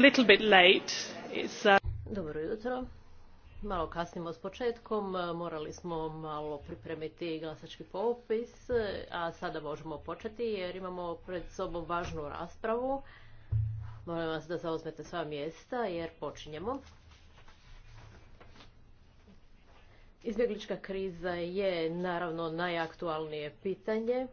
little Dobro jutro. Malo kasnimo s početkom, morali smo malo pripremiti glasački popis, a sada možemo početi jer imamo pred sobom važnu raspravu. Molim vas da zauzmete sva mjesta jer počinjemo. Izbjeglička kriza je naravno najaktualnije pitanje.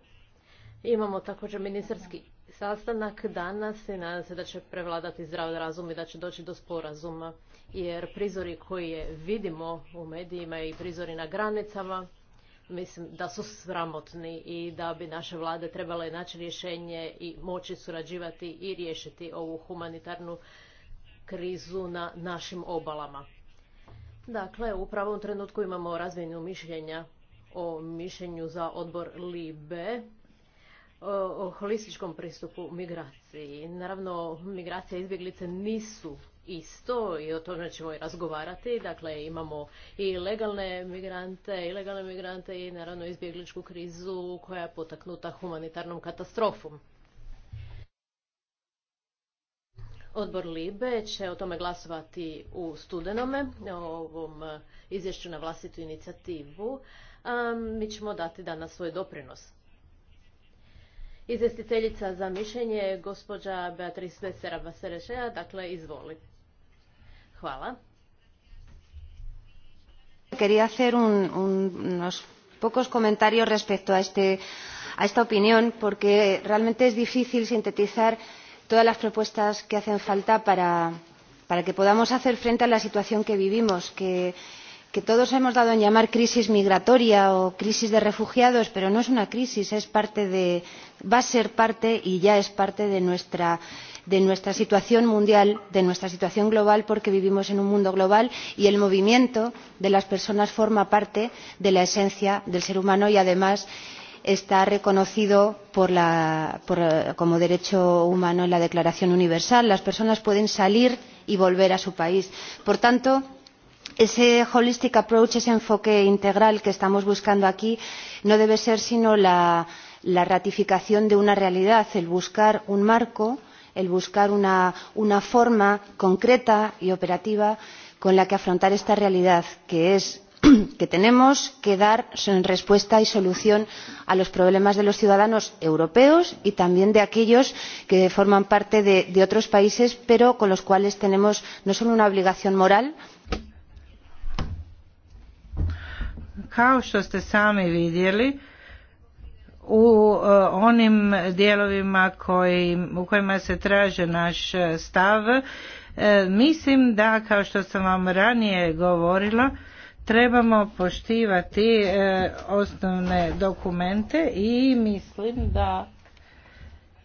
Imamo također ministarski sastanak danas i nadam se da će prevladati zdrav razum i da će doći do sporazuma. Jer prizori koje vidimo u medijima i prizori na granicama mislim da su sramotni i da bi naše vlade trebale naći rješenje i moći surađivati i riješiti ovu humanitarnu krizu na našim obalama. Dakle, u pravom trenutku imamo razvijenju mišljenja o mišljenju za odbor LIBE o holističkom pristupu migraciji. Naravno, migracija i izbjeglice nisu isto i o tome ćemo i razgovarati. Dakle, imamo i legalne migrante, ilegalne migrante i naravno izbjegličku krizu koja je potaknuta humanitarnom katastrofom. Odbor Libe će o tome glasovati u studenome, o ovom izvješću na vlastitu inicijativu. mi ćemo dati danas svoj doprinos. Izvjestiteljica za mišljenje, gospođa Beatrice Vesera Baserešeja, dakle izvoli. Hvala. Quería hacer un, un, unos pocos comentarios respecto a, este, a esta opinión, porque realmente es difícil sintetizar todas las propuestas que hacen falta para, para que podamos hacer frente a la situación que vivimos, que que todos hemos dado en llamar crisis migratoria o crisis de refugiados pero no es una crisis es parte de, va a ser parte y ya es parte de nuestra, situación mundial de nuestra situación global porque vivimos en un mundo global y el movimiento de las personas forma parte de la esencia del ser humano y además está reconocido como derecho humano en la declaración universal las personas pueden salir y volver a su país. por tanto ese holistic approach ese enfoque integral que estamos buscando aquí no debe ser sino la, ratificación de una realidad el buscar un marco el buscar una, una forma concreta y operativa con la que afrontar esta realidad que es que tenemos que dar respuesta y solución a los problemas de los ciudadanos europeos y también de aquellos que forman parte de, de otros países pero con los cuales tenemos no solo una obligación moral Kao što ste sami vidjeli, u e, onim dijelovima koji, u kojima se traže naš stav, e, mislim da, kao što sam vam ranije govorila, trebamo poštivati e, osnovne dokumente i mislim da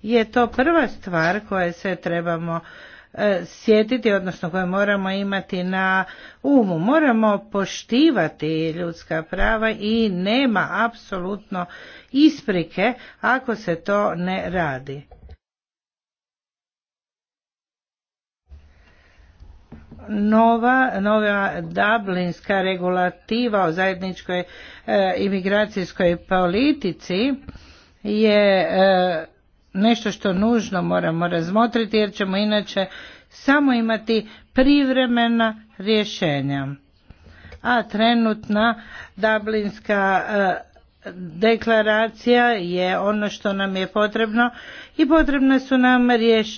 je to prva stvar koje se trebamo E, sjetiti, odnosno koje moramo imati na umu. Moramo poštivati ljudska prava i nema apsolutno isprike ako se to ne radi. nova, nova dublinska regulativa o zajedničkoj e, imigracijskoj politici je e, nešto što nužno moramo razmotriti jer ćemo inače samo imati privremena rješenja. A trenutna Dublinska e, deklaracija je ono što nam je potrebno i potrebna su nam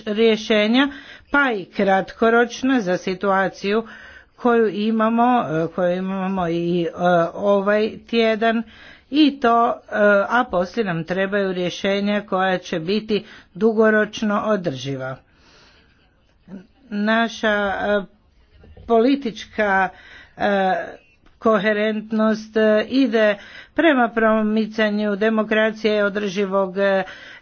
rješenja pa i kratkoročna za situaciju koju imamo, e, koju imamo i e, ovaj tjedan i to, e, a poslije nam trebaju rješenja koja će biti dugoročno održiva. Naša e, politička e, koherentnost ide prema promicanju demokracije održivog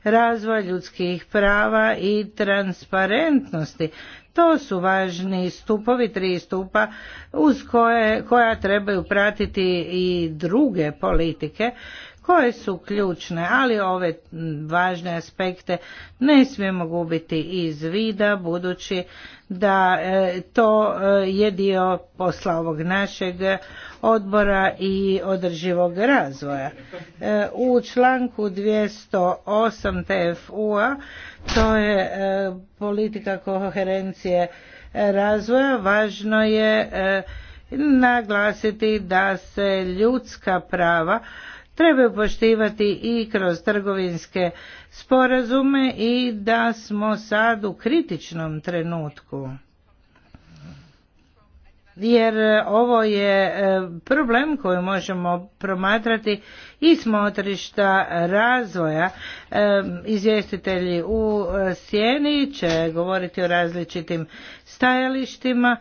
razvoja ljudskih prava i transparentnosti to su važni stupovi, tri stupa uz koje, koja trebaju pratiti i druge politike koje su ključne, ali ove važne aspekte ne smijemo gubiti iz vida budući da e, to e, je dio posla ovog našeg odbora i održivog razvoja. E, u članku 208 tfu to je e, politika koherencije razvoja. Važno je e, naglasiti da se ljudska prava trebaju poštivati i kroz trgovinske sporazume i da smo sad u kritičnom trenutku jer e, ovo je e, problem koji možemo promatrati i smotrišta razvoja. E, izvjestitelji u sjeni će govoriti o različitim stajalištima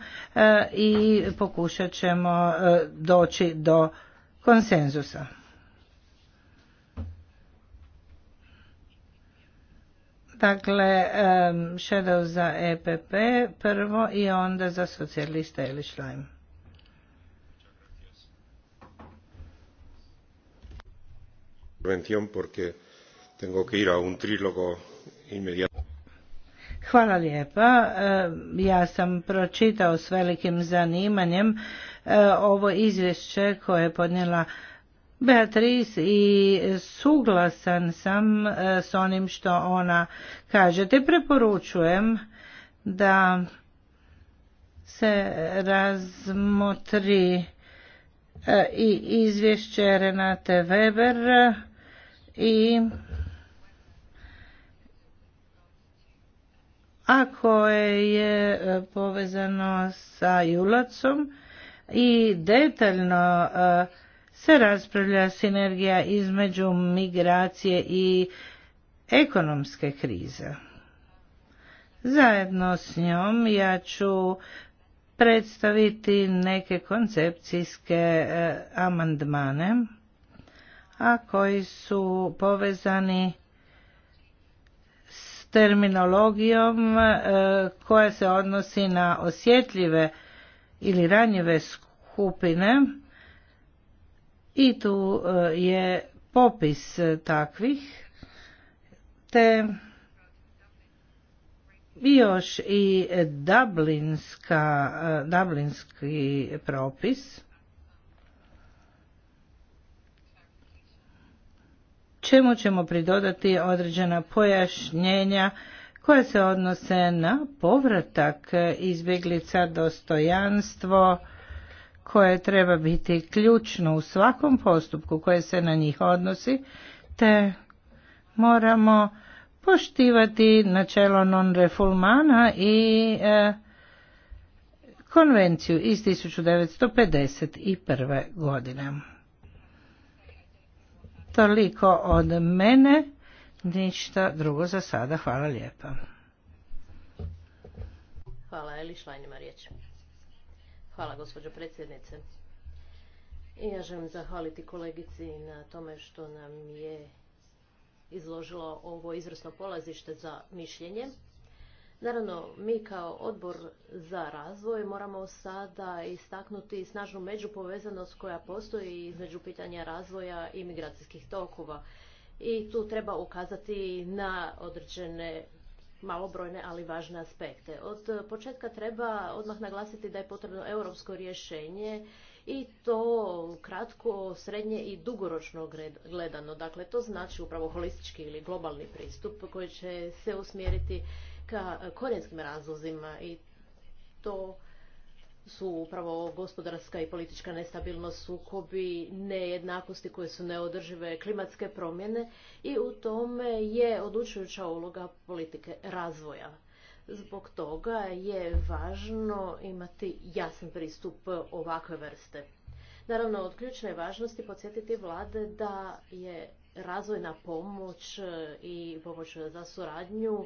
i pokušat ćemo doći do konsenzusa. Dakle, um, Shadow za EPP prvo i onda za socijalista ili šlajm. porque tengo que ir a un trílogo Hvala lijepa. Ja sam pročitao s velikim zanimanjem eh, ovo izvješće koje je podnijela Beatrice i suglasan sam e, s onim što ona kaže. Te preporučujem da se razmotri e, i izvješće Renate Weber i ako je e, povezano sa Julacom i detaljno se raspravlja sinergija između migracije i ekonomske krize. Zajedno s njom ja ću predstaviti neke koncepcijske e, amandmane, a koji su povezani s terminologijom e, koja se odnosi na osjetljive ili ranjive skupine i tu e, je popis takvih, te još i e, Dublinski propis. Čemu ćemo pridodati određena pojašnjenja koja se odnose na povratak izbjeglica, dostojanstvo, koje treba biti ključno u svakom postupku koje se na njih odnosi, te moramo poštivati načelo non refulmana i e, konvenciju iz 1951. godine. Toliko od mene, ništa drugo za sada. Hvala lijepa. Hvala, Eli Šlajnima Hvala, gospođo predsjednice. I ja želim zahvaliti kolegici na tome što nam je izložilo ovo izvrsno polazište za mišljenje. Naravno, mi kao odbor za razvoj moramo sada istaknuti snažnu međupovezanost koja postoji između pitanja razvoja i migracijskih tokova. I tu treba ukazati na određene malobrojne, ali važne aspekte. Od eh, početka treba odmah naglasiti da je potrebno europsko rješenje i to kratko, srednje i dugoročno gledano. Dakle, to znači upravo holistički ili globalni pristup koji će se usmjeriti ka eh, korijenskim razlozima i to su upravo gospodarska i politička nestabilnost, sukobi, nejednakosti koje su neodržive, klimatske promjene i u tome je odlučujuća uloga politike razvoja. Zbog toga je važno imati jasan pristup ovakve vrste. Naravno, od ključne važnosti podsjetiti vlade da je razvojna pomoć i pomoć za suradnju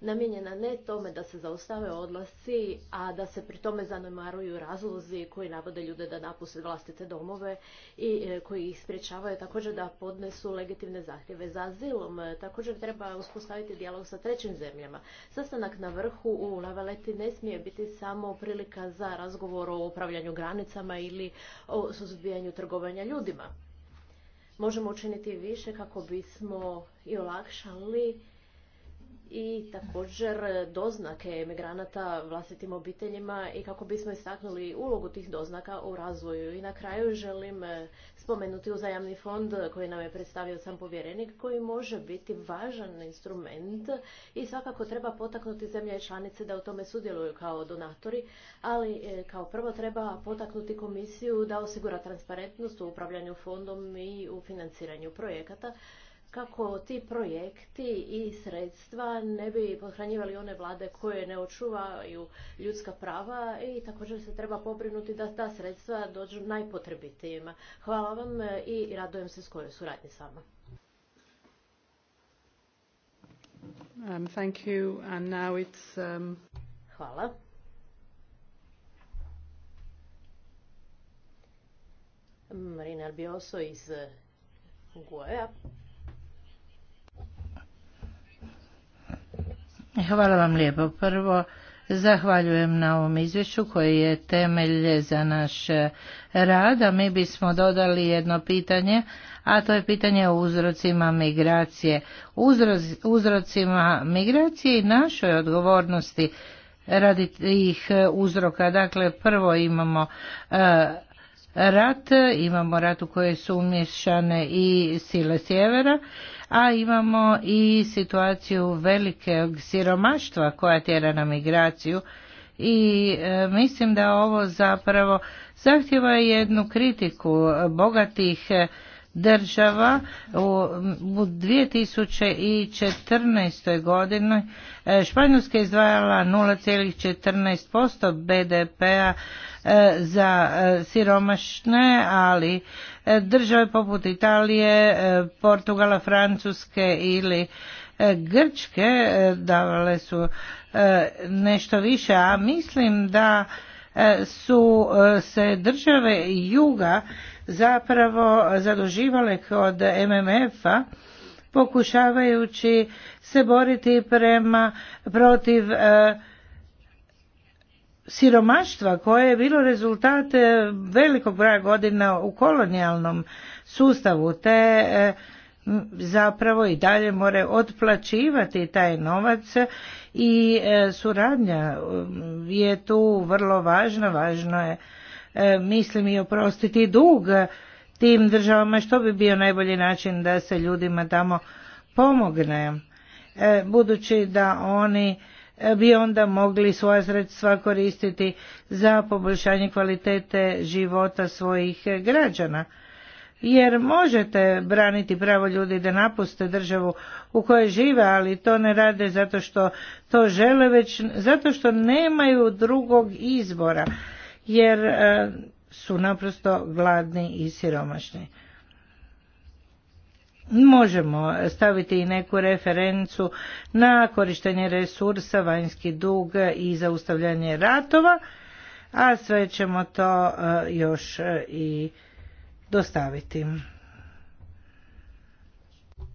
namijenjena ne tome da se zaustave odlasci, a da se pri tome zanemaruju razlozi koji navode ljude da napuste vlastite domove i e, koji ih sprječavaju također da podnesu legitimne zahtjeve za azilom. Um, također treba uspostaviti dijalog sa trećim zemljama. Sastanak na vrhu u Lavaleti ne smije biti samo prilika za razgovor o upravljanju granicama ili o suzbijanju trgovanja ljudima možemo učiniti više kako bismo i olakšali i također doznake emigranata vlastitim obiteljima i kako bismo istaknuli ulogu tih doznaka u razvoju. I na kraju želim eh, spomenuti uzajamni fond koji nam je predstavio sam povjerenik koji može biti važan instrument i svakako treba potaknuti zemlje i članice da u tome sudjeluju kao donatori, ali eh, kao prvo treba potaknuti komisiju da osigura transparentnost u upravljanju fondom i u financiranju projekata kako ti projekti i sredstva ne bi pohranjivali one vlade koje ne očuvaju ljudska prava i također se treba pobrinuti da ta sredstva dođu najpotrebitijima. Hvala vam i radujem se skojoj suradnji s vama. Um, um Hvala. Marina iz Gueja E, hvala vam lijepo. Prvo, Zahvaljujem na ovom izvješću koji je temelj za naš rad, a mi bismo dodali jedno pitanje, a to je pitanje o uzrocima migracije. uzrocima migracije i našoj odgovornosti radi ih uzroka. Dakle, prvo imamo e, rat, imamo rat u kojoj su umješane i sile sjevera a imamo i situaciju velikeg siromaštva koja tjera na migraciju i e, mislim da ovo zapravo zahtjeva jednu kritiku bogatih e, država u 2014. godini e, Španjolska je izdvajala 0,14% BDP-a e, za e, siromašne, ali države poput Italije, Portugala, Francuske ili Grčke davale su nešto više, a mislim da su se države juga zapravo zaduživale kod MMF-a pokušavajući se boriti prema protiv e, siromaštva koje je bilo rezultat e, velikog broja godina u kolonijalnom sustavu te e, zapravo i dalje more otplaćivati taj novac i suradnja je tu vrlo važna važno je E, mislim i oprostiti dug tim državama što bi bio najbolji način da se ljudima tamo pomogne e, budući da oni bi onda mogli svoja sredstva koristiti za poboljšanje kvalitete života svojih građana. Jer možete braniti pravo ljudi da napuste državu u kojoj žive, ali to ne rade zato što to žele, već zato što nemaju drugog izbora jer e, su naprosto gladni i siromašni. Možemo staviti i neku referencu na korištenje resursa, vanjski dug i zaustavljanje ratova, a sve ćemo to e, još e, i dostaviti.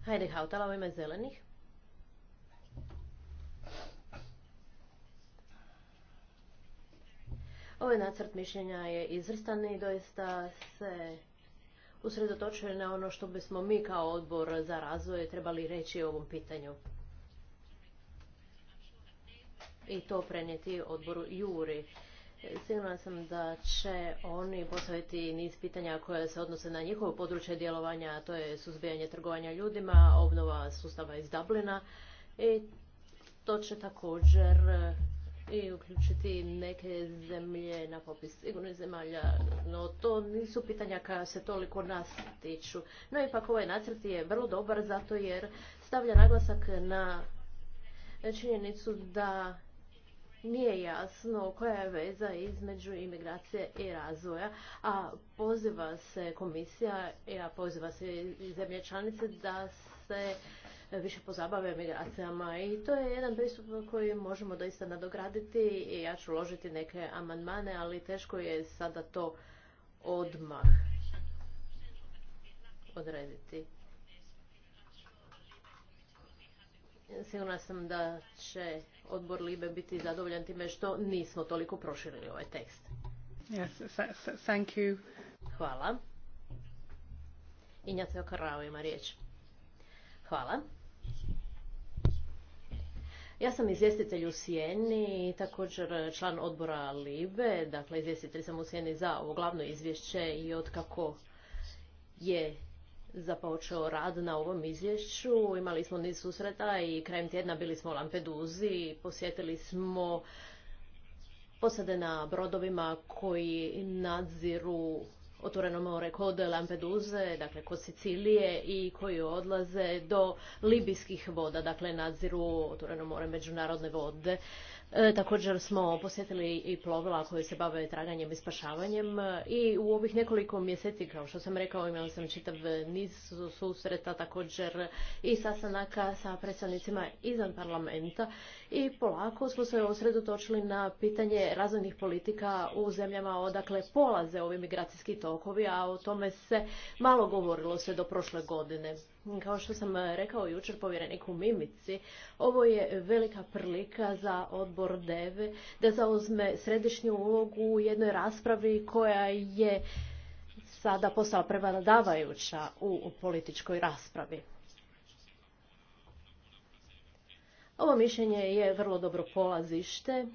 Hajde Hautala ovo ima zelenih. Ovaj nacrt mišljenja je izvrstan i doista se usredotočuje na ono što bismo mi kao odbor za razvoj trebali reći o ovom pitanju. I to prenijeti odboru Juri. Sigurna sam da će oni postaviti niz pitanja koje se odnose na njihovo područje djelovanja, a to je suzbijanje trgovanja ljudima, obnova sustava iz Dublina i to će također i uključiti neke zemlje na popis sigurnih zemalja, no to nisu pitanja koja se toliko nas tiču. No ipak ovaj nacrt je vrlo dobar zato jer stavlja naglasak na činjenicu da nije jasno koja je veza između imigracije i razvoja, a poziva se komisija, a poziva se i zemlje članice da se više pozabave migracijama i to je jedan pristup koji možemo doista nadograditi i ja ću uložiti neke amandmane, ali teško je sada to odmah odrediti. Sigurna sam da će odbor Libe biti zadovoljan time što nismo toliko proširili ovaj tekst. thank you. Hvala. ima riječ. Hvala. Ja sam izvjestitelj u sjeni i također član odbora LIBE, dakle izvjestitelj sam u sjeni za ovo glavno izvješće i otkako je započeo rad na ovom izvješću. Imali smo niz susreta i krajem tjedna bili smo u Lampeduzi, posjetili smo posade na brodovima koji nadziru otvoreno more kod Lampeduze, dakle kod Sicilije i koji odlaze do libijskih voda, dakle nadziru otvoreno more međunarodne vode. E, također smo posjetili i plovila koje se bave traganjem i spašavanjem i u ovih nekoliko mjeseci, kao što sam rekao, imala sam čitav niz susreta također i sastanaka sa predstavnicima izvan parlamenta i polako smo se osredotočili na pitanje razvojnih politika u zemljama odakle polaze ovi migracijski tokovi, a o tome se malo govorilo sve do prošle godine. Kao što sam rekao jučer povjereniku Mimici, ovo je velika prilika za odbor DEVE da zauzme središnju ulogu u jednoj raspravi koja je sada postala prevladavajuća u političkoj raspravi. Ovo mišljenje je vrlo dobro polazište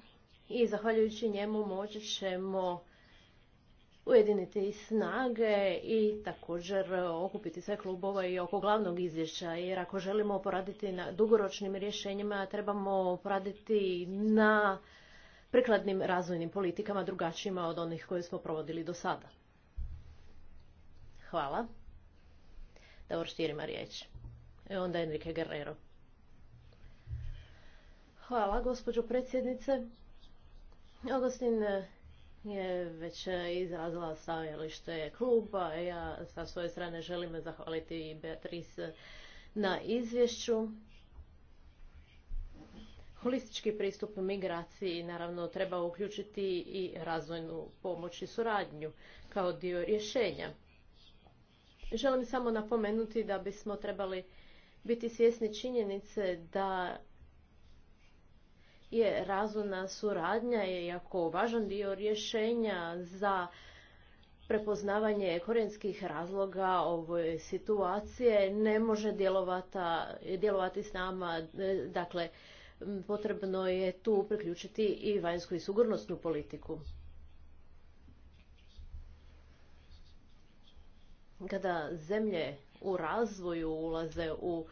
i zahvaljujući njemu moći ćemo ujediniti snage i također okupiti sve klubove i oko glavnog izvješća. Jer ako želimo poraditi na dugoročnim rješenjima, trebamo poraditi na prikladnim razvojnim politikama drugačijima od onih koje smo provodili do sada. Hvala. da Štirima riječ. I e, onda Enrique Guerrero. Hvala, gospođo predsjednice. Agostin je već izrazila stajalište kluba. Ja sa svoje strane želim zahvaliti i Beatrice na izvješću. Holistički pristup migraciji naravno treba uključiti i razvojnu pomoć i suradnju kao dio rješenja. Želim samo napomenuti da bismo trebali biti svjesni činjenice da je razvojna suradnja je jako važan dio rješenja za prepoznavanje korijenskih razloga ove situacije ne može djelovati s nama, e, dakle potrebno je tu priključiti i vanjsku i sigurnosnu politiku. Kada zemlje u razvoju ulaze u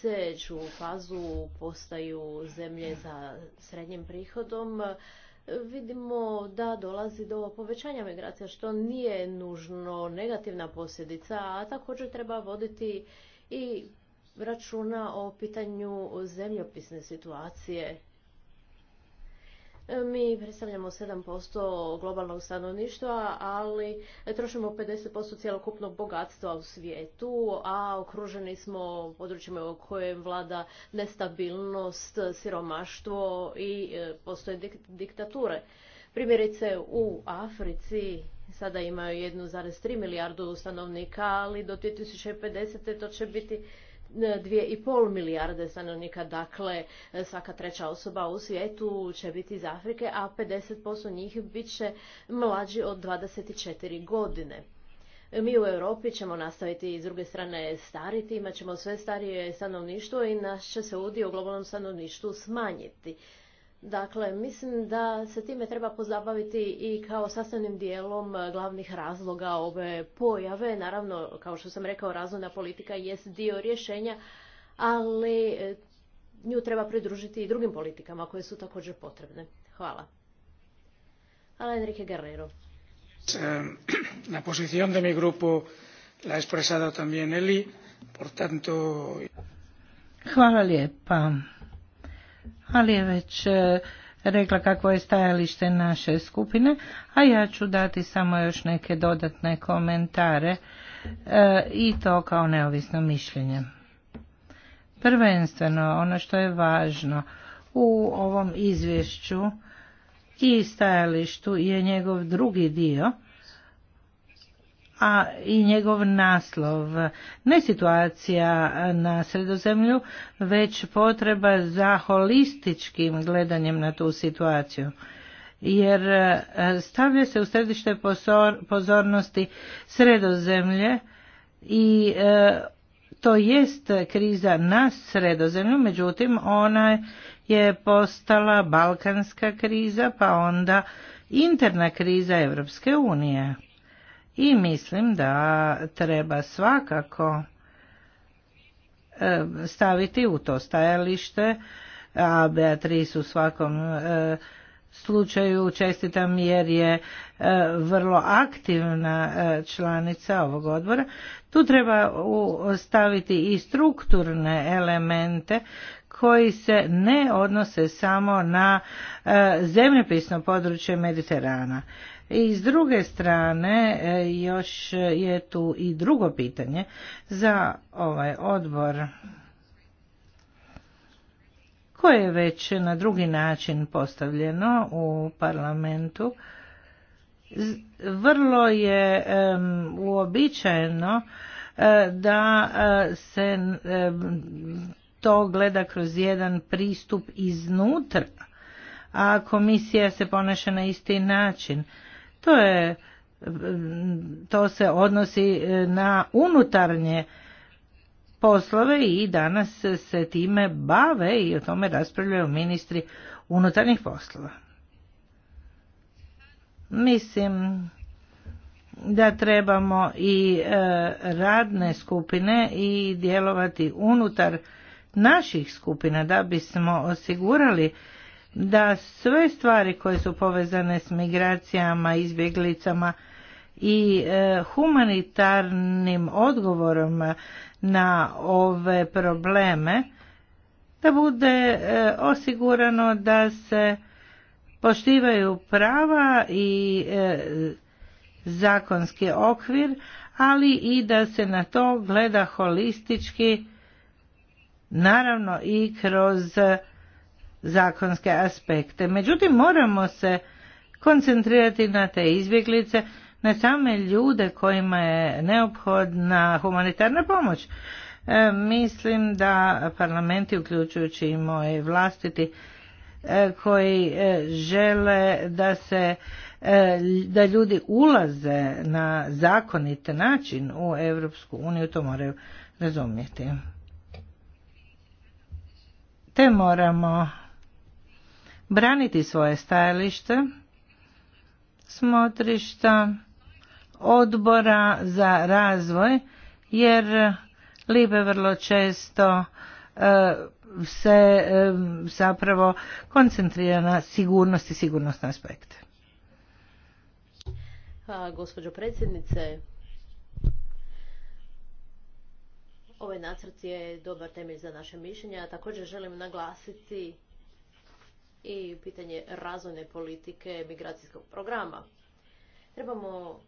sljedeću fazu postaju zemlje za srednjim prihodom, vidimo da dolazi do povećanja migracija, što nije nužno negativna posljedica, a također treba voditi i računa o pitanju zemljopisne situacije mi predstavljamo 7% globalnog stanovništva, ali trošimo 50% cjelokupnog bogatstva u svijetu, a okruženi smo područjima u kojem vlada nestabilnost, siromaštvo i e, postoje diktature. Primjerice u Africi sada imaju 1,3 milijardu stanovnika, ali do 2050. to će biti 2,5 milijarde stanovnika, dakle svaka treća osoba u svijetu će biti iz Afrike, a 50% njih bit će mlađi od 24 godine. Mi u Europi ćemo nastaviti s druge strane stariti, imat ćemo sve starije stanovništvo i naš će se udio u globalnom stanovništvu smanjiti. Dakle, mislim da se time treba pozabaviti i kao sastavnim dijelom e, glavnih razloga ove pojave. Naravno, kao što sam rekao, razvojna politika jest dio rješenja, ali e, nju treba pridružiti i drugim politikama koje su također potrebne. Hvala. Hvala Enrique Guerrero. posición de mi grupo la expresado también por tanto... Hvala lijepa ali je već e, rekla kakvo je stajalište naše skupine, a ja ću dati samo još neke dodatne komentare e, i to kao neovisno mišljenje. Prvenstveno, ono što je važno u ovom izvješću i stajalištu je njegov drugi dio – a i njegov naslov. Ne situacija na sredozemlju, već potreba za holističkim gledanjem na tu situaciju. Jer e, stavlja se u središte pozornosti sredozemlje i e, to jest kriza na sredozemlju, međutim ona je postala balkanska kriza pa onda interna kriza Europske unije i mislim da treba svakako e, staviti u to stajalište, a Beatrice u svakom e, slučaju čestitam jer je e, vrlo aktivna članica ovog odbora. Tu treba staviti i strukturne elemente koji se ne odnose samo na zemljopisno područje Mediterana. I s druge strane, e, još je tu i drugo pitanje za ovaj odbor koje je već na drugi način postavljeno u parlamentu. Vrlo je uobičajeno e, da e, se to gleda kroz jedan pristup iznutra, a komisija se ponaša na isti način. To je to se odnosi e, na unutarnje poslove i danas se time bave i o tome raspravljaju ministri unutarnjih poslova. Mislim da trebamo i e, radne skupine i djelovati unutar naših skupina da bismo osigurali da sve stvari koje su povezane s migracijama, izbjeglicama i e, humanitarnim odgovorom na ove probleme, da bude e, osigurano da se poštivaju prava i e, zakonski okvir, ali i da se na to gleda holistički, naravno i kroz zakonske aspekte. Međutim, moramo se koncentrirati na te izbjeglice, na same ljude kojima je neophodna humanitarna pomoć. E, mislim da parlamenti, uključujući i moje vlastiti, e, koji e, žele da se da ljudi ulaze na zakonit način u Europsku uniju, to moraju razumjeti. Te moramo braniti svoje stajalište smotrišta odbora za razvoj jer libe vrlo često e, se e, zapravo koncentrira na sigurnost i sigurnosne aspekte. gospođo predsjednice. Ovaj nacrt je dobar temelj za naše a Također želim naglasiti i pitanje razvojne politike migracijskog programa. Trebamo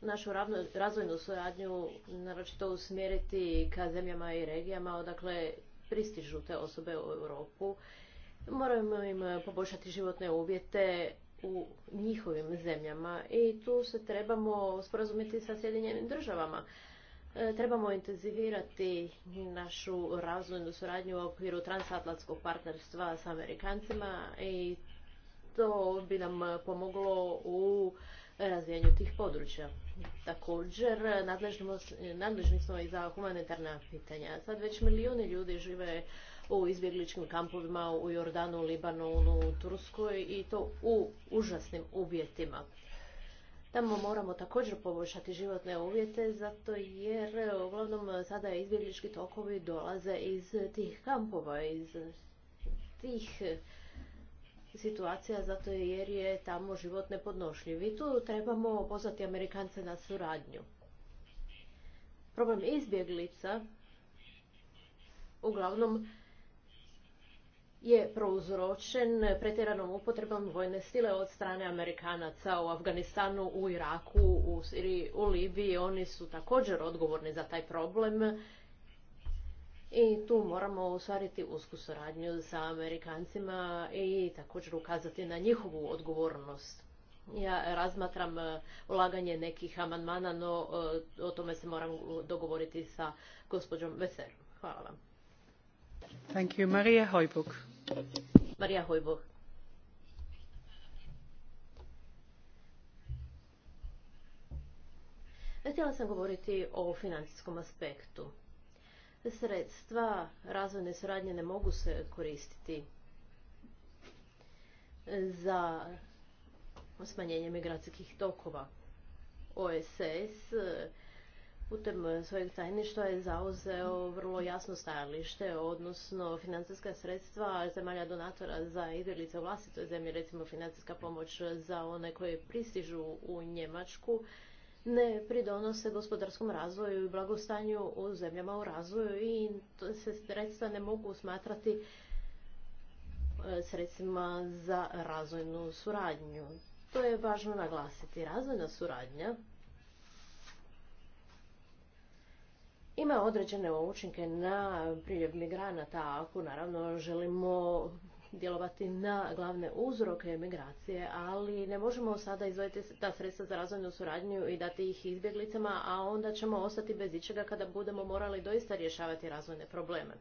našu razvojnu suradnju naročito usmjeriti ka zemljama i regijama odakle pristižu te osobe u Europu. Moramo im poboljšati životne uvjete u njihovim zemljama i tu se trebamo sporazumjeti sa Sjedinjenim državama. E, trebamo intenzivirati našu razvojnu suradnju u okviru transatlantskog partnerstva s Amerikancima i to bi nam pomoglo u razvijanju tih područja. Također, nadležni smo i za humanitarna pitanja. Sad već milijuni ljudi žive u izbjegličkim kampovima u Jordanu, Libanonu, Turskoj i to u užasnim uvjetima. Tamo moramo također poboljšati životne uvjete zato jer e, uglavnom sada izbjeglički tokovi dolaze iz tih kampova, iz tih e, situacija zato jer je tamo život nepodnošljiv i tu trebamo pozvati Amerikance na suradnju. Problem izbjeglica uglavnom je prouzročen pretjeranom upotrebom vojne sile od strane Amerikanaca u Afganistanu, u Iraku, u Siriji, u Libiji. Oni su također odgovorni za taj problem i tu moramo ostvariti usku suradnju sa Amerikancima i također ukazati na njihovu odgovornost. Ja razmatram e, ulaganje nekih amandmana, no e, o tome se moram dogovoriti sa gospođom Veserom. Hvala vam. Thank you, Marija Htjela sam govoriti o financijskom aspektu. Sredstva razvojne suradnje ne mogu se koristiti za smanjenje migracijskih tokova. OSS putem e, svojeg tajništva je zauzeo vrlo jasno stajalište, odnosno financijska sredstva zemalja donatora za izbjeglice u vlastitoj zemlji, recimo financijska pomoć za one koje pristižu u Njemačku, ne pridonose gospodarskom razvoju i blagostanju u zemljama u razvoju i to se sredstva ne mogu smatrati e, sredstvima za razvojnu suradnju. To je važno naglasiti. Razvojna suradnja ima određene učinke na priljev migranata ako naravno želimo djelovati na glavne uzroke migracije, ali ne možemo sada izvojiti ta sredstva za razvojnu suradnju i dati ih izbjeglicama, a onda ćemo ostati bez ičega kada budemo morali doista rješavati razvojne probleme.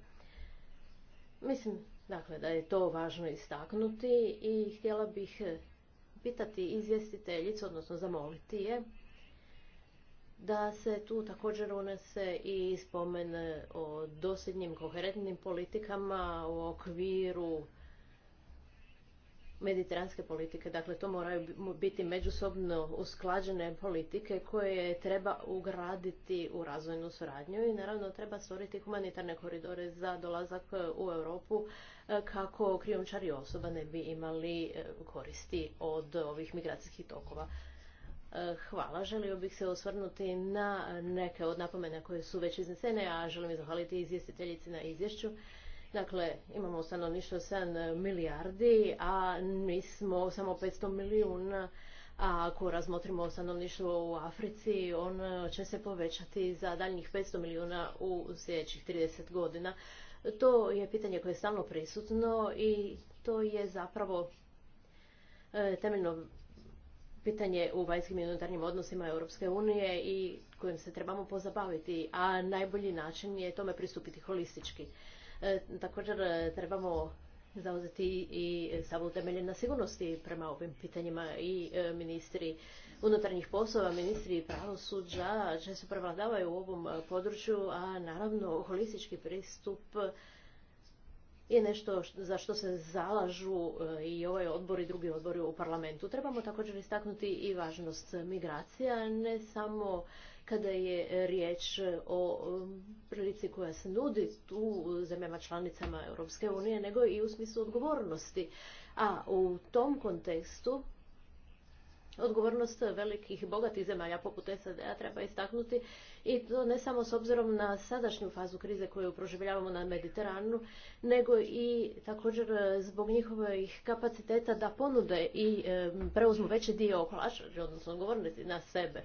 Mislim, dakle, da je to važno istaknuti i htjela bih pitati izvjestiteljicu, odnosno zamoliti je, da se tu također unese i spomen e, o dosljednjim koherentnim politikama u okviru mediteranske politike. Dakle, to moraju biti međusobno usklađene politike koje treba ugraditi u razvojnu suradnju i naravno treba stvoriti humanitarne koridore za dolazak e, u Europu e, kako krijumčari osoba ne bi imali koristi od ovih migracijskih tokova. Eh, hvala. Želio bih se osvrnuti na neke od napomena koje su već iznesene, a želim zahvaliti izvjestiteljici na izvješću. Dakle, imamo stanovništvo 7 milijardi, a mi smo samo 500 milijuna, a ako razmotrimo stanovništvo u Africi, on eh, će se povećati za daljnjih 500 milijuna u sljedećih 30 godina. To je pitanje koje je stalno prisutno i to je zapravo eh, temeljno pitanje u vanjskim i unutarnjim odnosima Europske unije i kojim se trebamo pozabaviti, a najbolji način je tome pristupiti holistički. E, također e, trebamo zauzeti i stav utemeljen na sigurnosti prema ovim pitanjima i e, ministri unutarnjih poslova, ministri pravosuđa često prevladavaju u ovom području, a naravno holistički pristup je nešto za što se zalažu e, i ovaj odbor i drugi odbori u parlamentu. Trebamo također istaknuti i važnost migracija, ne samo kada je riječ o e, prilici koja se nudi tu zemljama članicama Europske unije, nego i u smislu odgovornosti. A u tom kontekstu Odgovornost velikih i bogatih zemalja poput SAD-a treba istaknuti i to ne samo s obzirom na sadašnju fazu krize koju proživljavamo na Mediteranu, nego i također zbog njihovih kapaciteta da ponude i preuzmu veći dio kolača, odnosno odgovornosti na sebe.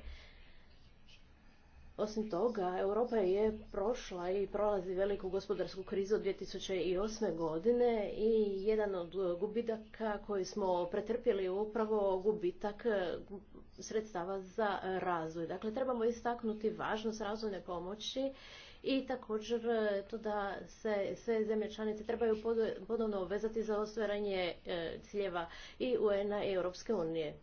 Osim toga, Europa je prošla i prolazi veliku gospodarsku krizu od 2008. godine i jedan od gubitaka koji smo pretrpjeli je upravo gubitak e, sredstava za razvoj. Dakle, trebamo istaknuti važnost razvojne pomoći i također e, to da se sve zemlje članice trebaju ponovno vezati za ostvarenje e, ciljeva i UN-a i Europske unije.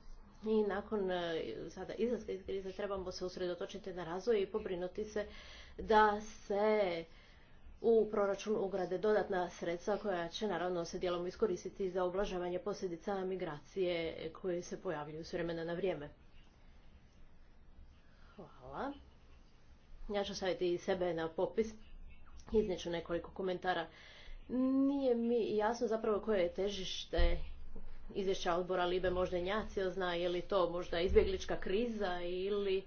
I nakon e, sada izlaska iz krize trebamo se usredotočiti na razvoj i pobrinuti se da se u proračun ugrade dodatna sredstva koja će naravno se dijelom iskoristiti za ublažavanje posljedica migracije koje se pojavljuju s vremena na vrijeme. Hvala. Ja ću staviti i sebe na popis. Iznijet nekoliko komentara. Nije mi jasno zapravo koje je težište izvješća odbora Libe možda njacio zna je li to možda izbjeglička kriza ili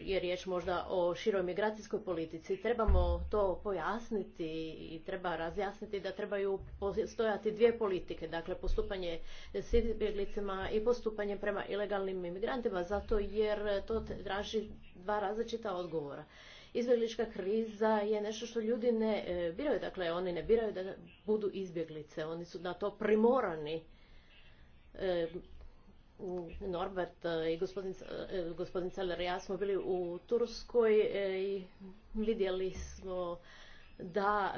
je riječ možda o široj migracijskoj politici. Trebamo to pojasniti i treba razjasniti da trebaju postojati dvije politike, dakle postupanje s izbjeglicama i postupanje prema ilegalnim imigrantima, zato jer to traži dva različita odgovora izbjeglička kriza je nešto što ljudi ne e, biraju. Dakle, oni ne biraju da budu izbjeglice. Oni su na to primorani. E, Norbert e, i gospodin, gospodin i ja smo bili u Turskoj i vidjeli smo da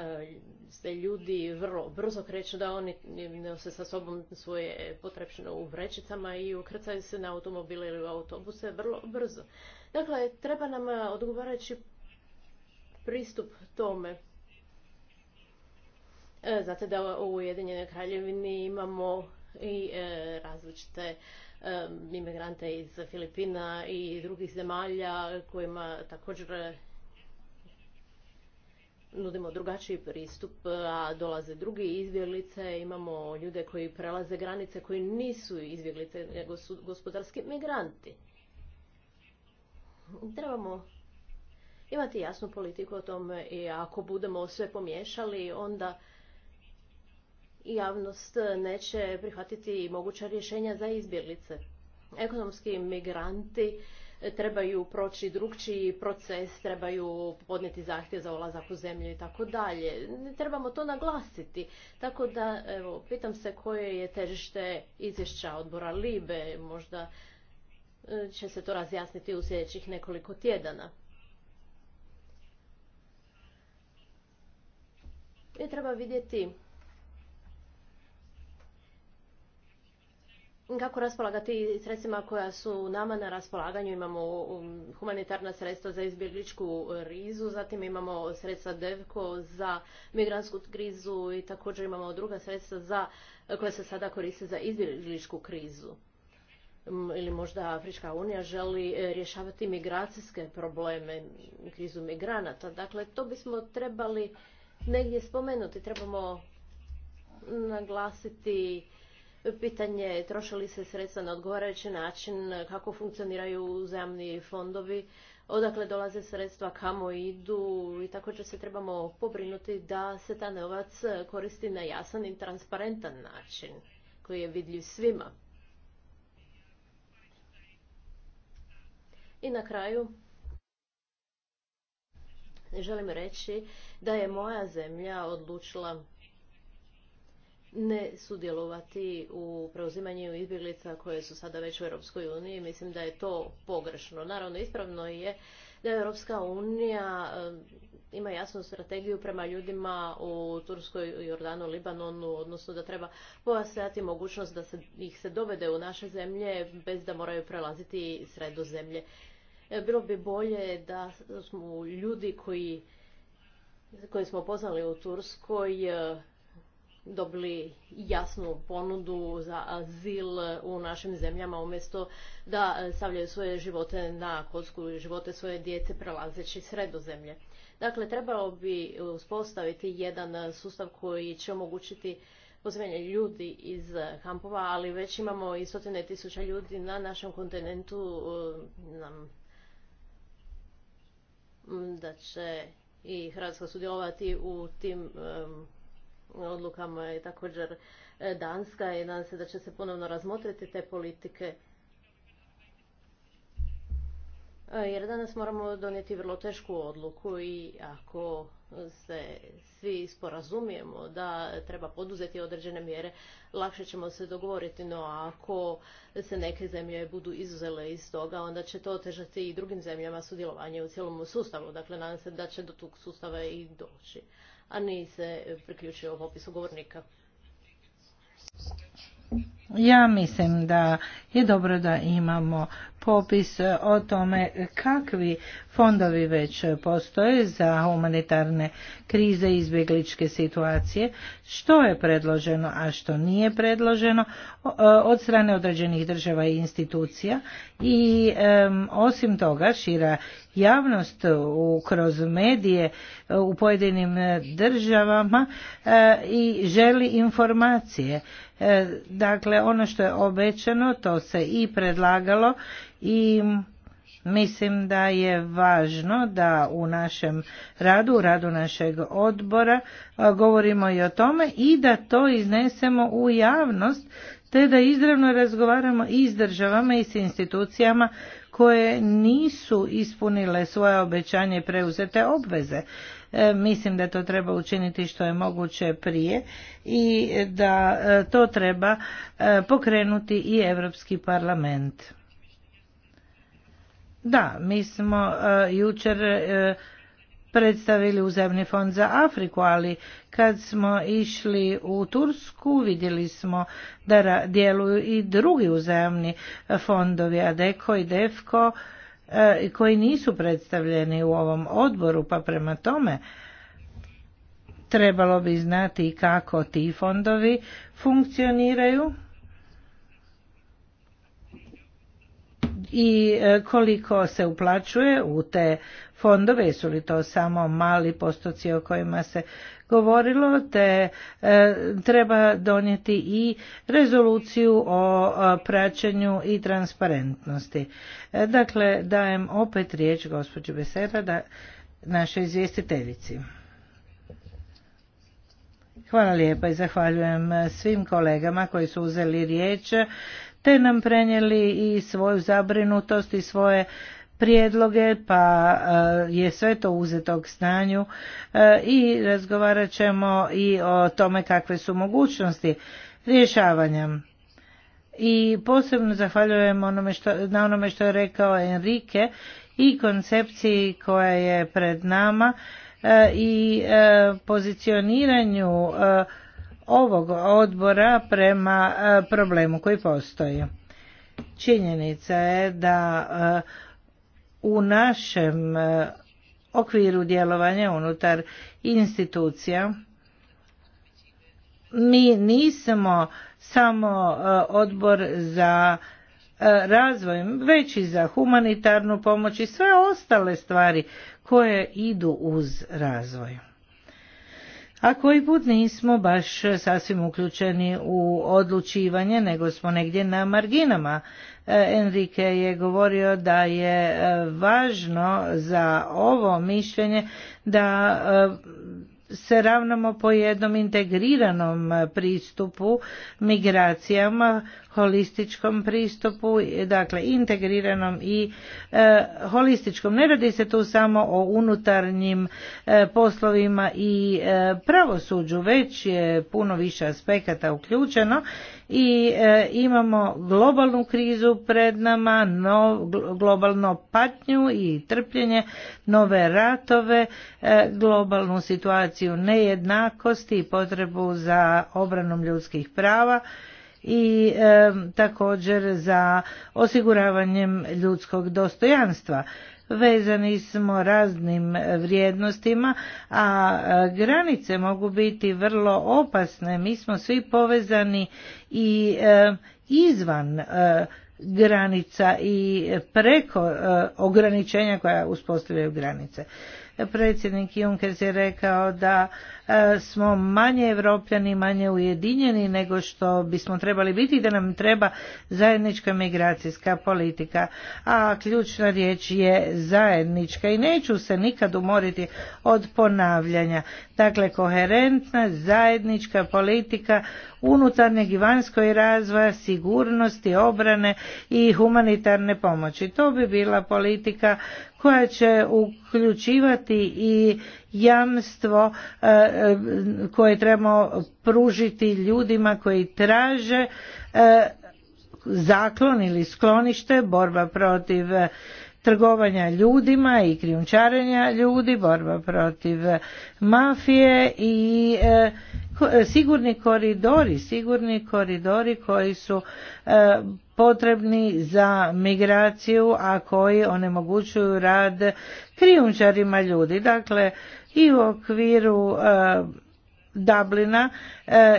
se ljudi vrlo brzo kreću, da oni nose sa sobom svoje potrepšine u vrećicama i ukrcaju se na automobile ili u autobuse vrlo brzo. Dakle, treba nam odgovarajući pristup tome. E, znate da u Ujedinjenoj kraljevini imamo i e, različite e, imigrante iz Filipina i drugih zemalja kojima također nudimo drugačiji pristup, a dolaze drugi izbjeglice, imamo ljude koji prelaze granice koji nisu izbjeglice, nego su gospodarski migranti. Trebamo imati jasnu politiku o tome i ako budemo sve pomiješali, onda javnost neće prihvatiti moguća rješenja za izbjeglice. Ekonomski migranti trebaju proći drugčiji proces, trebaju podnijeti zahtjev za ulazak u zemlju i tako dalje. Trebamo to naglasiti. Tako da, evo, pitam se koje je težište izvješća odbora Libe, možda e, će se to razjasniti u sljedećih nekoliko tjedana. I treba vidjeti kako raspolagati sredstvima koja su nama na raspolaganju. Imamo um, humanitarna sredstva za izbjegličku rizu, zatim imamo sredstva DEVKO za migransku krizu i također imamo druga sredstva za, koja se sada koriste za izbjegličku krizu. Um, ili možda Afrička unija želi e, rješavati migracijske probleme, krizu migranata. Dakle, to bismo trebali negdje spomenuti. Trebamo naglasiti pitanje troše li se sredstva na odgovarajući način, kako funkcioniraju uzajamni fondovi, odakle dolaze sredstva, kamo idu i tako će se trebamo pobrinuti da se ta novac koristi na jasan i transparentan način koji je vidljiv svima. I na kraju želim reći da je moja zemlja odlučila ne sudjelovati u preuzimanju izbjeglica koje su sada već u Europskoj uniji. Mislim da je to pogrešno. Naravno, ispravno je da Europska unija ima jasnu strategiju prema ljudima u Turskoj, Jordanu, Libanonu, odnosno da treba pojasnjati mogućnost da se, ih se dovede u naše zemlje bez da moraju prelaziti sredo zemlje. E, bilo bi bolje da smo ljudi koji, koji smo poznali u Turskoj e, dobili jasnu ponudu za azil u našim zemljama umjesto da e, stavljaju svoje živote na kocku i živote svoje djece prelazeći sredozemlje. Dakle, trebalo bi uspostaviti jedan sustav koji će omogućiti pozivanje ljudi iz kampova, ali već imamo i stotine tisuća ljudi na našem kontinentu da će i Hrvatska sudjelovati u tim odlukama i također e, Danska i nadam se da će se ponovno razmotriti te politike E, jer danas moramo donijeti vrlo tešku odluku i ako se svi sporazumijemo da treba poduzeti određene mjere, lakše ćemo se dogovoriti, no ako se neke zemlje budu izuzele iz toga, onda će to otežati i drugim zemljama sudjelovanje u cijelom sustavu. Dakle, nadam se da će do tog sustava i doći. A ni se priključio opisu govornika. Ja mislim da je dobro da imamo popis o tome kakvi fondovi već postoje za humanitarne krize i izbjegličke situacije, što je predloženo, a što nije predloženo e, od strane određenih država i institucija i osim toga šira javnost e, kroz medije e, u pojedinim e, državama i želi informacije. Dakle, ono što je obećano, to se i predlagalo i Mislim da je važno da u našem radu, u radu našeg odbora govorimo i o tome i da to iznesemo u javnost te da izravno razgovaramo i s državama i s institucijama koje nisu ispunile svoje obećanje preuzete obveze. E, mislim da to treba učiniti što je moguće prije i da e, to treba e, pokrenuti i Europski parlament. Da, mi smo jučer predstavili uzemni fond za Afriku, ali kad smo išli u Tursku vidjeli smo da djeluju i drugi uzemni fondovi, ADECO i DEFCO, e, koji nisu predstavljeni u ovom odboru, pa prema tome trebalo bi znati kako ti fondovi funkcioniraju i e, koliko se uplaćuje u te fondove, su li to samo mali postoci o kojima se govorilo, te e, treba donijeti i rezoluciju o e, praćenju i transparentnosti. dakle, dajem opet riječ gospođi Besera, da, našoj izvjestiteljici. Hvala lijepa i zahvaljujem svim kolegama koji su uzeli riječ te nam prenijeli i svoju zabrinutost i svoje prijedloge pa eh, je sve to uzeto k stanju eh, i razgovarat ćemo i o tome kakve su mogućnosti rješavanja. I posebno zahvaljujem onome što, na onome što je rekao Enrique i koncepciji koja je pred nama eh, i pozicioniranju ovog odbora prema e, problemu koji postoji. Činjenica je da e, u našem e, okviru djelovanja unutar institucija mi nismo samo odbor za razvoj, već i za humanitarnu pomoć i sve ostale stvari koje idu uz razvoj a koji put nismo baš sasvim uključeni u odlučivanje, nego smo negdje na marginama. E, Enrique je govorio da je e, važno za ovo mišljenje da e, se ravnamo po jednom integriranom pristupu migracijama holističkom pristupu, dakle integriranom i e, holističkom. Ne radi se tu samo o unutarnjim e, poslovima i e, pravosuđu, već je puno više aspekata uključeno i imamo globalnu krizu pred nama, globalno patnju i trpljenje, nove ratove, globalnu situaciju nejednakosti i potrebu za obranom ljudskih prava i e, također za osiguravanjem ljudskog dostojanstva vezani smo raznim vrijednostima a e, granice mogu biti vrlo opasne mi smo svi povezani i e, izvan granica i preko ograničenja koja uspostavljaju granice Predsjednik Juncker je rekao da e, smo manje evropljani, manje ujedinjeni nego što bismo trebali biti i da nam treba zajednička migracijska politika. A ključna riječ je zajednička i neću se nikad umoriti od ponavljanja. Dakle, koherentna zajednička politika unutarnjeg i vanjskoj razvoja, sigurnosti, obrane i humanitarne pomoći. To bi bila politika koja će uključivati i jamstvo e, e, koje trebamo pružiti ljudima koji traže e, zaklon ili sklonište, borba protiv trgovanja ljudima i krijumčarenja ljudi, borba protiv mafije i E, sigurni koridori, sigurni koridori koji su e, potrebni za migraciju, a koji onemogućuju rad krijumčarima ljudi. Dakle, i u okviru e, Dublina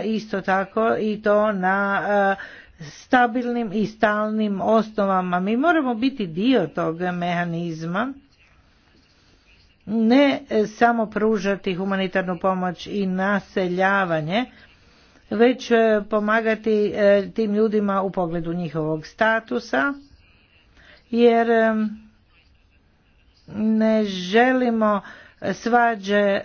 isto tako i to na stabilnim i stalnim osnovama. Mi moramo biti dio tog mehanizma ne samo pružati humanitarnu pomoć i naseljavanje, već e, pomagati e, tim ljudima u pogledu njihovog statusa, jer e, ne želimo svađe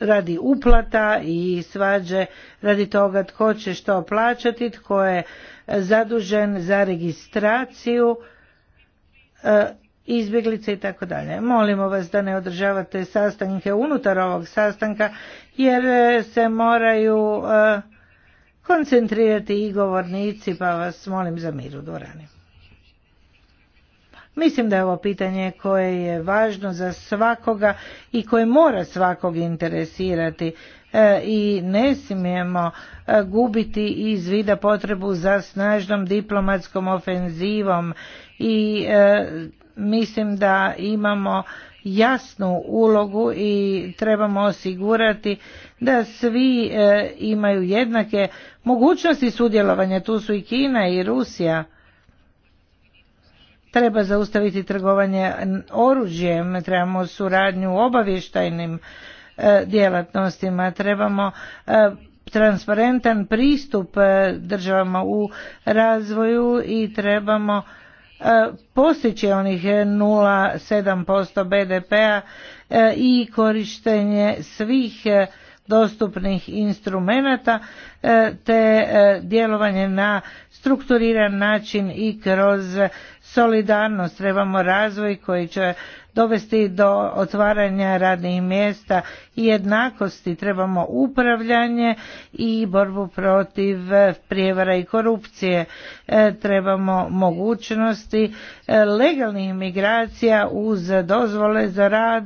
radi uplata i svađe radi toga tko će što plaćati, tko je zadužen za registraciju izbjeglice i tako dalje. Molimo vas da ne održavate sastanke unutar ovog sastanka jer e, se moraju e, koncentrirati i govornici pa vas molim za mir u dvorani. Mislim da je ovo pitanje koje je važno za svakoga i koje mora svakog interesirati e, i ne smijemo gubiti iz vida potrebu za snažnom diplomatskom ofenzivom i mislim da imamo jasnu ulogu i trebamo osigurati da svi e, imaju jednake mogućnosti sudjelovanja tu su i Kina i Rusija treba zaustaviti trgovanje oružjem trebamo suradnju u obavještajnim e, djelatnostima trebamo e, transparentan pristup državama u razvoju i trebamo E, postići onih 0,7% BDP-a e, i korištenje svih e, dostupnih instrumenata te djelovanje na strukturiran način i kroz solidarnost trebamo razvoj koji će dovesti do otvaranja radnih mjesta i jednakosti. Trebamo upravljanje i borbu protiv prijevara i korupcije. E, trebamo mogućnosti e, legalnih migracija uz dozvole za rad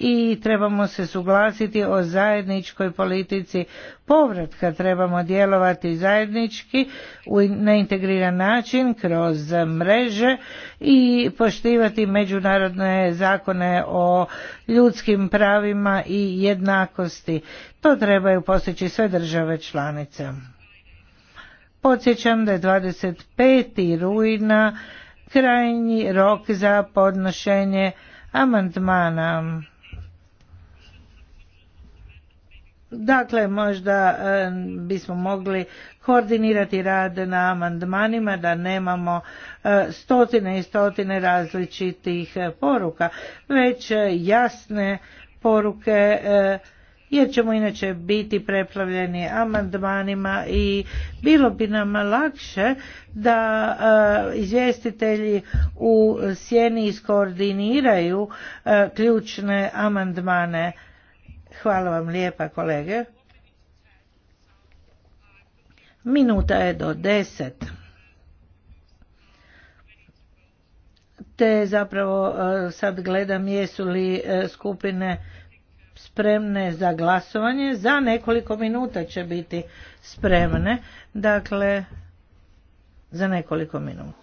i trebamo se suglasiti o zajedničkoj politici povratka. Trebamo djelovati zajednički u integriran način kroz mreže i poštivati međunarodne zakone o ljudskim pravima i jednakosti. To trebaju postići sve države članice. Podsjećam da je 25. rujna krajnji rok za podnošenje amandmana. Dakle, možda e, bismo mogli koordinirati rad na amandmanima da nemamo e, stotine i stotine različitih e, poruka, već jasne poruke jer ćemo inače biti preplavljeni amandmanima i bilo bi nam lakše da izvjestitelji u sjeni iskoordiniraju ključne amandmane Hvala vam lijepa kolege. Minuta je do deset. Te zapravo e, sad gledam jesu li e, skupine spremne za glasovanje. Za nekoliko minuta će biti spremne. Dakle, za nekoliko minuta.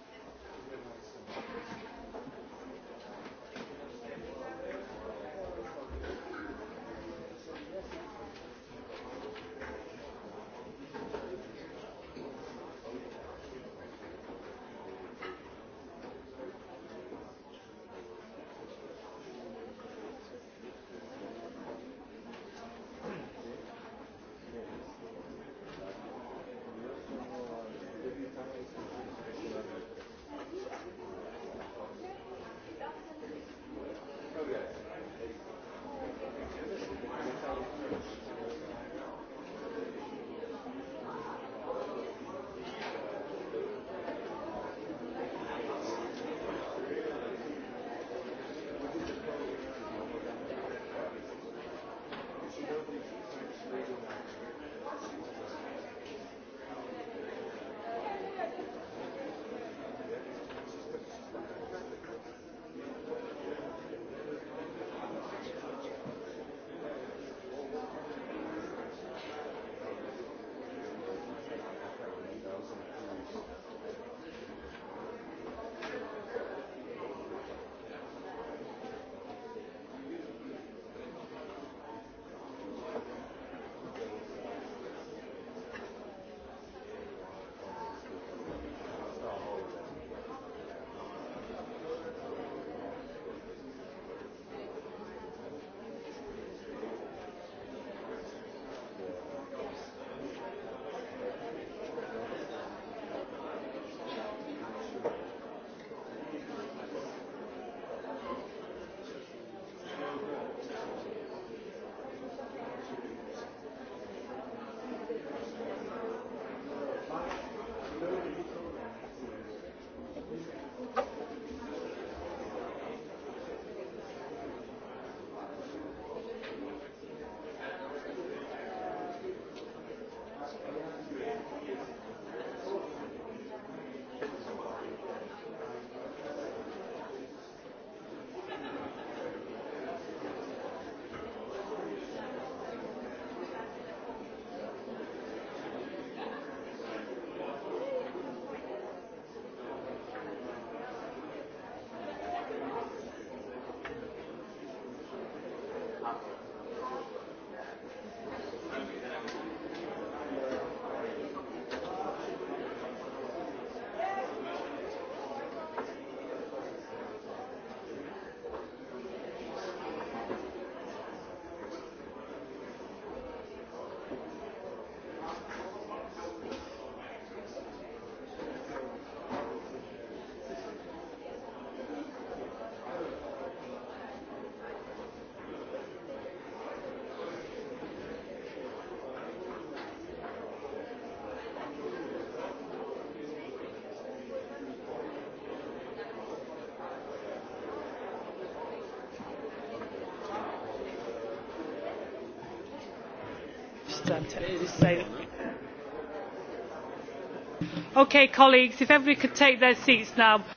Okay,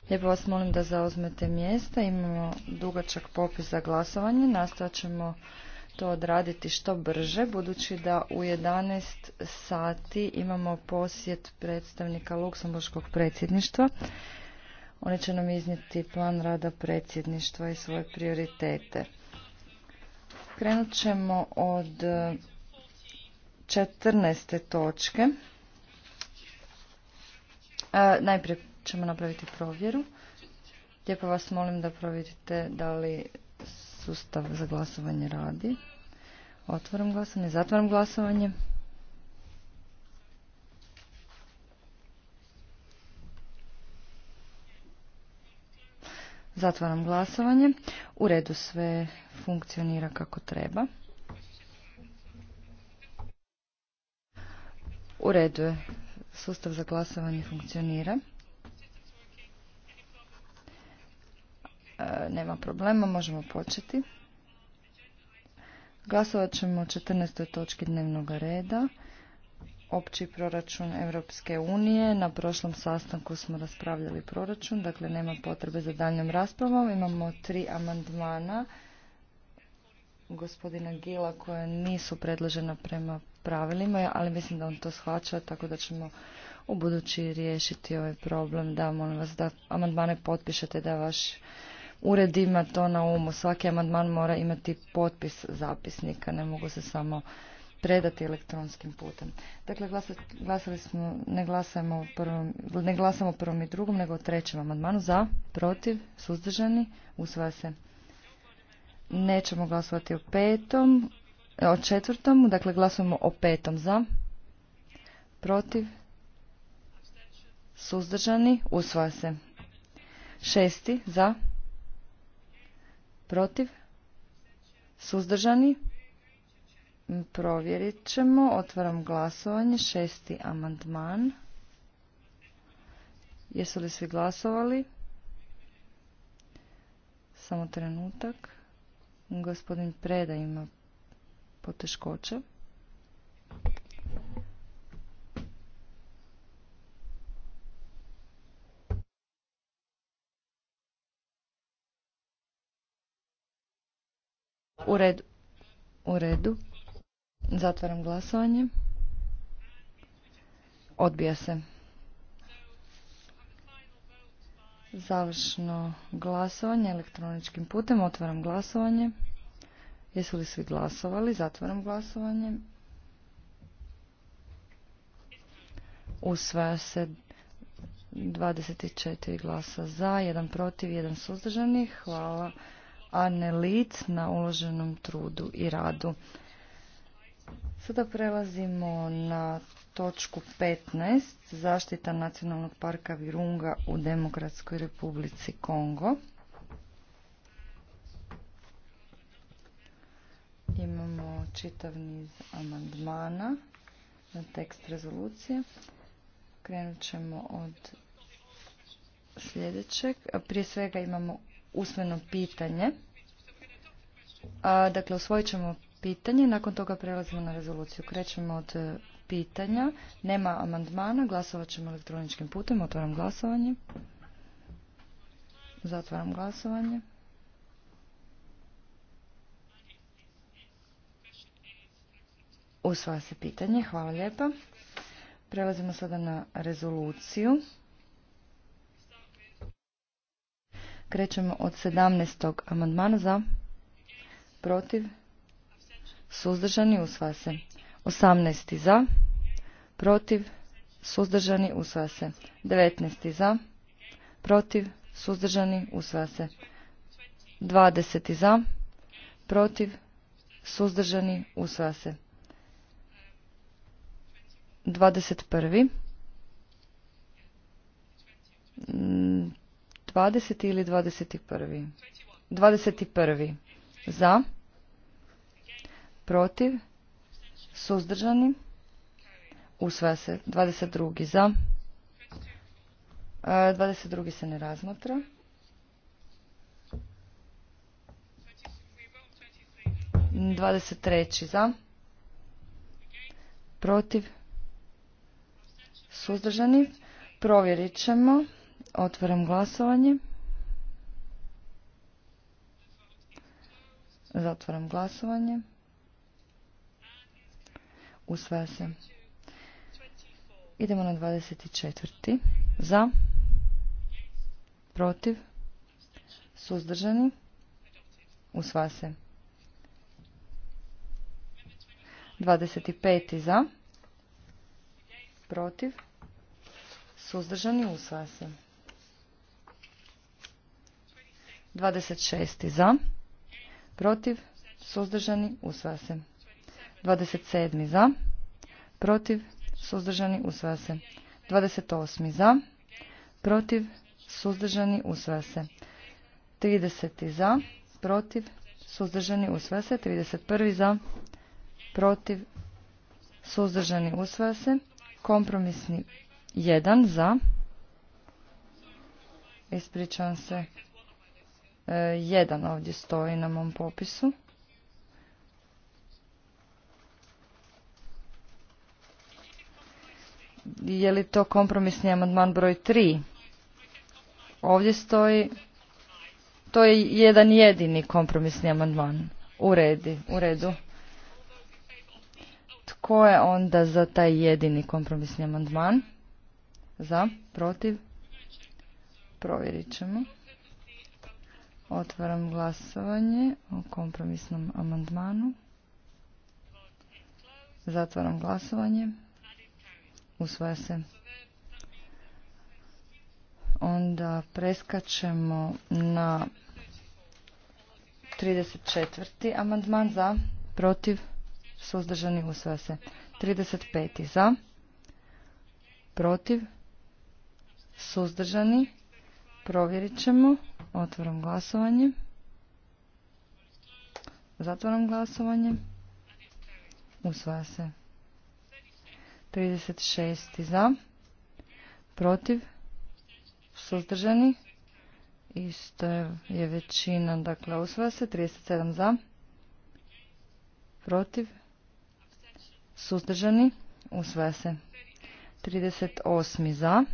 Lijepo vas molim da zauzmete mjesta. Imamo dugačak popis za glasovanje. nastojat ćemo to odraditi što brže, budući da u 11 sati imamo posjet predstavnika Luksemburškog predsjedništva. Oni će nam iznijeti plan rada predsjedništva i svoje prioritete. Krenut ćemo od 14. točke. E, najprije ćemo napraviti provjeru. Lijepo vas molim da provjerite da li sustav za glasovanje radi. Otvaram glasovanje, zatvaram glasovanje. Zatvaram glasovanje. U redu sve funkcionira kako treba. U redu je. Sustav za glasovanje funkcionira. E, nema problema, možemo početi. Glasovat ćemo o 14. točki dnevnog reda. Opći proračun Europske unije. Na prošlom sastanku smo raspravljali proračun, dakle nema potrebe za daljnjom raspravom. Imamo tri amandmana gospodina Gila koja nisu predložena prema pravilima, ali mislim da on to shvaća, tako da ćemo u budući riješiti ovaj problem. Da, molim vas da amandmane potpišete, da vaš ured ima to na umu. Svaki amandman mora imati potpis zapisnika, ne mogu se samo predati elektronskim putem. Dakle, glasali smo, ne glasamo prvom, ne glasamo prvom i drugom, nego trećem amandmanu. Za, protiv, suzdržani, usvaja se. Nećemo glasovati o petom, e, o četvrtom, dakle glasujemo o petom za, protiv, suzdržani, usvaja se. Šesti za, protiv, suzdržani, provjerit ćemo, otvaram glasovanje, šesti amandman. Jesu li svi glasovali? Samo trenutak. Gospodin Preda ima poteškoće. U redu. U redu. Zatvaram glasovanje. Odbija se. Završno glasovanje elektroničkim putem. Otvaram glasovanje. Jesu li svi glasovali? Zatvaram glasovanje. Usvaja se 24 glasa za, jedan protiv, jedan suzdržani. Hvala Arne Lic na uloženom trudu i radu. Sada prelazimo na točku 15. Zaštita nacionalnog parka Virunga u Demokratskoj republici Kongo. Imamo čitav niz amandmana na tekst rezolucije. Krenut ćemo od sljedećeg. Prije svega imamo usmeno pitanje. Dakle, usvojit ćemo pitanje. Nakon toga prelazimo na rezoluciju. Krećemo od e, pitanja. Nema amandmana. Glasovat ćemo elektroničkim putem. Otvaram glasovanje. Zatvaram glasovanje. Usvaja se pitanje. Hvala lijepa. Prelazimo sada na rezoluciju. Krećemo od 17. amandmana za protiv suzdržani, usvaja se. 18. za, protiv, suzdržani, usvaja se. 19. za, protiv, suzdržani, usvaja se. 20. za, protiv, suzdržani, usvaja se. 21. 20. Mm, ili 21. 21. za, protiv, suzdržani, usvaja se 22. za, 22. E, se ne razmatra. Dvadeset treći za, protiv, suzdržani. Provjerit ćemo. Otvaram glasovanje. Zatvaram glasovanje. Usvaja se. Idemo na 24. Za. Protiv. Suzdržani. Usvaja se. 25. Za. Protiv. Suzdržani. Usvaja se. 26. Za. Protiv. Suzdržani. Usvaja se. 27. za, protiv, suzdržani, usvaja se. 28. za, protiv, suzdržani, usvaja se. 30. za, protiv, suzdržani, usvaja se. 31. za, protiv, suzdržani, usvaja se. Kompromisni 1 za, ispričavam se, 1 e, ovdje stoji na mom popisu. je li to kompromisni amandman broj 3? Ovdje stoji, to je jedan jedini kompromisni amandman. U, redi, u redu. Tko je onda za taj jedini kompromisni amandman? Za, protiv? Provjerit ćemo. Otvaram glasovanje o kompromisnom amandmanu. Zatvaram glasovanje usvaja se. Onda preskačemo na 34. amandman za, protiv, suzdržani, usvaja se. 35. za, protiv, suzdržani, provjerit ćemo, otvorom glasovanje. Zatvorom glasovanje. Usvaja se. 36. za, protiv, suzdržani, isto je većina, dakle usvaja se, 37 za, protiv, suzdržani, usvaja se, 38 za,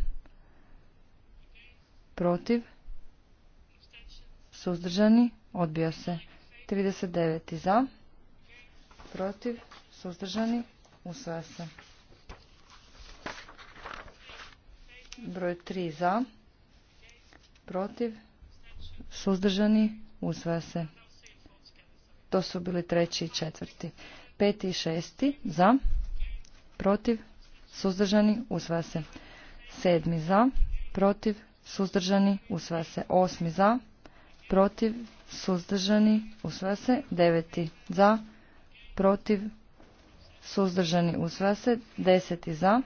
protiv, suzdržani, odbija se, 39 za, protiv, suzdržani, usvaja se. Broj 3 za, protiv, suzdržani, usvaja se. To su bili treći i četvrti. Peti i šesti za, protiv, suzdržani, usvaja se. Sedmi za, protiv, suzdržani, usvaja se. Osmi za, protiv, suzdržani, usvaja se. Deveti za, protiv, suzdržani, usvaja se. Deseti za,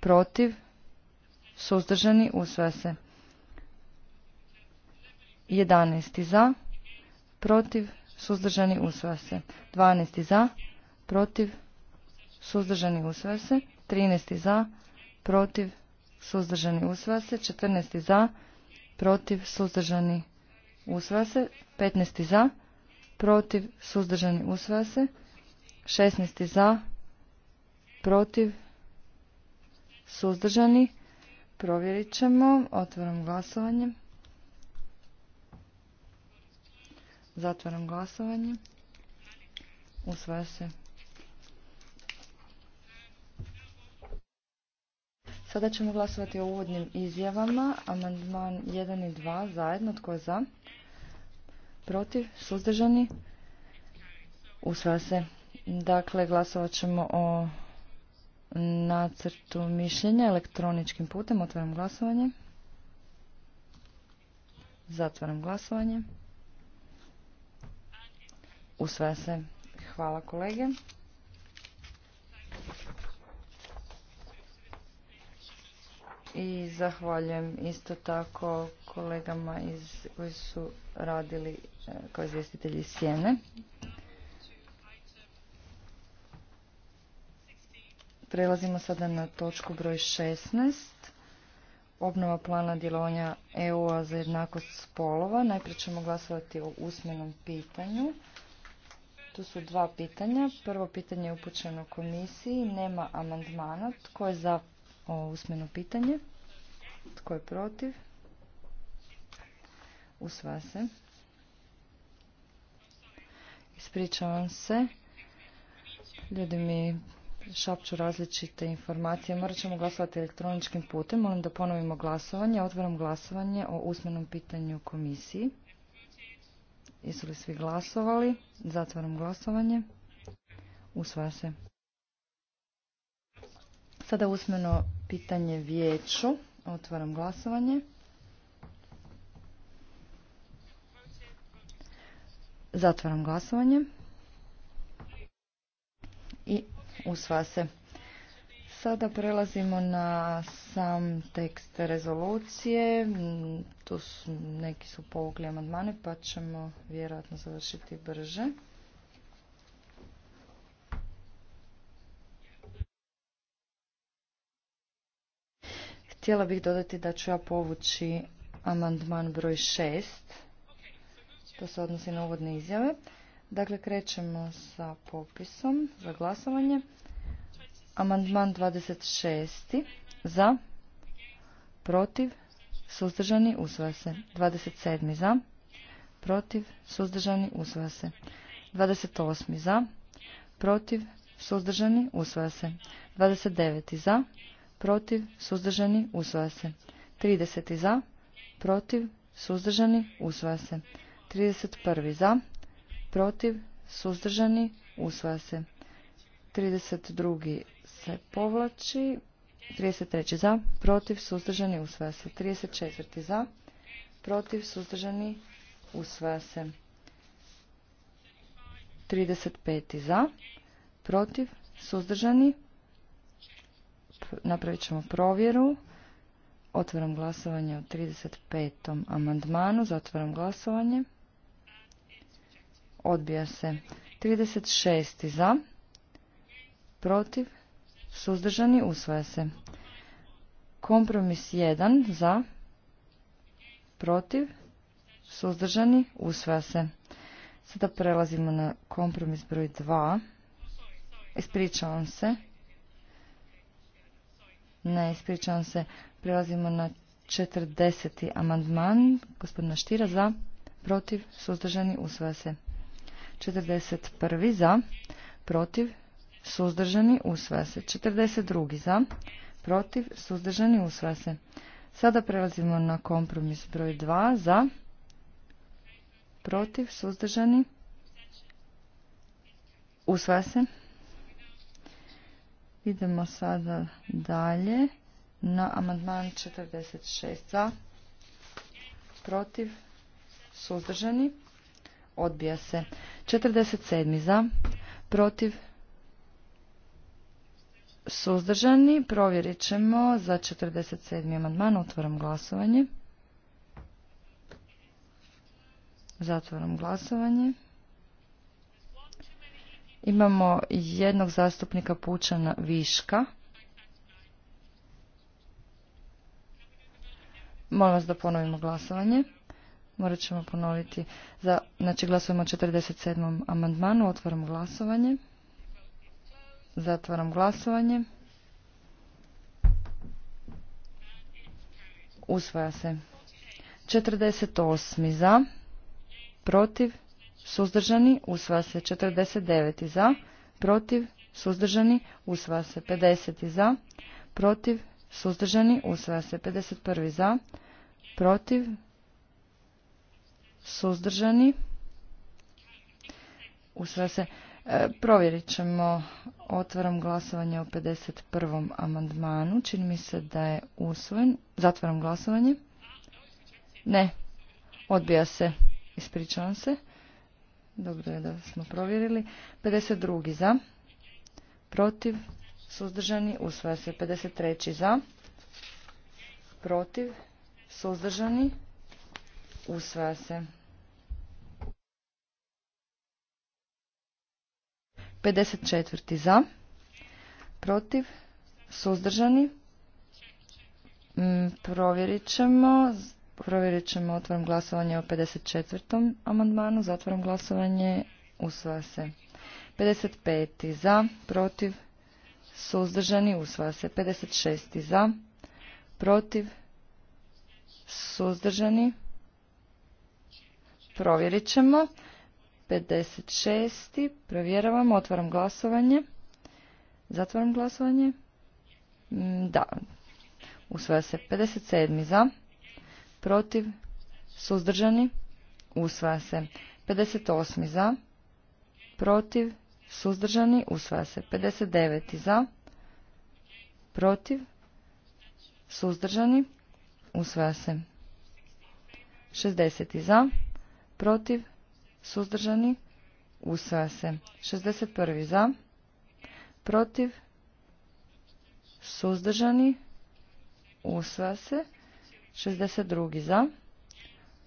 protiv, suzdržani, usvaja se. 11. za, protiv, suzdržani, usvaja se. 12. za, protiv, suzdržani, usvaja se. 13. za, protiv, suzdržani, usvaja se. 14. za, protiv, suzdržani, usvaja se. 15. za, protiv, suzdržani, usvaja se. 16. za, protiv, suzdržani, Provjerit ćemo. Otvaram glasovanje. Zatvaram glasovanje. Usvaja se. Sada ćemo glasovati o uvodnim izjavama. Amandman 1 i 2 zajedno. Tko je za? Protiv? Suzdržani? Usvaja se. Dakle, glasovat ćemo o nacrtu mišljenja elektroničkim putem. Otvaram glasovanje. Zatvaram glasovanje. sve se. Hvala kolege. I zahvaljujem isto tako kolegama iz, koji su radili eh, kao izvjestitelji Sjene. Prelazimo sada na točku broj 16. Obnova plana djelovanja EU-a za jednakost spolova. Najprije ćemo glasovati o usmenom pitanju. Tu su dva pitanja. Prvo pitanje je upućeno komisiji. Nema amandmana. Tko je za ovo usmeno pitanje? Tko je protiv? Usva se. Ispričavam se. Ljudi mi šapću različite informacije. Morat ćemo glasovati elektroničkim putem. Molim da ponovimo glasovanje. Otvaram glasovanje o usmenom pitanju komisiji. Jesu li svi glasovali? Zatvaram glasovanje. Usvaja se. Sada usmeno pitanje vijeću. Otvaram glasovanje. Zatvaram glasovanje. I usva se. Sada prelazimo na sam tekst rezolucije. Tu su, neki su povukli amandmane pa ćemo vjerojatno završiti brže. Htjela bih dodati da ću ja povući amandman broj 6. To se odnosi na uvodne izjave. Dakle, krećemo sa popisom za glasovanje. Amandman 26. Za. Protiv. Suzdržani. Usvaja se. 27. Za. Protiv. Suzdržani. Usvaja se. 28. Za. Protiv. Suzdržani. Usvaja se. 29. Za. Protiv. Suzdržani. Usvaja se. 30. Za. Protiv. Suzdržani. Usvaja se. 31. Za protiv, suzdržani, usvaja se. 32. se povlači, 33. za, protiv, suzdržani, usvaja se. 34. za, protiv, suzdržani, usvaja se. 35. za, protiv, suzdržani, napravit ćemo provjeru. Otvaram glasovanje o 35. amandmanu, zatvaram glasovanje. Odbija se. 36. za. Protiv. Suzdržani. Usvaja se. Kompromis 1 za. Protiv. Suzdržani. Usvaja se. Sada prelazimo na kompromis broj 2. Ispričavam se. Ne, ispričavam se. Prelazimo na 40. amandman. Gospodina Štira za. Protiv. Suzdržani. Usvaja se. 41. za, protiv, suzdržani, usvaja se. 42. za, protiv, suzdržani, usvaja se. Sada prelazimo na kompromis broj 2 za, protiv, suzdržani, usvaja se. Idemo sada dalje na amandman 46 za, protiv, suzdržani, odbija se. 47. za, protiv, suzdržani. Provjerit ćemo za 47. amandman. Otvaram glasovanje. Zatvaram glasovanje. Imamo jednog zastupnika Pučana Viška. Molim vas da ponovimo glasovanje. Morat ćemo ponoviti. znači glasujemo o 47. amandmanu. Otvaram glasovanje. Zatvaram glasovanje. Usvaja se. 48. za. Protiv. Suzdržani. Usvaja se. 49. za. Protiv. Suzdržani. Usvaja se. 50. za. Protiv. Suzdržani. Usvaja se. 51. za. Protiv suzdržani, usvaja se. E, provjerit ćemo, otvaram glasovanje o 51. amandmanu, čini mi se da je usvojen, zatvaram glasovanje, ne, odbija se, ispričavam se, dobro je da smo provjerili, 52. za, protiv, suzdržani, usvaja se, 53. za, protiv, suzdržani, usvaja se. 54. Mm, za, protiv, suzdržani. Provjerit ćemo. Provjerit ćemo, otvorom glasovanje o 54. amandmanu, zatvorom glasovanje, usvaja se. 55. za, protiv, suzdržani, usvaja se. 56. za, protiv, suzdržani, provjerit ćemo. 56. provjeravam. otvaram glasovanje. Zatvaram glasovanje. Mm, da. Usvaja se 57. za. Protiv. Suzdržani. Usvaja se 58. za. Protiv. Suzdržani. Usvaja se 59. za. Protiv. Suzdržani. Usvaja se 60. za. Protiv. Suzdržani? Usvaja se. 61. Za? Protiv? Suzdržani? Usvaja se. 62. Za?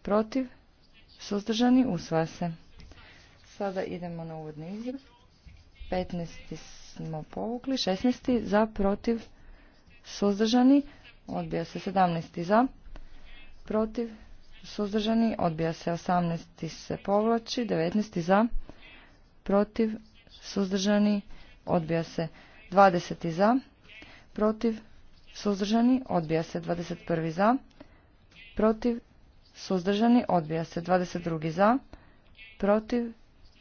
Protiv? Suzdržani? Usvaja se. Sada idemo na uvodni izjav. 15. smo povukli. 16. Za? Protiv? Suzdržani? Odbija se. 17. Za? Protiv? suzdržani, odbija se 18. se povlači, 19. za, protiv, suzdržani, odbija se 20. za, protiv, suzdržani, odbija se 21. za, protiv, suzdržani, odbija se 22. za, protiv,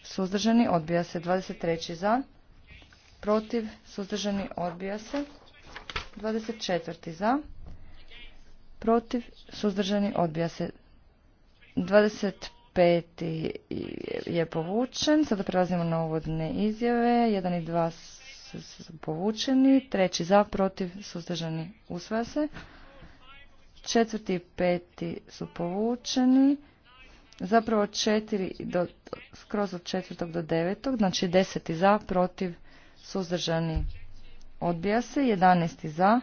suzdržani, odbija se 23. za, protiv, suzdržani, odbija se 24. za, protiv, suzdržani, odbija se 25. je povučen. Sada prelazimo na uvodne izjave. 1 i 2 su povučeni. Treći za, protiv, suzdržani, usvaja se. Četvrti i peti su povučeni. Zapravo četiri do, skroz od četvrtog do devetog, znači deseti za, protiv, suzdržani, odbija se. Jedanesti za,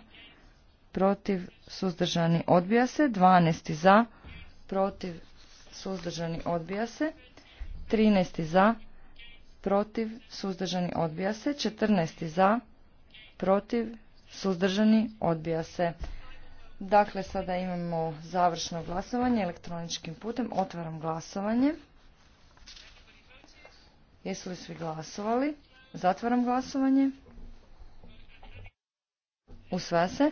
protiv, suzdržani, odbija se. Dvanesti za, protiv, suzdržani, odbija se. 13. za, protiv, suzdržani, odbija se. 14. za, protiv, suzdržani, odbija se. Dakle, sada imamo završno glasovanje elektroničkim putem. Otvaram glasovanje. Jesu li svi glasovali? Zatvaram glasovanje. Usvaja se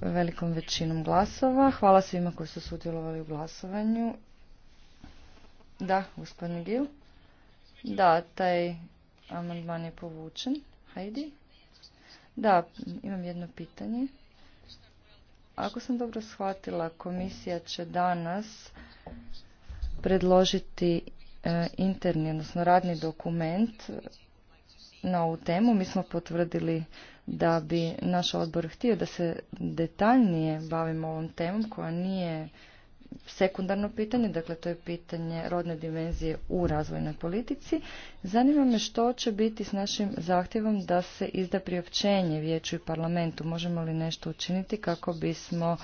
velikom većinom glasova. Hvala svima koji su sudjelovali u glasovanju. Da, gospodin Gil. Da, taj amandman je povučen. Hajdi. Da, imam jedno pitanje. Ako sam dobro shvatila, komisija će danas predložiti e, interni, odnosno radni dokument na ovu temu. Mi smo potvrdili da bi naš odbor htio da se detaljnije bavimo ovom temom koja nije sekundarno pitanje, dakle to je pitanje rodne dimenzije u razvojnoj politici. Zanima me što će biti s našim zahtjevom da se izda priopćenje vijeću i parlamentu. Možemo li nešto učiniti kako bismo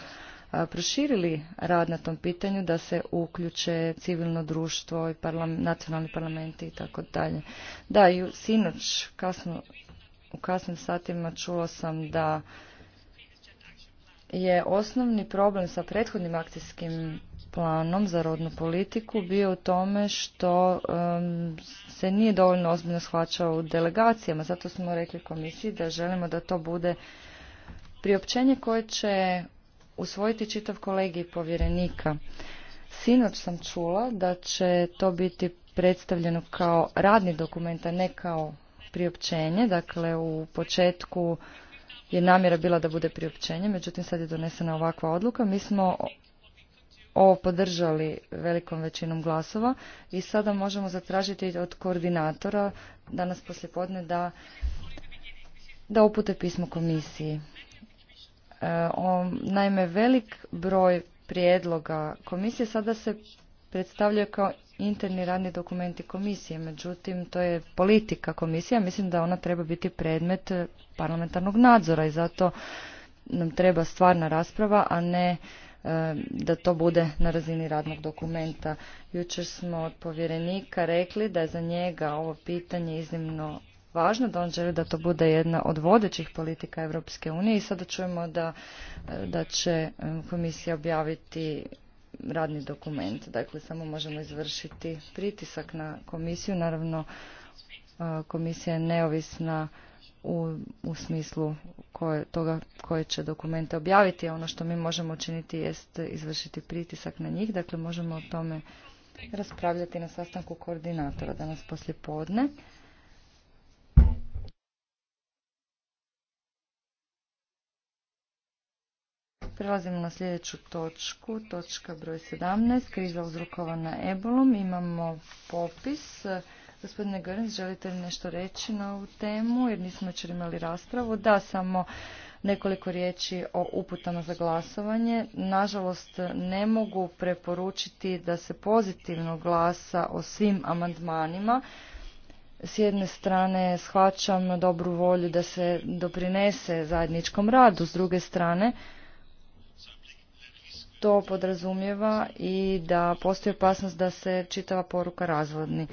proširili rad na tom pitanju, da se uključe civilno društvo i nacionalni parlamenti i tako dalje. Da, i sinoć kasno u kasnim satima čula sam da je osnovni problem sa prethodnim akcijskim planom za rodnu politiku bio u tome što se nije dovoljno ozbiljno shvaćao u delegacijama. Zato smo rekli komisiji da želimo da to bude priopćenje koje će usvojiti čitav kolegi povjerenika. Sinoć sam čula da će to biti predstavljeno kao radni dokument, a ne kao priopćenje, dakle u početku je namjera bila da bude priopćenje, međutim sad je donesena ovakva odluka. Mi smo ovo podržali velikom većinom glasova i sada možemo zatražiti od koordinatora danas poslijepodne da, da upute pismo komisiji. E, o, naime, velik broj prijedloga komisije sada se predstavlja kao interni radni dokumenti komisije, međutim to je politika komisija, mislim da ona treba biti predmet parlamentarnog nadzora i zato nam treba stvarna rasprava, a ne e, da to bude na razini radnog dokumenta. Jučer smo od povjerenika rekli da je za njega ovo pitanje iznimno važno, da on želi da to bude jedna od vodećih politika Europske unije i sada čujemo da, e, da će e, komisija objaviti radni dokument. Dakle, samo možemo izvršiti pritisak na komisiju. Naravno, komisija je neovisna u, u smislu koje, toga koje će dokumente objaviti. A ono što mi možemo učiniti jest izvršiti pritisak na njih. Dakle, možemo o tome raspravljati na sastanku koordinatora danas poslije podne. Prelazimo na sljedeću točku, točka broj 17, kriza uzrokovana ebolom. Imamo popis. Gospodine Grnic, želite li nešto reći na ovu temu jer nismo jučer imali raspravu? Da, samo nekoliko riječi o uputama za glasovanje. Nažalost, ne mogu preporučiti da se pozitivno glasa o svim amandmanima. S jedne strane shvaćam dobru volju da se doprinese zajedničkom radu, s druge strane to podrazumijeva i da postoji opasnost da se čitava poruka razvodni.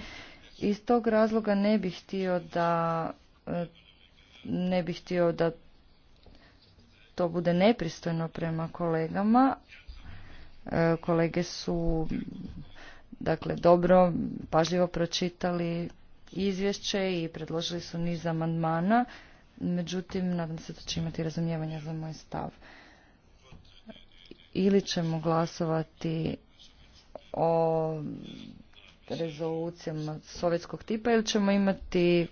Iz tog razloga ne bih htio da e, ne bih htio da to bude nepristojno prema kolegama. E, kolege su dakle dobro, pažljivo pročitali izvješće i predložili su niz amandmana. Međutim, nadam se da će imati razumijevanja za moj stav ili ćemo glasovati o rezolucijama sovjetskog tipa ili ćemo imati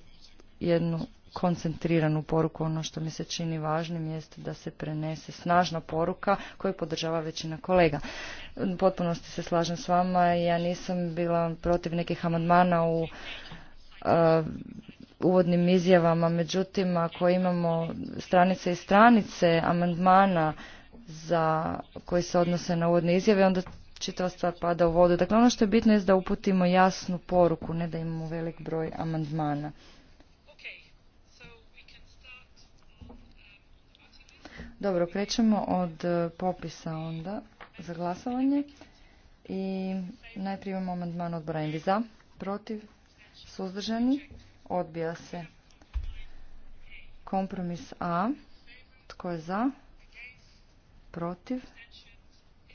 jednu koncentriranu poruku. Ono što mi se čini važnim jeste da se prenese snažna poruka koju podržava većina kolega. U potpunosti se slažem s vama. Ja nisam bila protiv nekih amandmana u uh, uvodnim izjavama. Međutim, ako imamo stranice i stranice amandmana za, koji se odnose na uvodne izjave, onda čitava stvar pada u vodu. Dakle, ono što je bitno je da uputimo jasnu poruku, ne da imamo velik broj amandmana. Dobro, krećemo od e, popisa onda za glasovanje. I najprije imamo amandman odbora za, protiv, suzdržani, odbija se kompromis A. Tko je za? protiv,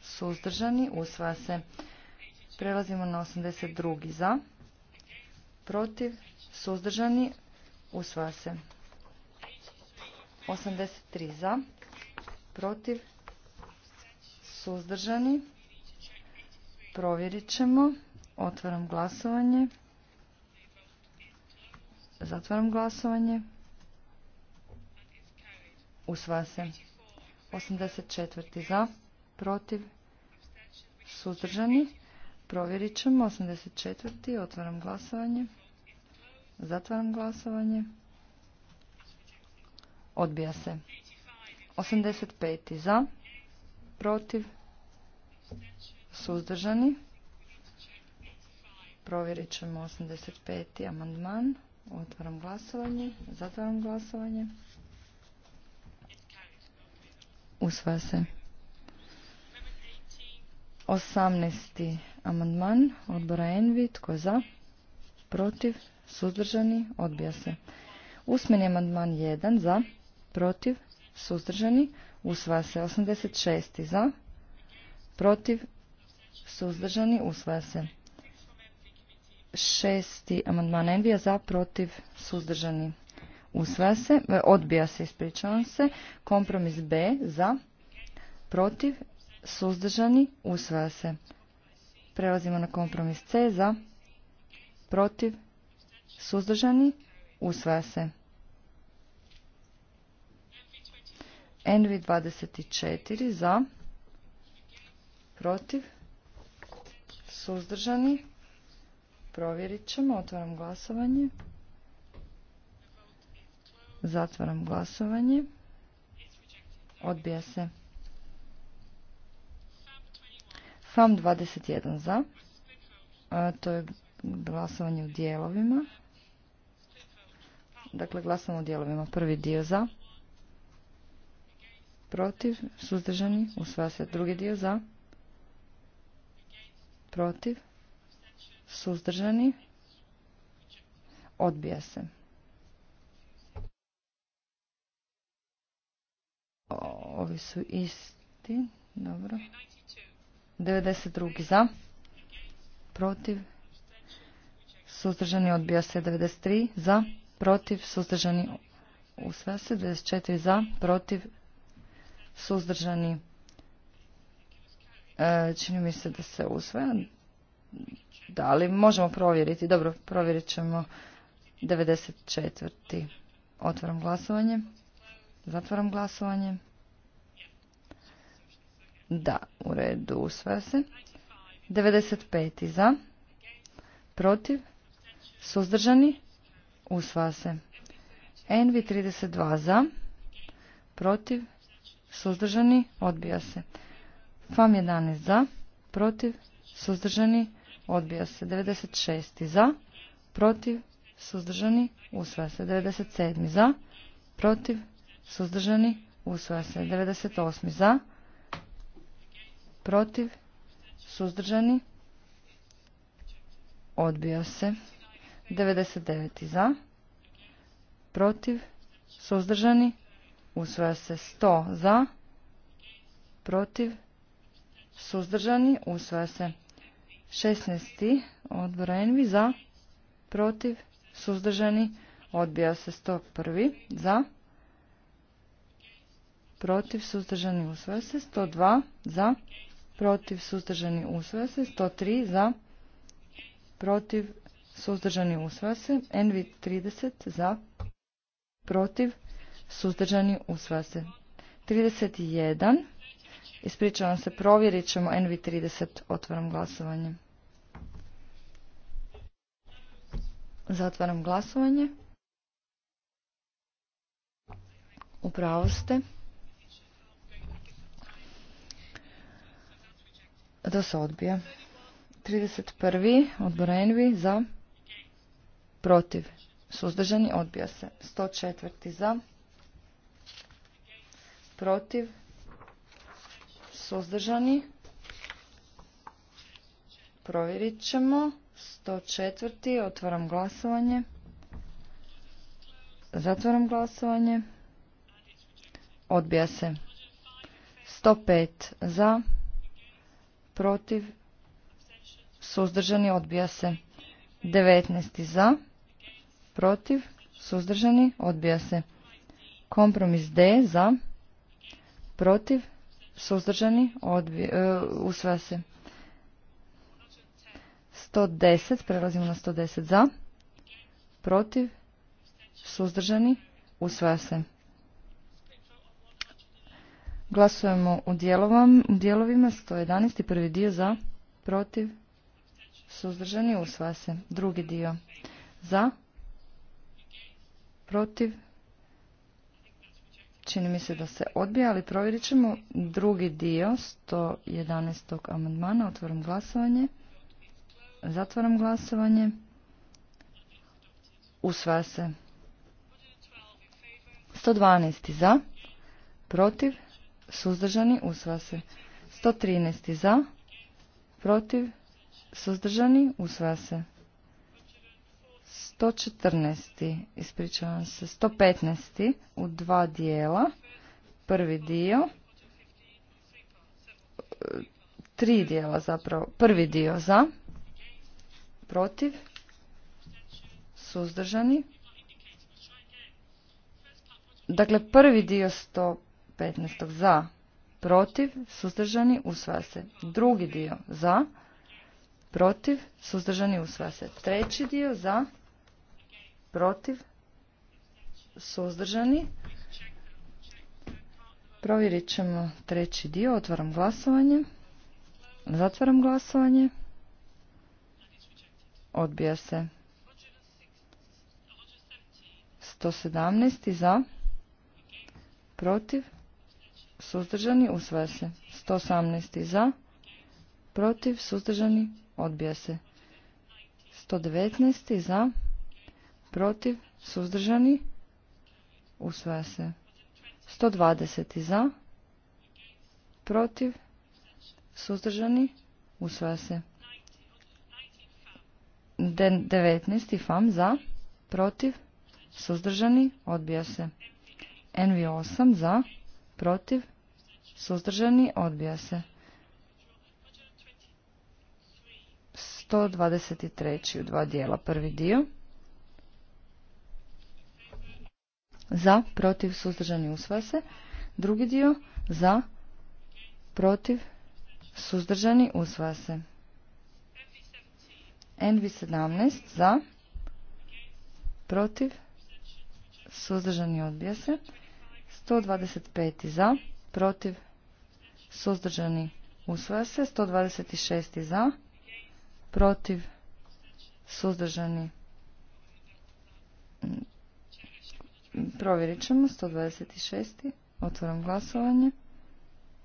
suzdržani, usvaja se. Prelazimo na 82. za, protiv, suzdržani, usvaja se. 83 za, protiv, suzdržani, provjerit ćemo, otvaram glasovanje, zatvaram glasovanje, usvaja se. 84. za, protiv, suzdržani. Provjerit ćemo. 84. Otvaram glasovanje. Zatvaram glasovanje. Odbija se. 85. za, protiv, suzdržani. Provjerit ćemo 85. amandman. Otvaram glasovanje. Zatvaram glasovanje. Usvaja se. 18. amandman odbora Envi. Tko je za? Protiv? Suzdržani? Odbija se. Usmeni amandman 1. Za? Protiv? Suzdržani? Usvaja se. 86. Za? Protiv? Suzdržani? Usvaja se. Šesti amandman Envija. Za? Protiv? Suzdržani? usvaja se, e, odbija se, ispričavam se. Kompromis B za, protiv, suzdržani, usvaja se. Prelazimo na kompromis C za, protiv, suzdržani, usvaja se. NV 24 za, protiv, suzdržani, provjerit ćemo, otvaram glasovanje. Zatvaram glasovanje. Odbija se. FAM 21 za. E, to je glasovanje u dijelovima. Dakle, glasamo u dijelovima. Prvi dio za. Protiv. Suzdržani. Usvaja se drugi dio za. Protiv. Suzdržani. Odbija se. Ovi su isti. Dobro. 92. za. Protiv. Suzdržani odbija se 93. Za. Protiv. Suzdržani usvaja se 94. Za. Protiv. Suzdržani. E, čini mi se da se usvojan Da, ali možemo provjeriti. Dobro, provjerit ćemo 94. Otvaram glasovanje. Zatvaram glasovanje. Da, u redu, usvaja se. 95. za, protiv, suzdržani, usvaja se. Envi 32 za, protiv, suzdržani, odbija se. FAM 11 za, protiv, suzdržani, odbija se. 96 za, protiv, suzdržani, usvaja se. 97 za, protiv, suzdržani, usvaja se. 98 za, protiv, suzdržani, odbija se. 99. za, protiv, suzdržani, usvoja se 100 za, protiv, suzdržani, usvoja se 16. odbora Envi za, protiv, suzdržani, odbija se 101. za, protiv, suzdržani, usvoja se 102 za, protiv, suzdržani, usvaja se. 103 za, protiv, suzdržani, usvaja se. NV 30 za, protiv, suzdržani, usvaja se. 31, ispričavam se, provjerit ćemo nv 30, otvaram glasovanje. Zatvaram glasovanje. Upravo ste. da se odbija. 31. odbor Envi za protiv suzdržani odbija se. 104. za protiv suzdržani provjerit ćemo. 104. otvaram glasovanje. Zatvaram glasovanje. Odbija se. 105 za protiv, suzdržani, odbija se. 19. za, protiv, suzdržani, odbija se. Kompromis D za, protiv, suzdržani, e, usvaja se. 110, prelazimo na 110 za, protiv, suzdržani, usvaja se. Glasujemo u dijelovima 111. prvi dio za, protiv, suzdržani, usvaja se. Drugi dio za, protiv, čini mi se da se odbija, ali provjerit ćemo drugi dio 111. amandmana. Otvoram glasovanje. Zatvaram glasovanje. Usvaja se. 112. za, protiv, suzdržani, usvaja se. 113. za, protiv, suzdržani, usvaja se. 114. ispričavam se, 115. u dva dijela, prvi dio, tri dijela zapravo, prvi dio za, protiv, suzdržani. Dakle, prvi dio sto. 15. za, protiv, suzdržani, usvaja se. Drugi dio za, protiv, suzdržani, usvaja se. Treći dio za, protiv, suzdržani. Provjerit ćemo treći dio, otvaram glasovanje. Zatvaram glasovanje. Odbija se. 117 za, protiv, suzdržani, usvaja se. 118. za, protiv, suzdržani, odbija se. 119. za, protiv, suzdržani, usvaja se. 120. za, protiv, suzdržani, usvaja se. 19. fam za, protiv, suzdržani, odbija se. NV8 za, protiv, Suzdržani? Odbija se. 123. u dva dijela. Prvi dio. Za, protiv, suzdržani, usvaja se. Drugi dio. Za, protiv, suzdržani, usvaja se. NV17. Za, protiv, suzdržani, odbija se. 125. Za, protiv, suzdržani, usvaja se. 126. za, protiv, suzdržani, provjerit ćemo. 126. Otvaram glasovanje.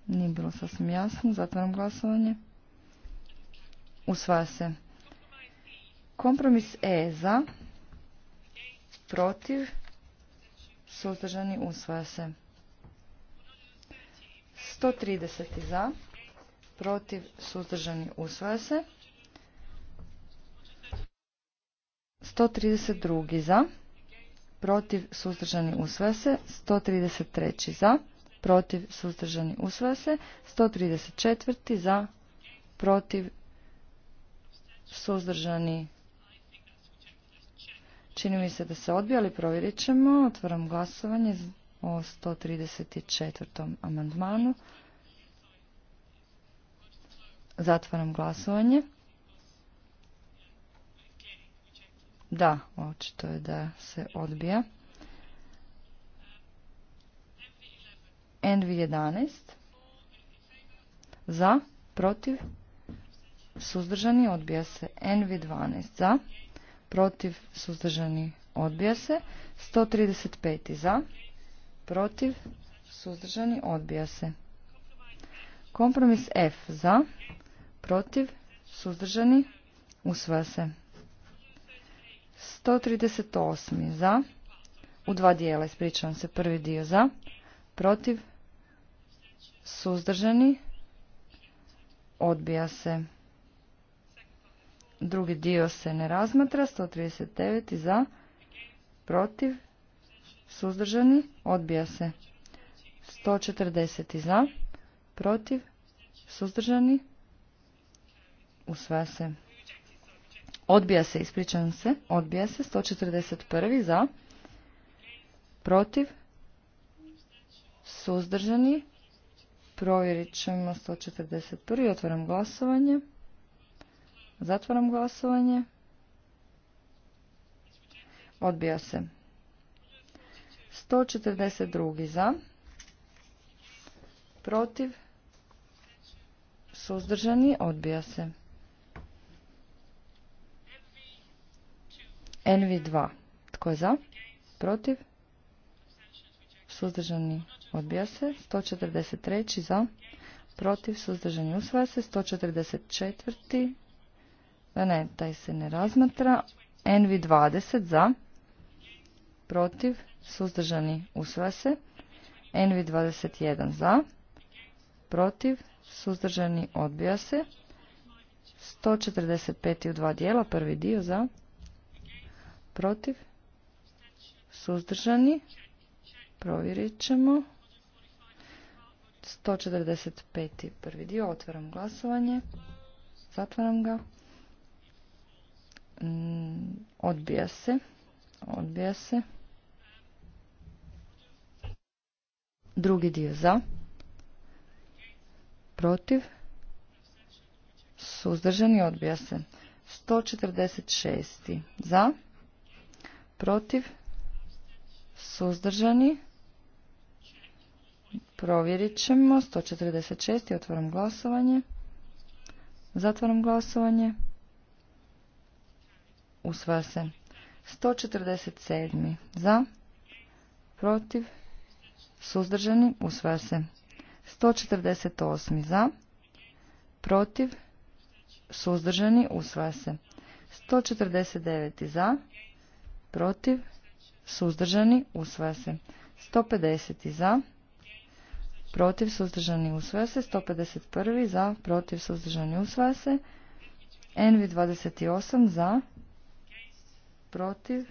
Nije bilo sasvim jasno. Zatvaram glasovanje. Usvaja se. Kompromis E za, protiv, suzdržani, usvaja se. 130. za, protiv, suzdržani, usvaja se. 132. za, protiv, suzdržani, usvaja se. 133. za, protiv, suzdržani, usvaja se. 134. za, protiv, suzdržani, čini mi se da se odbija, ali provjerit ćemo. Otvaram glasovanje o 134. amandmanu. Zatvaram glasovanje. Da, očito je da se odbija. NV11. Za, protiv, suzdržani, odbija se. NV12. Za, protiv, suzdržani, odbija se. 135. Za, protiv, suzdržani, odbija se. Kompromis F za, protiv, suzdržani, usvaja se. 138. za, u dva dijela, ispričavam se, prvi dio za, protiv, suzdržani, odbija se. Drugi dio se ne razmatra, 139. za, protiv, suzdržani, odbija se. 140 za, protiv, suzdržani, usvaja se. Odbija se, ispričavam se, odbija se, 141 za, protiv, suzdržani, provjerit ćemo 141, otvaram glasovanje, zatvaram glasovanje, odbija se. 142. za, protiv, suzdržani, odbija se. NV2, tko je za, protiv, suzdržani, odbija se. 143. za, protiv, suzdržani, usvaja se. 144. Da ne, taj se ne razmatra. NV20 za, protiv, suzdržani, usvaja se. Envi 21 za, protiv, suzdržani, odbija se. 145 u dva dijela, prvi dio za, protiv, suzdržani, provjerit ćemo. 145. prvi dio, otvaram glasovanje, zatvaram ga, mm, odbija se, odbija se. Drugi dio za. Protiv. Suzdržani odbija se. 146. Za. Protiv. Suzdržani. Provjerit ćemo. 146. Otvaram glasovanje. Zatvaram glasovanje. Usvaja se. 147. Za. Protiv. Suzdržani? Usvaja se. 148. Za. Protiv? Suzdržani? Usvaja se. 149. Za. Protiv? Suzdržani? Usvaja se. 150. Za. Protiv? Suzdržani? Usvaja se. 151. Za. Protiv? Suzdržani? Usvaja se. Envi 28. Za. Protiv?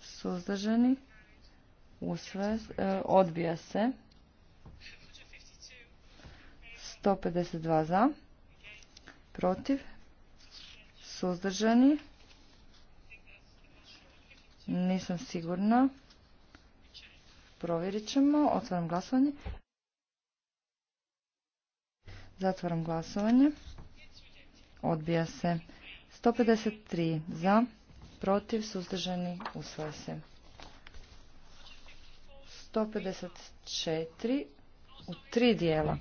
Suzdržani? E, odbija se. 152 za, protiv, suzdržani, nisam sigurna, provjerit ćemo, otvaram glasovanje, zatvaram glasovanje, odbija se, 153 za, protiv, suzdržani, usvaja se. 154 u tri dijela.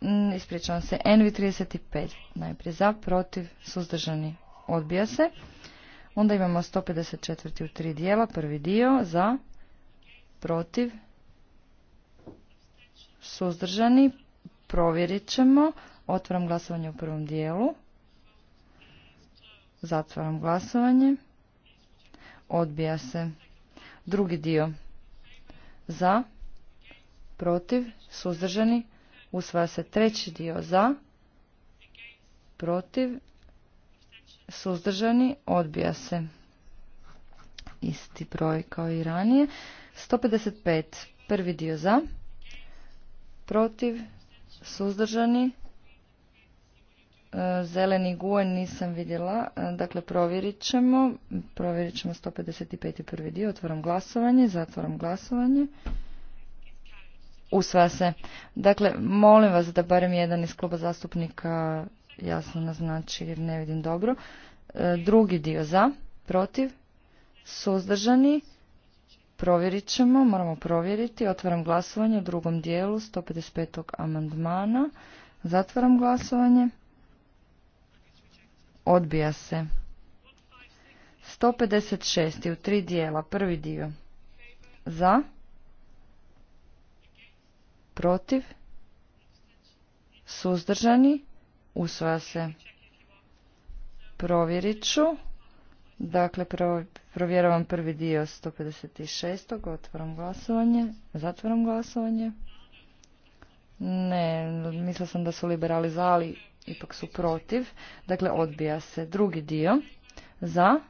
Mm, Ispričavam se, NV35 najprije za, protiv, suzdržani, odbija se. Onda imamo 154. u tri dijela, prvi dio za, protiv, suzdržani, provjerit ćemo. Otvaram glasovanje u prvom dijelu. Zatvaram glasovanje. Odbija se. Drugi dio za, protiv, suzdržani, usvaja se treći dio za, protiv, suzdržani, odbija se isti broj kao i ranije. 155, prvi dio za, protiv, suzdržani, E, zeleni guen nisam vidjela. E, dakle, provjerit ćemo. Provjerit ćemo 155. prvi dio. Otvaram glasovanje, zatvaram glasovanje. Usvaja se. Dakle, molim vas da barem jedan iz kluba zastupnika jasno naznači jer ne vidim dobro. E, drugi dio za, protiv, suzdržani. Provjerit ćemo, moramo provjeriti. Otvaram glasovanje u drugom dijelu 155. amandmana. Zatvaram glasovanje. Odbija se. 156. u tri dijela. Prvi dio. Za. Protiv. Suzdržani. Usvaja se. Provjerit ću. Dakle, provjeravam prvi dio 156. Otvaram glasovanje. Zatvaram glasovanje. Ne, mislila sam da su liberali ipak su protiv. Dakle, odbija se drugi dio. Za,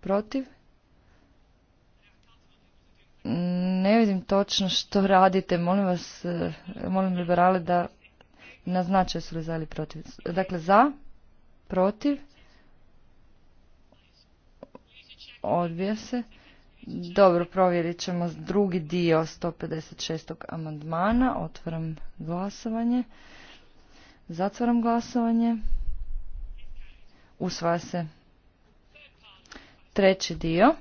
protiv. Ne vidim točno što radite. Molim vas, eh, molim liberale da naznače su li za ili protiv. Dakle, za, protiv. Odbija se. Dobro, provjerit ćemo drugi dio 156. amandmana. Otvaram glasovanje. Zatvaram glasovanje. Usvaja se. Treći dio.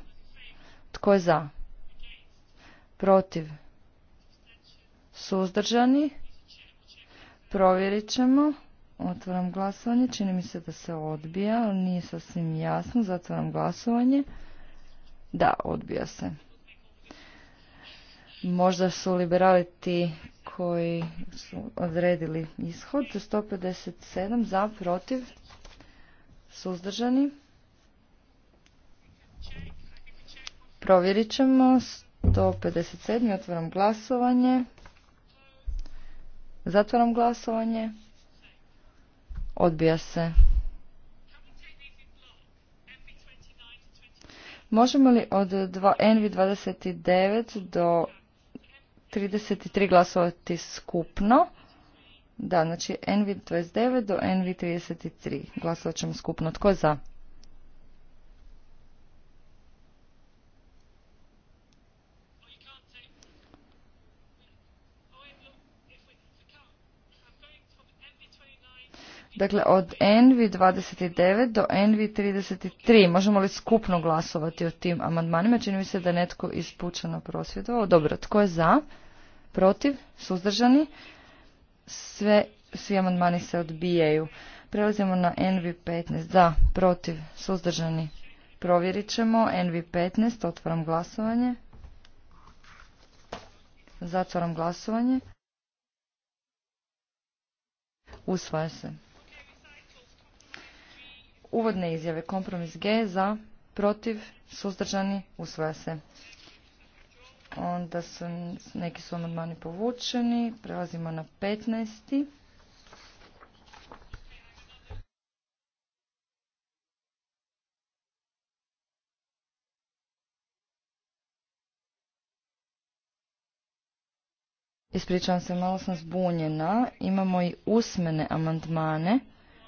Tko je za? Protiv? Suzdržani? Provjerit ćemo. Otvaram glasovanje. Čini mi se da se odbija, ali nije sasvim jasno. Zatvaram glasovanje. Da, odbija se. Možda su liberaliti koji su odredili ishod. 157 za, protiv, suzdržani. Provjerit ćemo. 157. Otvaram glasovanje. Zatvaram glasovanje. Odbija se. Možemo li od NV29 do 33 glasovati skupno. Da, znači NV29 do NV33 glasovat ćemo skupno. Tko je za? Dakle, od NV 29 do NV 33. Možemo li skupno glasovati o tim amandmanima? Čini mi se da je netko iz prosvjedovao. Dobro, tko je za? Protiv? Suzdržani? Sve, svi amandmani se odbijaju. Prelazimo na NV 15. Za, protiv, suzdržani. Provjerit ćemo. NV 15. Otvaram glasovanje. Zatvaram glasovanje. Usvaja se. Uvodne izjave. Kompromis G za, protiv, suzdržani, usvaja se. Onda su, neki su amandmani povučeni. Prelazimo na 15. Ispričavam se, malo sam zbunjena. Imamo i usmene amandmane.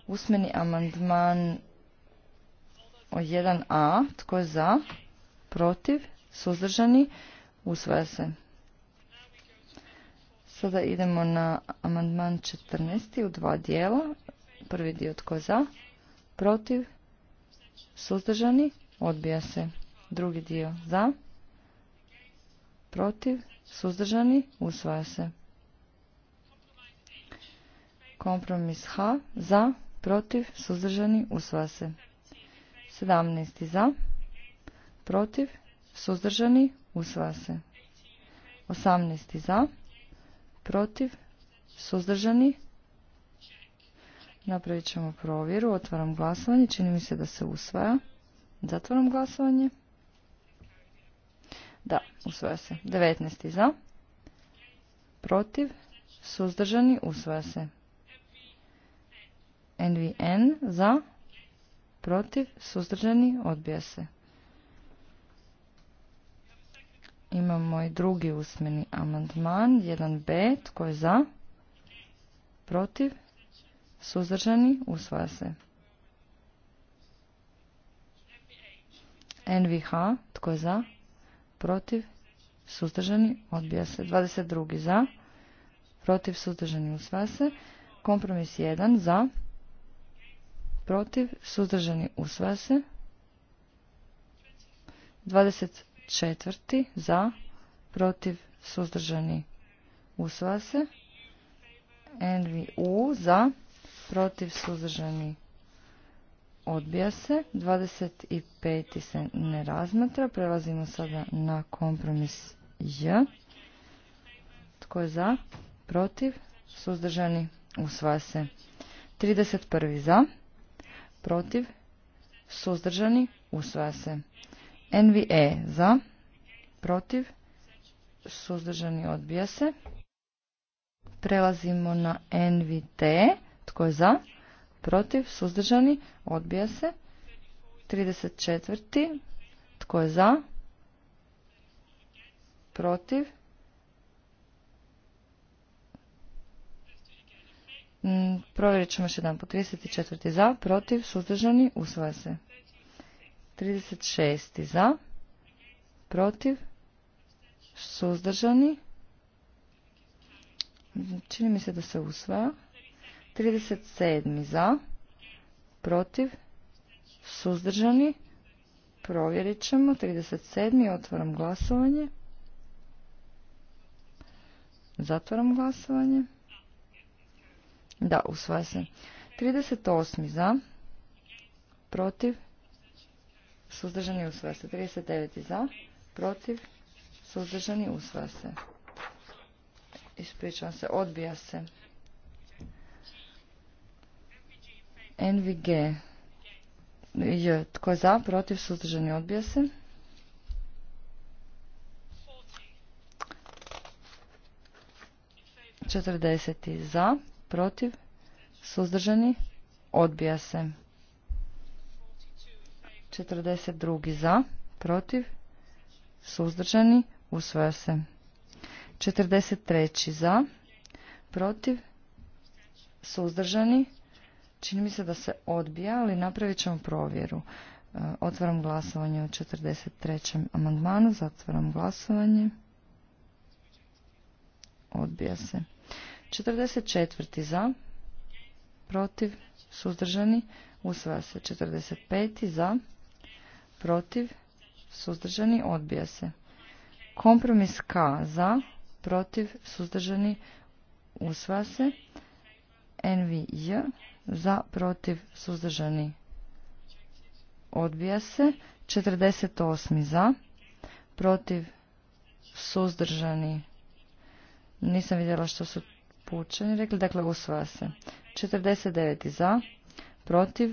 Usmeni amandman 1a. Tko je za? Protiv? Suzdržani? Usvaja se. Sada idemo na amandman 14. u dva dijela. Prvi dio tko je za? Protiv? Suzdržani? Odbija se. Drugi dio za? Protiv? Suzdržani? Usvaja se. Kompromis H. Za? Protiv? Suzdržani? Usvaja se. 17. za, protiv, suzdržani, usvaja se. 18. za, protiv, suzdržani, napravit ćemo provjeru, otvaram glasovanje, čini mi se da se usvaja, zatvaram glasovanje. Da, usvaja se. 19. za, protiv, suzdržani, usvaja se. NVN za, protiv, suzdržani, odbija se. Imamo i drugi usmeni amandman, 1b, tko je za, protiv, suzdržani, usvaja se. NVH, tko je za, protiv, suzdržani, odbija se. 22. za, protiv, suzdržani, usvaja se. Kompromis 1, za, protiv, suzdržani, usvaja se. 24. za, protiv, suzdržani, usvaja se. NVU za, protiv, suzdržani, odbija se. 25. se ne razmatra. Prelazimo sada na kompromis J. Tko je za? Protiv? Suzdržani? Usvaja se. 31. za protiv, suzdržani, usvaja se. NVE za, protiv, suzdržani, odbija se. Prelazimo na NVT, tko je za, protiv, suzdržani, odbija se. 34. tko je za, protiv, Mm, provjerit ćemo još jedan po 34. za, protiv, suzdržani, usvaja se. 36. za, protiv, suzdržani, čini mi se da se usvaja. 37. za, protiv, suzdržani, provjerit ćemo. 37. otvaram glasovanje. Zatvaram glasovanje. Da, usvaja se. 38. za. Protiv. Suzdržani usvaja se. 39. za. Protiv. Suzdržani usvaja se. Ispričavam se. Odbija se. NVG. Tko je za? Protiv. Suzdržani odbija se. 40. za protiv, suzdržani, odbija se. 42. za, protiv, suzdržani, usvoja se. 43. za, protiv, suzdržani, čini mi se da se odbija, ali napravit ćemo provjeru. E, otvaram glasovanje u 43. amandmanu, zatvaram glasovanje, odbija se. 44. za, protiv, suzdržani, usvaja se. 45. za, protiv, suzdržani, odbija se. Kompromis K za, protiv, suzdržani, usvaja se. NVJ za, protiv, suzdržani, odbija se. 48. za, protiv, suzdržani, nisam vidjela što su pučeni rekli, dakle usvaja se. 49. za, protiv,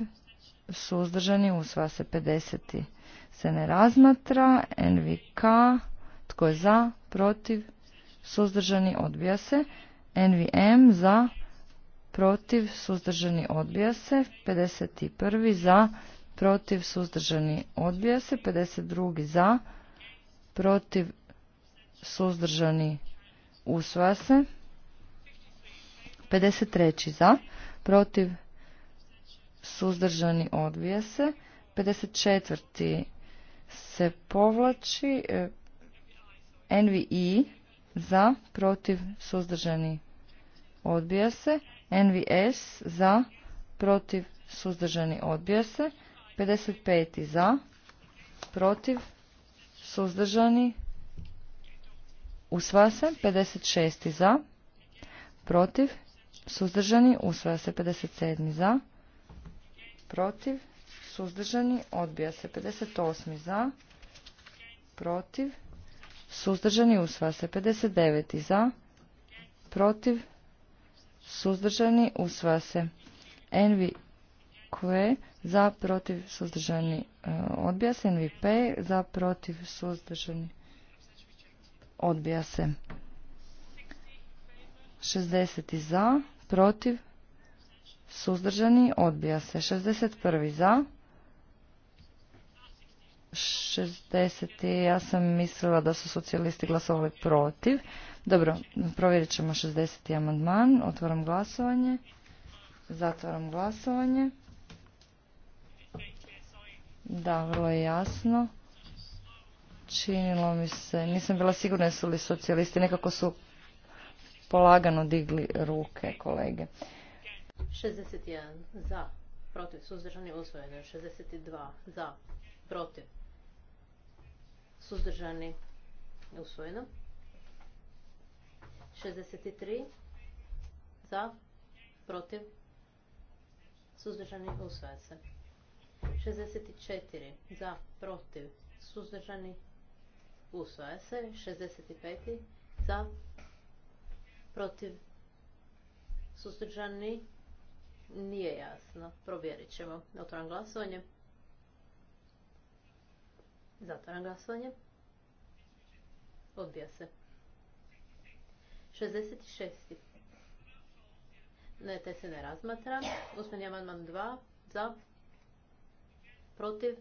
suzdržani, usvaja se. 50. se ne razmatra, NVK, tko je za, protiv, suzdržani, odbija se. NVM za, protiv, suzdržani, odbija se. 51. za, protiv, suzdržani, odbija se. 52. za, protiv, suzdržani, usvaja se. 53. za, protiv, suzdržani, odbija se. 54. se povlači. E, NVI za, protiv, suzdržani, odbija se. NVS za, protiv, suzdržani, odbija se. 55. za, protiv, suzdržani, usva se. 56. za, protiv, suzdržani, usvaja se 57. za, protiv, suzdržani, odbija se 58. za, protiv, suzdržani, usvaja se 59. za, protiv, suzdržani, usvaja se NV e, za protiv suzdržani odbija se NVP za protiv suzdržani odbija se 60 za protiv, suzdržani, odbija se. 61. za, 60. ja sam mislila da su socijalisti glasovali protiv. Dobro, provjerit ćemo 60. amandman, otvaram glasovanje, zatvaram glasovanje. Da, vrlo je jasno. Činilo mi se, nisam bila sigurna jesu li socijalisti, nekako su polagano digli ruke, kolege. 61 za, protiv, suzdržani, usvojeno. 62 za, protiv, suzdržani, usvojeno. 63 za, protiv, suzdržani, usvojeno se. 64 za, protiv, suzdržani, usvaja se. 65 za, protiv, suzdržani, nije jasno. Provjerit ćemo. Otvaram glasovanje. Zatvoram glasovanje. Odbija se. 66. Ne, te se ne razmatra. Usmeni amandman dva. Za. Protiv.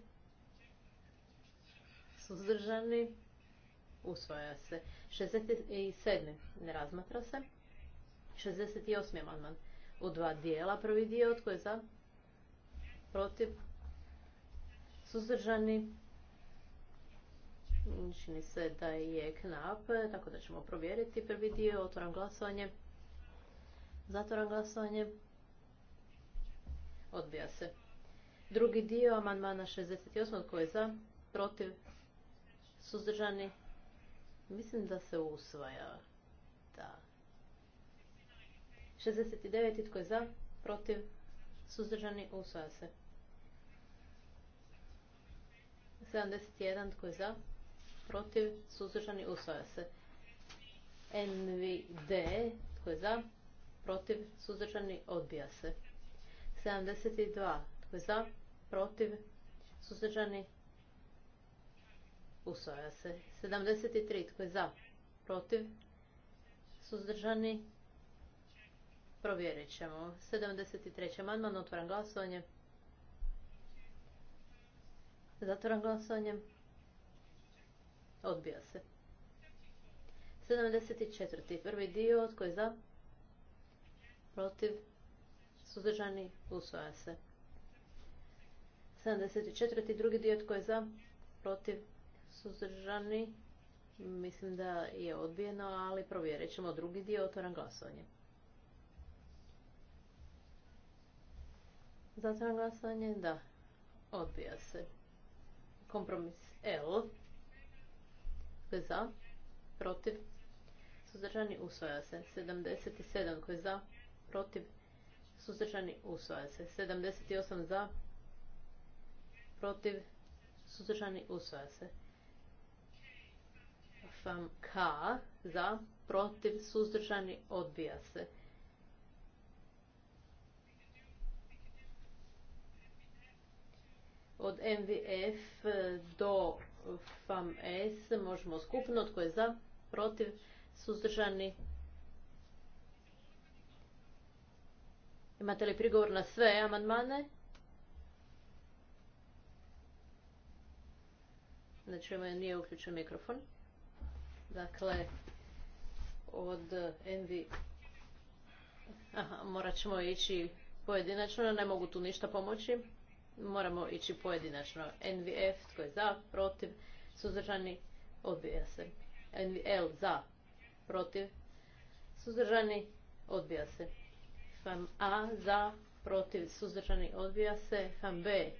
Suzdržani usvaja se. 67. ne razmatra se. 68. amandman u dva dijela. Prvi dio tko je za? Protiv? Suzdržani? Čini se da je knap, tako da ćemo provjeriti prvi dio. Otvoram glasovanje. Zatvoram glasovanje. Odbija se. Drugi dio amandmana 68. Tko je za? Protiv? Suzdržani? Mislim da se usvaja. Da. 69. Tko je za? Protiv? Suzdržani? Usvaja se. 71. Tko je za? Protiv? Suzdržani? Usvaja se. NVD. Tko je za? Protiv? Suzdržani? Odbija se. 72. Tko je za? Protiv? Suzdržani? Usvaja se. 73. Tko je za? Protiv? Suzdržani? Provjerit ćemo. 73. amandman. Otvoram glasovanje. Zatvoram glasovanje. Odbija se. 74. Prvi dio. Tko je za? Protiv? Suzdržani? Usvaja se. 74. Drugi dio. Tko je za? Protiv? suzdržani? Mislim da je odbijeno, ali provjerit ćemo drugi dio, otvoram glasovanje. Zatvoram glasovanje, da, odbija se. Kompromis L, koji je za, protiv, suzdržani, usvaja se. 77 koji je za, protiv, suzdržani, usvaja se. 78 za, protiv, suzdržani, usvoja se fam K za, protiv, suzdržani, odbija se. Od MVF do fam S možemo skupno, tko je za, protiv, suzdržani, Imate li prigovor na sve amandmane? Znači, ovaj nije uključen mikrofon. Dakle, od NV Aha, morat ćemo ići pojedinačno, ne mogu tu ništa pomoći. Moramo ići pojedinačno. NVF, tko je za, protiv, suzdržani, odbija se. NVL, za, protiv, suzdržani, odbija se. FAM A, za, protiv, suzdržani, odbija se. FAM B,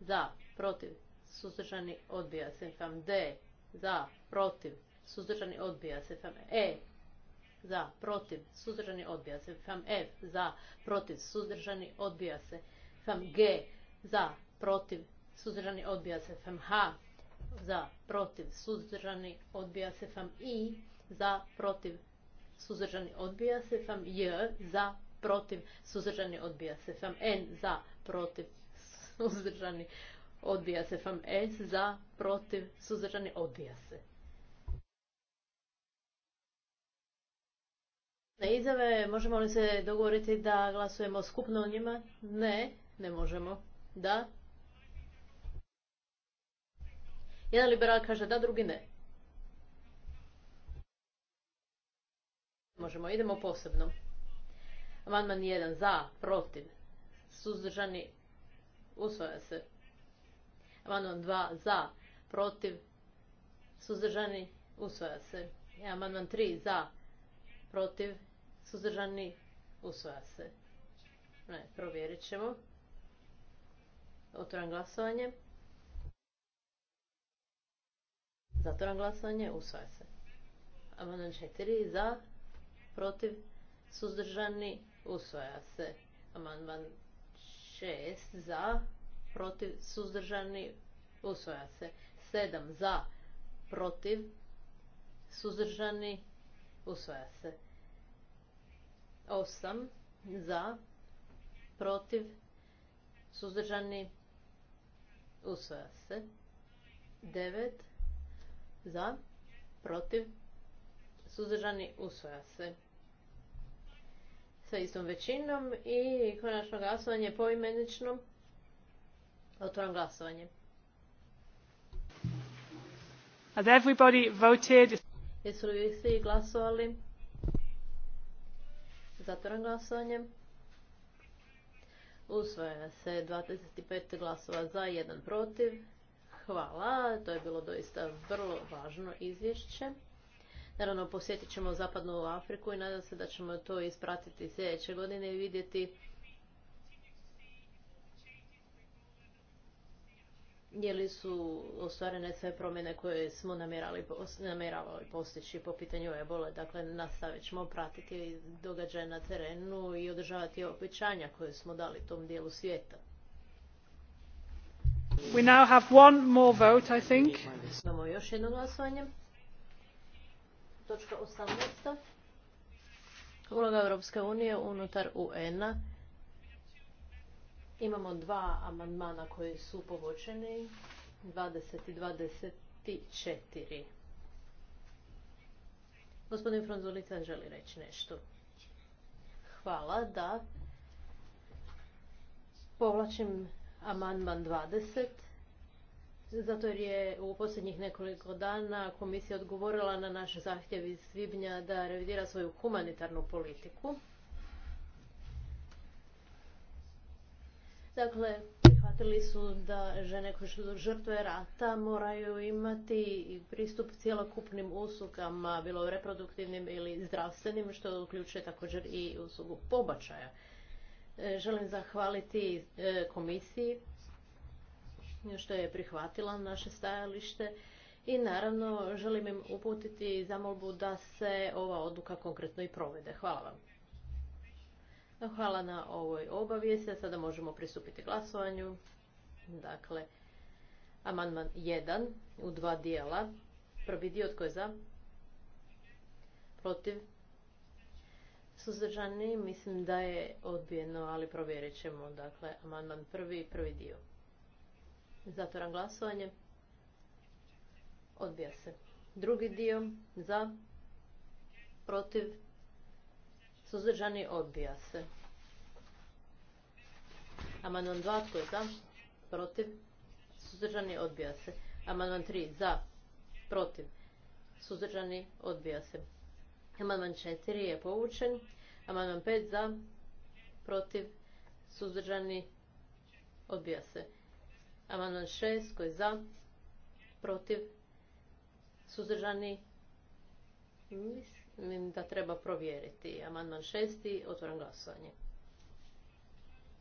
za, protiv, suzdržani, odbija se. FAM D, za, protiv, suzdržani odbija se. FM E za, protiv, suzdržani odbija se. Fam F e, za, protiv, suzdržani odbija se. Fam G za, protiv, suzdržani odbija se. H za, protiv, suzdržani odbija se. I za, protiv, suzdržani odbija se. Fam J za, protiv, suzdržani odbija se. Fam N za, protiv, suzdržani odbija se. Fam S za, protiv, suzdržani odbija se. izjave. Možemo li se dogovoriti da glasujemo skupno o njima? Ne, ne možemo. Da? Jedan liberal kaže da, drugi ne. Možemo, idemo posebno. Amandman 1 za, protiv, suzdržani, usvaja se. Amandman 2 za, protiv, suzdržani, usvaja se. Amandman 3 za, protiv, Suzdržani? Usvaja se. Ne, provjerit ćemo. Otvoram glasovanje. Zatvoram glasovanje. Usvaja se. Amandman 4 za, protiv, suzdržani, usvaja se. Amandman 6 za, protiv, suzdržani, usvaja se. 7 za, protiv, suzdržani, usvaja se. Osam za, protiv, suzdržani, usvaja se. Devet za, protiv, suzdržani, usvaja se. Sa istom većinom i konačno glasovanje poimenično. Otvoram glasovanje. Has everybody voted? Jesu li svi glasovali? Zatvoram glasovanje. Usvaja se 25 glasova za, jedan protiv. Hvala, to je bilo doista vrlo važno izvješće. Naravno, posjetit ćemo Zapadnu Afriku i nadam se da ćemo to ispratiti sljedeće godine i vidjeti je li su ostvarene sve promjene koje smo namjeravali postići po pitanju ebole. Dakle, nastavit ćemo pratiti događaje na terenu i održavati obećanja koje smo dali tom dijelu svijeta. We now have one more vote, I think. Imamo još jedno glasovanje. Točka 18. Uloga Europske unije unutar UN-a Imamo dva amandmana koji su povočeni. 20 i 24. Gospodin Fronzulica želi reći nešto. Hvala, da. Povlačim amandman 20, zato jer je u posljednjih nekoliko dana komisija odgovorila na naš zahtjev iz Svibnja da revidira svoju humanitarnu politiku. Dakle, prihvatili su da žene koje su žrtve rata moraju imati pristup cjelokupnim uslugama, bilo reproduktivnim ili zdravstvenim, što uključuje također i uslugu pobačaja. E, želim zahvaliti e, komisiji što je prihvatila naše stajalište i naravno želim im uputiti zamolbu da se ova odluka konkretno i provede. Hvala vam. Hvala na ovoj obavijesti. Sada možemo pristupiti glasovanju. Dakle, amandman 1 u dva dijela. Prvi dio tko je za? Protiv? Suzdržani? Mislim da je odbijeno, ali provjerit ćemo. Dakle, amandman prvi i prvi dio. Zatvoram glasovanje. Odbija se. Drugi dio za? Protiv? Suzdržani odbija se. Amandman 2 tko je za? Protiv. Suzdržani odbija se. Amandman 3 za. Protiv. Suzdržani odbija se. Amandman 4 je povučen. Amandman 5 za. Protiv. Suzdržani odbija se. Amandman 6 koji je za. Protiv. Suzdržani. Mislim da treba provjeriti. Amandman šesti, otvoram glasovanje.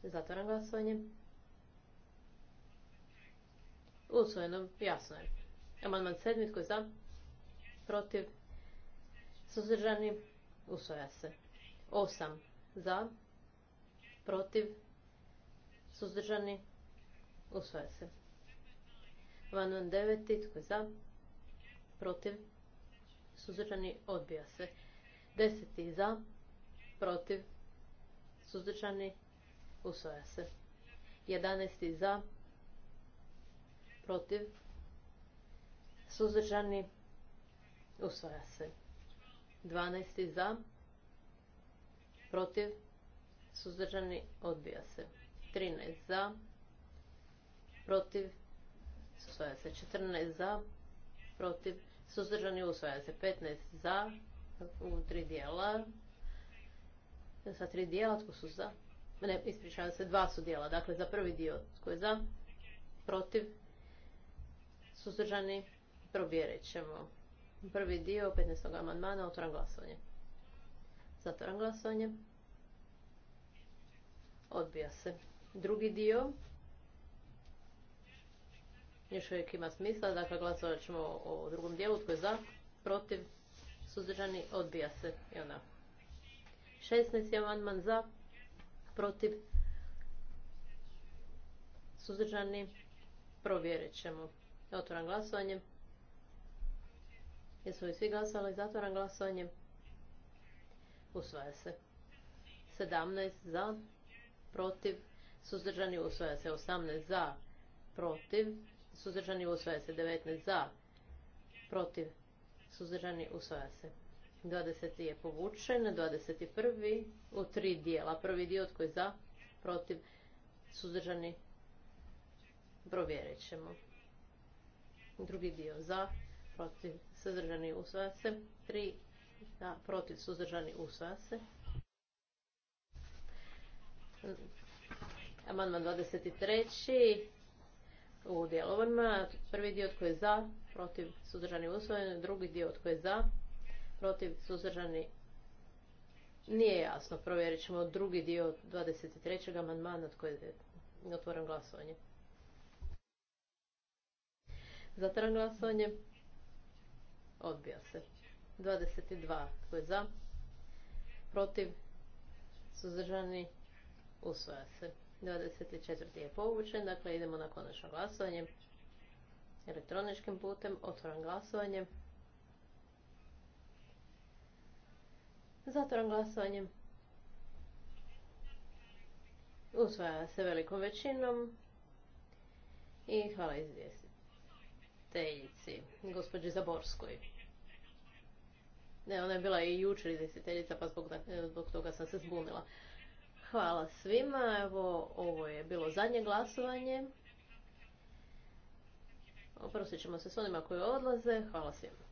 Zatvoram glasovanje. Usvojeno, jasno je. Amandman sedmi, tko je za? Protiv? Suzdržani? Usvoja se. Osam, za? Protiv? Suzdržani? Usvoja se. Amandman deveti, tko je za? Protiv? suzdržani, odbija se. Deseti za, protiv, suzdržani, usvaja se. Jedanesti za, protiv, suzdržani, usvaja se. Dvanesti za, protiv, suzdržani, odbija se. 13 za, protiv, usvaja se. 14 za, protiv, suzdržani usvaja se 15 za u tri dijela sa tri dijela tko su za ne ispričavam se dva su dijela dakle za prvi dio tko je za protiv suzdržani provjerit ćemo prvi dio 15. amandmana otvoram glasovanje zatvoram glasovanje odbija se drugi dio još uvijek ima smisla. Dakle, glasovat ćemo o drugom dijelu. Tko je za? Protiv? Suzdržani? Odbija se. I ona. 16. amandman za? Protiv? Suzdržani? Provjerit ćemo. Otvoram glasovanje. Jesu li svi glasovali? Zatvoram glasovanje. Usvaja se. 17 za, protiv, suzdržani usvaja se. 18 za, protiv, suzdržani usvaja se 19 za, protiv suzdržani usvaja se. 20. je povučen, 21. u tri dijela. Prvi dio koji je za, protiv, suzdržani, provjerit ćemo. Drugi dio za, protiv, suzdržani, usvaja se. 3 za, protiv, suzdržani, usvaja se. Amandman 23 u dijelovima. Prvi dio tko je za, protiv, suzdržani, usvojen. Drugi dio tko je za, protiv, suzdržani, nije jasno. Provjerit ćemo drugi dio 23. amandmana koje je otvoren glasovanje. Zatvaram glasovanje. Odbija se. 22. Tko je za? Protiv? Suzdržani? Usvaja se. 24. je povučen, dakle idemo na konačno glasovanje. Elektroničkim putem otvoram glasovanje. Zatvoram glasovanje. Usvaja se velikom većinom. I hvala izvjestiteljici, gospođi Zaborskoj. Ne, ona je bila i jučer izvjestiteljica, pa zbog, zbog toga sam se zbunila. Hvala svima. Evo, ovo je bilo zadnje glasovanje. Oprostit ćemo se s onima koji odlaze. Hvala svima.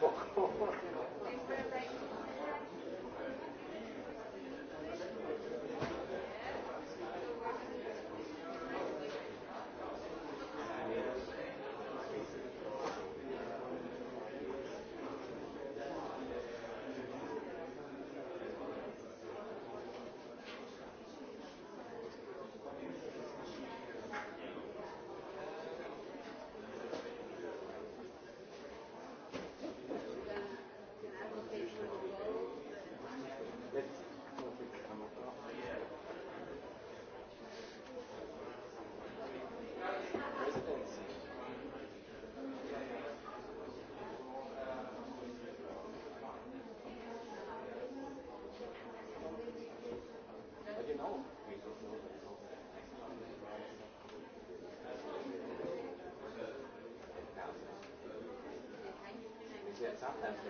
da pogovori. sometimes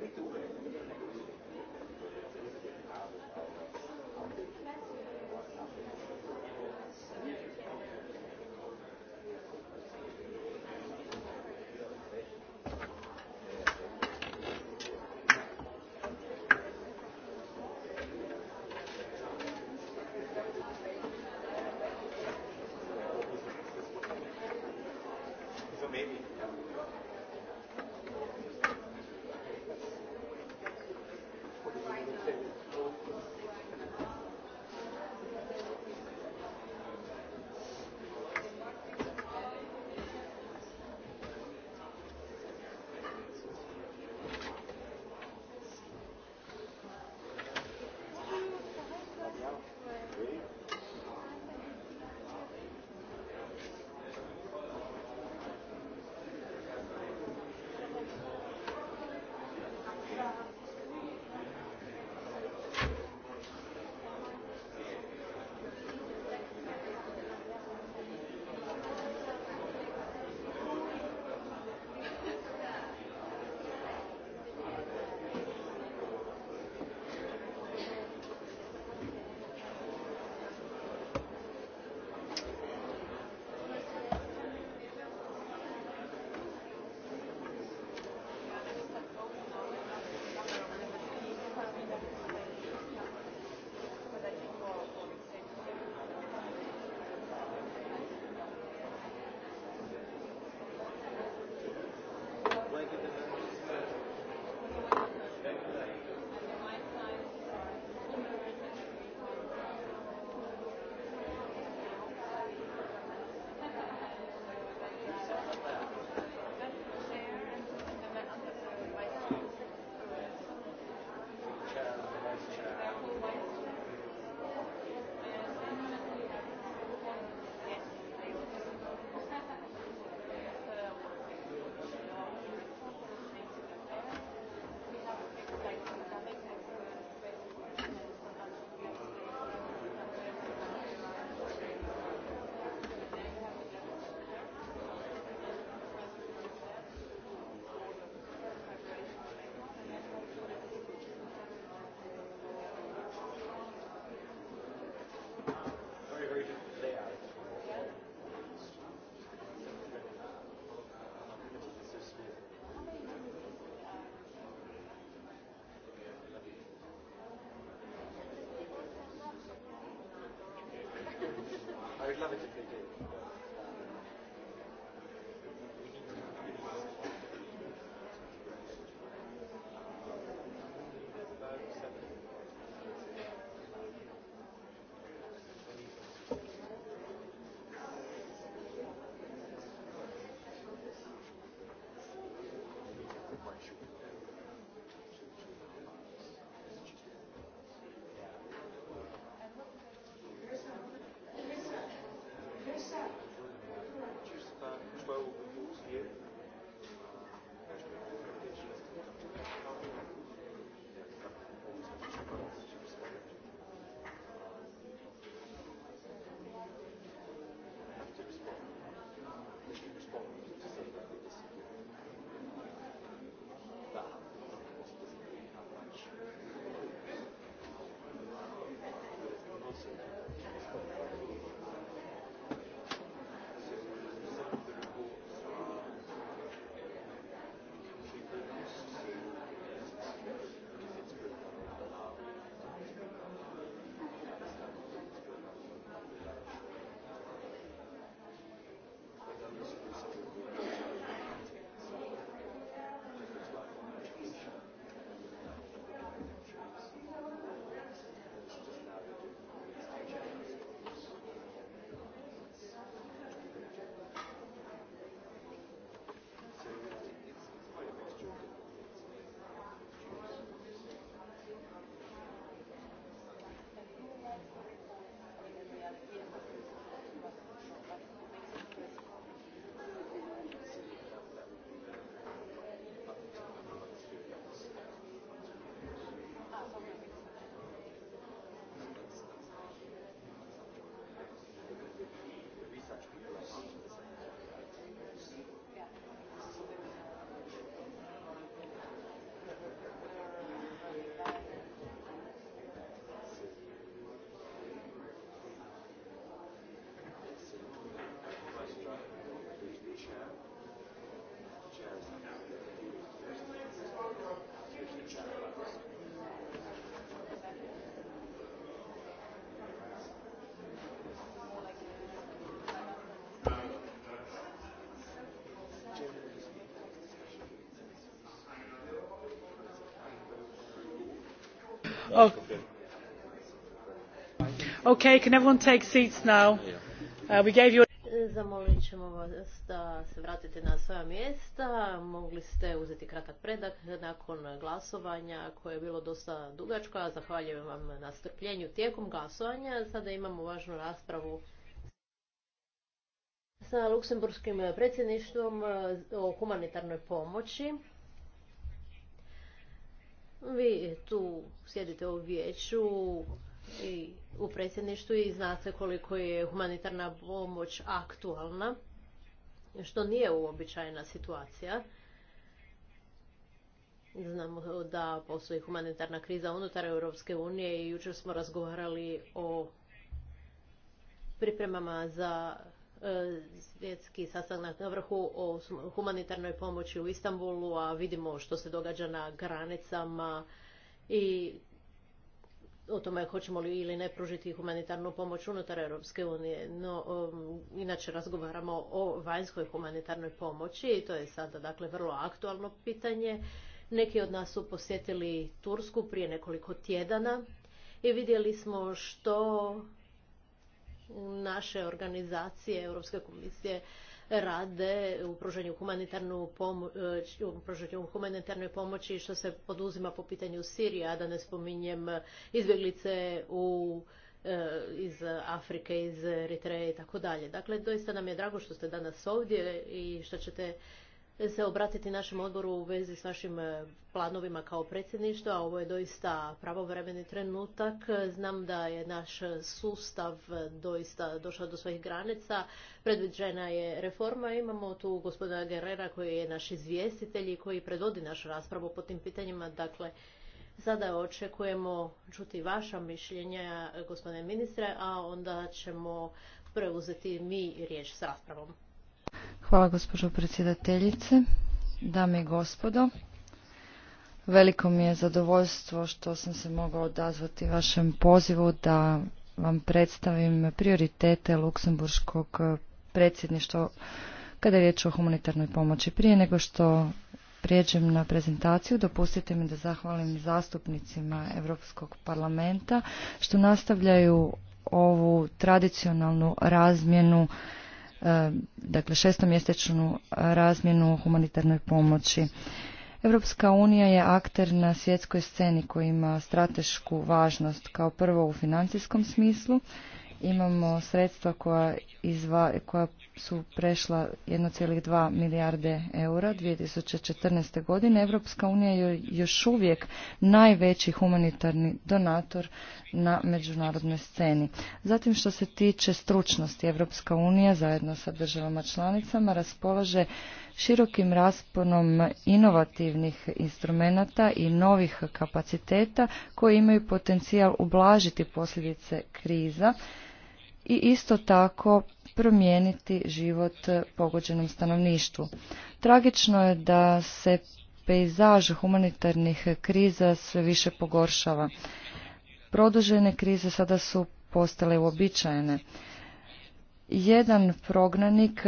Benito Regler Oh. Okay. can everyone take now? Uh, e, zamolit ćemo vas da se vratite na svoja mjesta. Mogli ste uzeti kratak predak nakon glasovanja koje je bilo dosta dugačko. a Zahvaljujem vam na strpljenju tijekom glasovanja. Sada imamo važnu raspravu sa luksemburskim predsjedništvom e, o humanitarnoj pomoći. Vi tu sjedite u vijeću i u predsjedništvu i znate koliko je humanitarna pomoć aktualna, što nije uobičajena situacija. Znamo da postoji humanitarna kriza unutar Europske unije i jučer smo razgovarali o pripremama za E, svjetski sastanak na vrhu o humanitarnoj pomoći u Istanbulu, a vidimo što se događa na granicama i o tome hoćemo li ili ne pružiti humanitarnu pomoć unutar Europske unije. No, um, inače razgovaramo o vanjskoj humanitarnoj pomoći i to je sada dakle vrlo aktualno pitanje. Neki od nas su posjetili Tursku prije nekoliko tjedana i vidjeli smo što naše organizacije Europske komisije rade u pružanju humanitarnoj pomoći e, u pružanju humanitarne pomoći što se poduzima po pitanju Sirije, a da ne spominjem izbjeglice u e, iz Afrike, iz Eritreje i tako dalje. Dakle, doista nam je drago što ste danas ovdje i što ćete se obratiti našem odboru u vezi s našim e, planovima kao predsjedništva. Ovo je doista pravovremeni trenutak. Znam da je naš sustav e, doista došao do svojih granica. Predviđena je reforma. Imamo tu gospodina Gerrera koji je naš izvjestitelj i koji predvodi našu raspravu po tim pitanjima. Dakle, sada očekujemo čuti vaša mišljenja, e, gospodine ministre, a onda ćemo preuzeti mi riječ s raspravom. Hvala gospođo predsjedateljice, dame i gospodo. Veliko mi je zadovoljstvo što sam se mogla odazvati vašem pozivu da vam predstavim prioritete luksemburškog predsjedništva kada je riječ o humanitarnoj pomoći. Prije nego što prijeđem na prezentaciju, dopustite mi da zahvalim zastupnicima Europskog parlamenta što nastavljaju ovu tradicionalnu razmjenu E, dakle šestomjesečnu razmjenu humanitarnoj pomoći. Europska unija je akter na svjetskoj sceni koji ima stratešku važnost kao prvo u financijskom smislu, imamo sredstva koja, izva, koja su prešla 1,2 milijarde eura 2014. godine. Evropska unija je još uvijek najveći humanitarni donator na međunarodnoj sceni. Zatim što se tiče stručnosti, Evropska unija zajedno sa državama članicama raspolaže širokim rasponom inovativnih instrumenata i novih kapaciteta koji imaju potencijal ublažiti posljedice kriza i isto tako promijeniti život pogođenom stanovništvu. Tragično je da se pejzaž humanitarnih kriza sve više pogoršava. Produžene krize sada su postale uobičajene. Jedan prognanik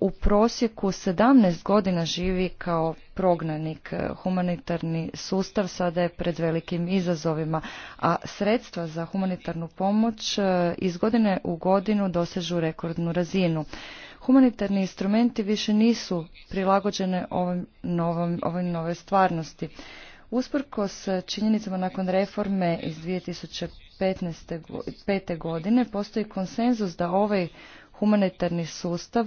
u prosjeku 17 godina živi kao prognanik. E, humanitarni sustav sada je pred velikim izazovima, a sredstva za humanitarnu pomoć e, iz godine u godinu dosežu rekordnu razinu. Humanitarni instrumenti više nisu prilagođene ovoj novoj nove stvarnosti. Usprkos činjenicama nakon reforme iz 2015. godine postoji konsenzus da ovaj humanitarni sustav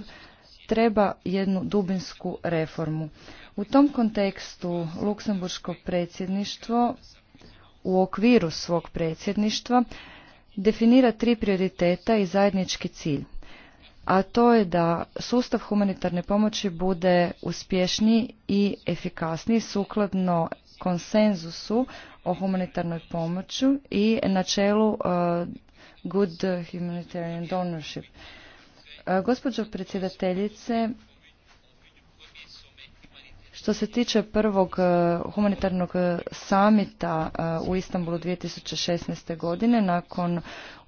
treba jednu dubinsku reformu. U tom kontekstu Luksemburško predsjedništvo u okviru svog predsjedništva definira tri prioriteta i zajednički cilj a to je da sustav humanitarne pomoći bude uspješniji i efikasniji sukladno konsenzusu o humanitarnoj pomoći i načelu uh, good humanitarian donorship. E, gospođo predsjedateljice, što se tiče prvog e, humanitarnog e, samita u Istanbulu 2016. godine, nakon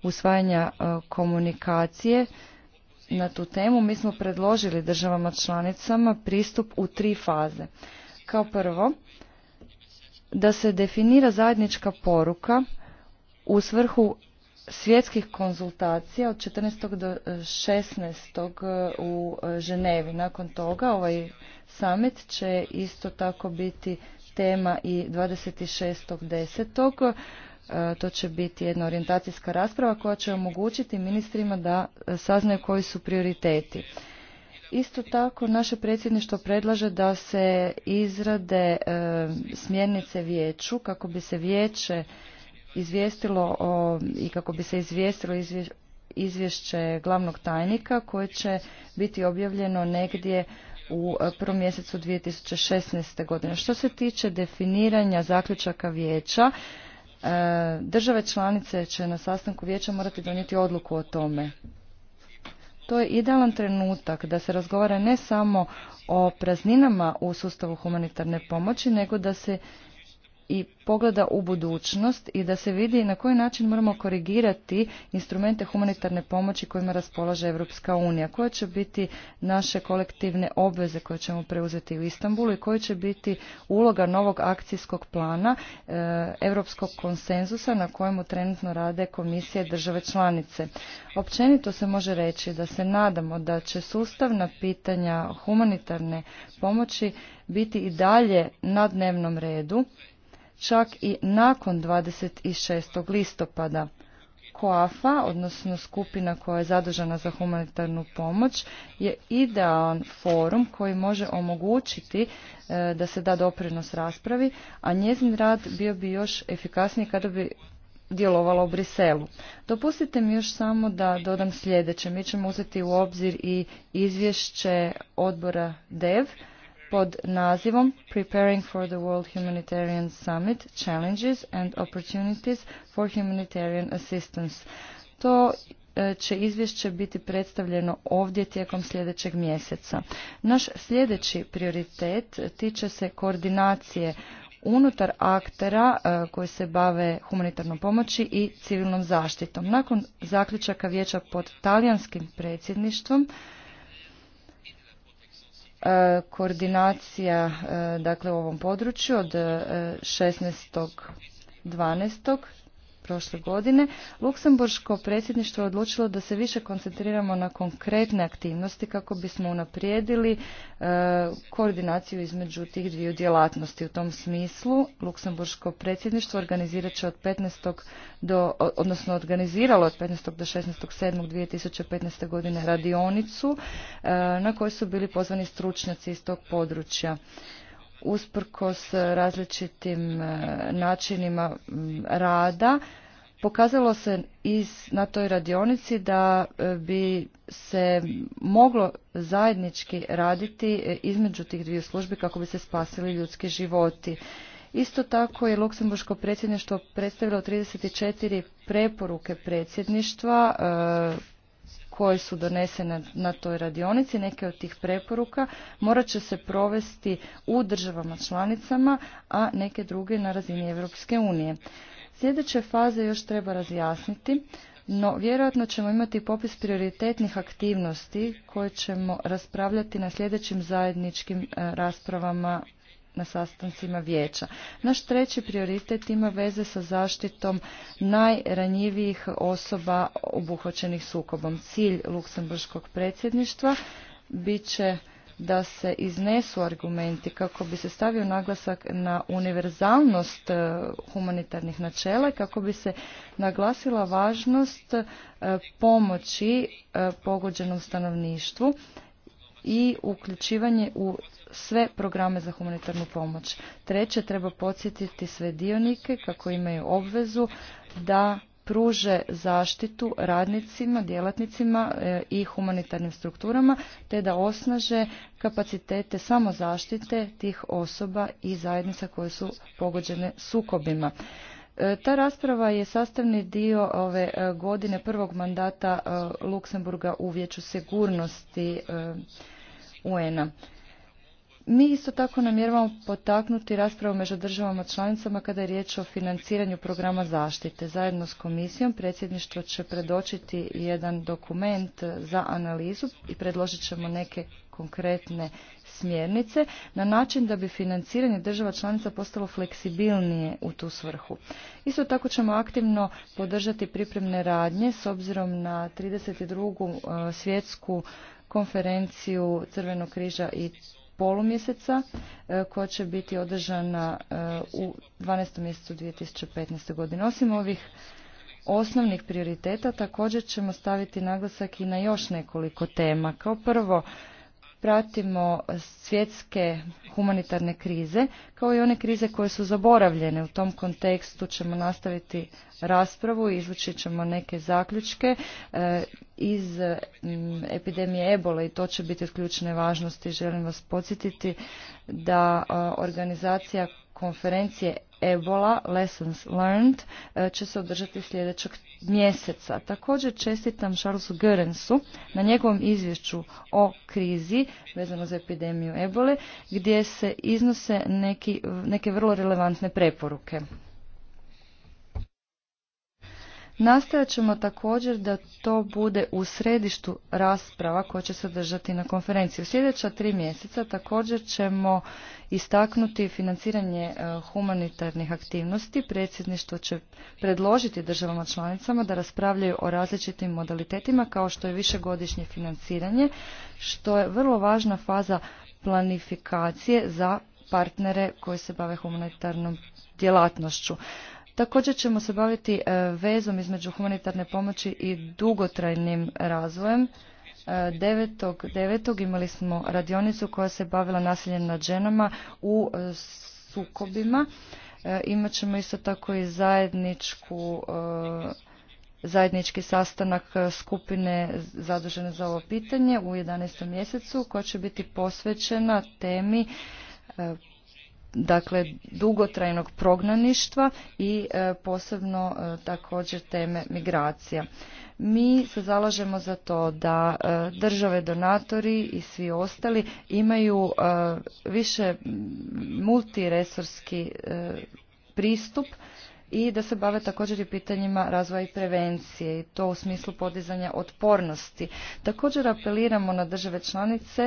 usvajanja komunikacije na tu temu, mi smo predložili državama članicama pristup u tri faze. Kao prvo, da se definira zajednička poruka u svrhu svjetskih konzultacija od 14. do 16. E, e, u e, Ženevi. Nakon toga ovaj summit će isto tako biti tema i 26.10. To će biti jedna orijentacijska rasprava koja će omogućiti ministrima da saznaju koji su prioriteti. Isto tako, naše predsjedništvo predlaže da se izrade smjernice vijeću kako bi se vijeće izvijestilo i kako bi se izvijestilo izvješće glavnog tajnika koje će biti objavljeno negdje u e, prvom mjesecu 2016. godine. Što se tiče definiranja zaključaka vijeća, e, države članice će na sastanku vijeća morati donijeti odluku o tome. To je idealan trenutak da se razgovara ne samo o prazninama u sustavu humanitarne pomoći, nego da se i pogleda u budućnost i da se vidi na koji način moramo korigirati instrumente humanitarne pomoći kojima raspolaže Europska unija, koje će biti naše kolektivne obveze koje ćemo preuzeti u Istanbulu i koje će biti uloga novog akcijskog plana europskog eh, konsenzusa na kojemu trenutno rade komisije države članice. Općenito se može reći da se nadamo da će sustavna pitanja humanitarne pomoći biti i dalje na dnevnom redu čak i nakon 26. listopada. Koafa, odnosno skupina koja je zadužena za humanitarnu pomoć, je idealan forum koji može omogućiti e, da se da doprinos raspravi, a njezin rad bio bi još efikasniji kada bi djelovala u Briselu. Dopustite mi još samo da dodam sljedeće. Mi ćemo uzeti u obzir i izvješće odbora DEV pod nazivom Preparing for the World Humanitarian Summit Challenges and Opportunities for Humanitarian Assistance. To e, će izvješće biti predstavljeno ovdje tijekom sljedećeg mjeseca. Naš sljedeći prioritet tiče se koordinacije unutar aktera e, koji se bave humanitarnom pomoći i civilnom zaštitom. Nakon zaključaka vijeća pod talijanskim predsjedništvom E, koordinacija e, dakle u ovom području od 16.12. E, prošle godine, Luksemburško predsjedništvo je odlučilo da se više koncentriramo na konkretne aktivnosti kako bismo unaprijedili e, koordinaciju između tih dviju djelatnosti. U tom smislu Luksemburško predsjedništvo organizirat će od 15. do, odnosno organiziralo od 15. do 16.7.2015. godine radionicu e, na kojoj su bili pozvani stručnjaci iz tog područja usprkos različitim e, načinima rada. Pokazalo se iz, na toj radionici da e, bi se moglo zajednički raditi e, između tih dviju službi kako bi se spasili ljudski životi. Isto tako je Luksemburško predsjedništvo predstavilo 34 preporuke predsjedništva koje su donesene na toj radionici, neke od tih preporuka morat će se provesti u državama članicama, a neke druge na razini Europske unije. Sljedeće faze još treba razjasniti, no vjerojatno ćemo imati popis prioritetnih aktivnosti koje ćemo raspravljati na sljedećim zajedničkim e, raspravama na sastancima vijeća. Naš treći prioritet ima veze sa zaštitom najranjivijih osoba obuhvaćenih sukobom. Cilj luksemburškog predsjedništva bit će da se iznesu argumenti kako bi se stavio naglasak na univerzalnost e, humanitarnih načela i kako bi se naglasila važnost e, pomoći e, pogođenom stanovništvu i uključivanje u sve programe za humanitarnu pomoć. Treće, treba podsjetiti sve dionike kako imaju obvezu da pruže zaštitu radnicima, djelatnicima e, i humanitarnim strukturama, te da osnaže kapacitete samozaštite tih osoba i zajednica koje su pogođene sukobima. E, ta rasprava je sastavni dio ove e, godine prvog mandata Luksemburga u Vijeću sigurnosti UN-a. Mi isto tako namjeravamo potaknuti raspravu među državama članicama kada je riječ o financiranju programa zaštite. Zajedno s komisijom predsjedništvo će predočiti jedan dokument za analizu i predložit ćemo neke konkretne smjernice na način da bi financiranje država članica postalo fleksibilnije u tu svrhu. Isto tako ćemo aktivno podržati pripremne radnje s obzirom na 32. svjetsku konferenciju Crvenog križa i polumjeseca e, koja će biti održana e, u 12. mjesecu 2015. godine. Osim ovih osnovnih prioriteta također ćemo staviti naglasak i na još nekoliko tema. Kao prvo, pratimo svjetske humanitarne krize kao i one krize koje su zaboravljene. U tom kontekstu ćemo nastaviti raspravu i izvući ćemo neke zaključke e, iz mm, epidemije ebola i to će biti od ključne važnosti. Želim vas podsjetiti da e, organizacija konferencije Ebola Lessons Learned e, će se održati sljedećeg mjeseca. Također čestitam Charlesu Goerensu na njegovom izvješću o krizi vezano za epidemiju Ebole gdje se iznose neke vrlo relevantne preporuke. Nastojat ćemo također da to bude u središtu rasprava koja će se držati na konferenciji. U sljedeća tri mjeseca također ćemo istaknuti financiranje e, humanitarnih aktivnosti. Predsjedništvo će predložiti državama članicama da raspravljaju o različitim modalitetima kao što je višegodišnje financiranje, što je vrlo važna faza planifikacije za partnere koji se bave humanitarnom djelatnošću. Također ćemo se baviti e, vezom između humanitarne pomoći i dugotrajnim razvojem. 9.9. E, imali smo radionicu koja se bavila nasiljem nad ženama u e, sukobima. Imat ćemo isto tako i zajedničku zajednički sastanak skupine zadužene za ovo pitanje u 11. mjesecu koja će biti posvećena temi dakle dugotrajnog prognaništva i e, posebno e, također teme migracija. Mi se zalažemo za to da e, države donatori i svi ostali imaju više multiresorski pristup i da se bave također i pitanjima razvoja i prevencije i to u smislu podizanja otpornosti. Također apeliramo na države članice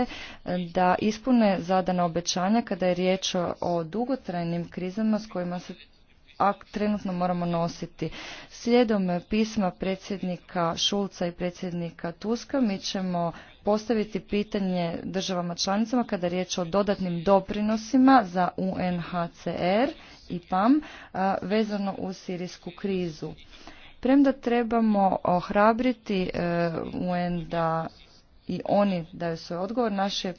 e, da ispune zadana obećanja kada je riječ o dugotrajnim krizama s kojima se a trenutno moramo nositi. Slijedom pisma predsjednika Šulca i predsjednika Tuska mi ćemo postaviti pitanje državama članicama kada je riječ o dodatnim doprinosima za UNHCR i PAM vezano u sirijsku krizu. Premda trebamo ohrabriti e, UN da i oni daju svoj odgovor, naše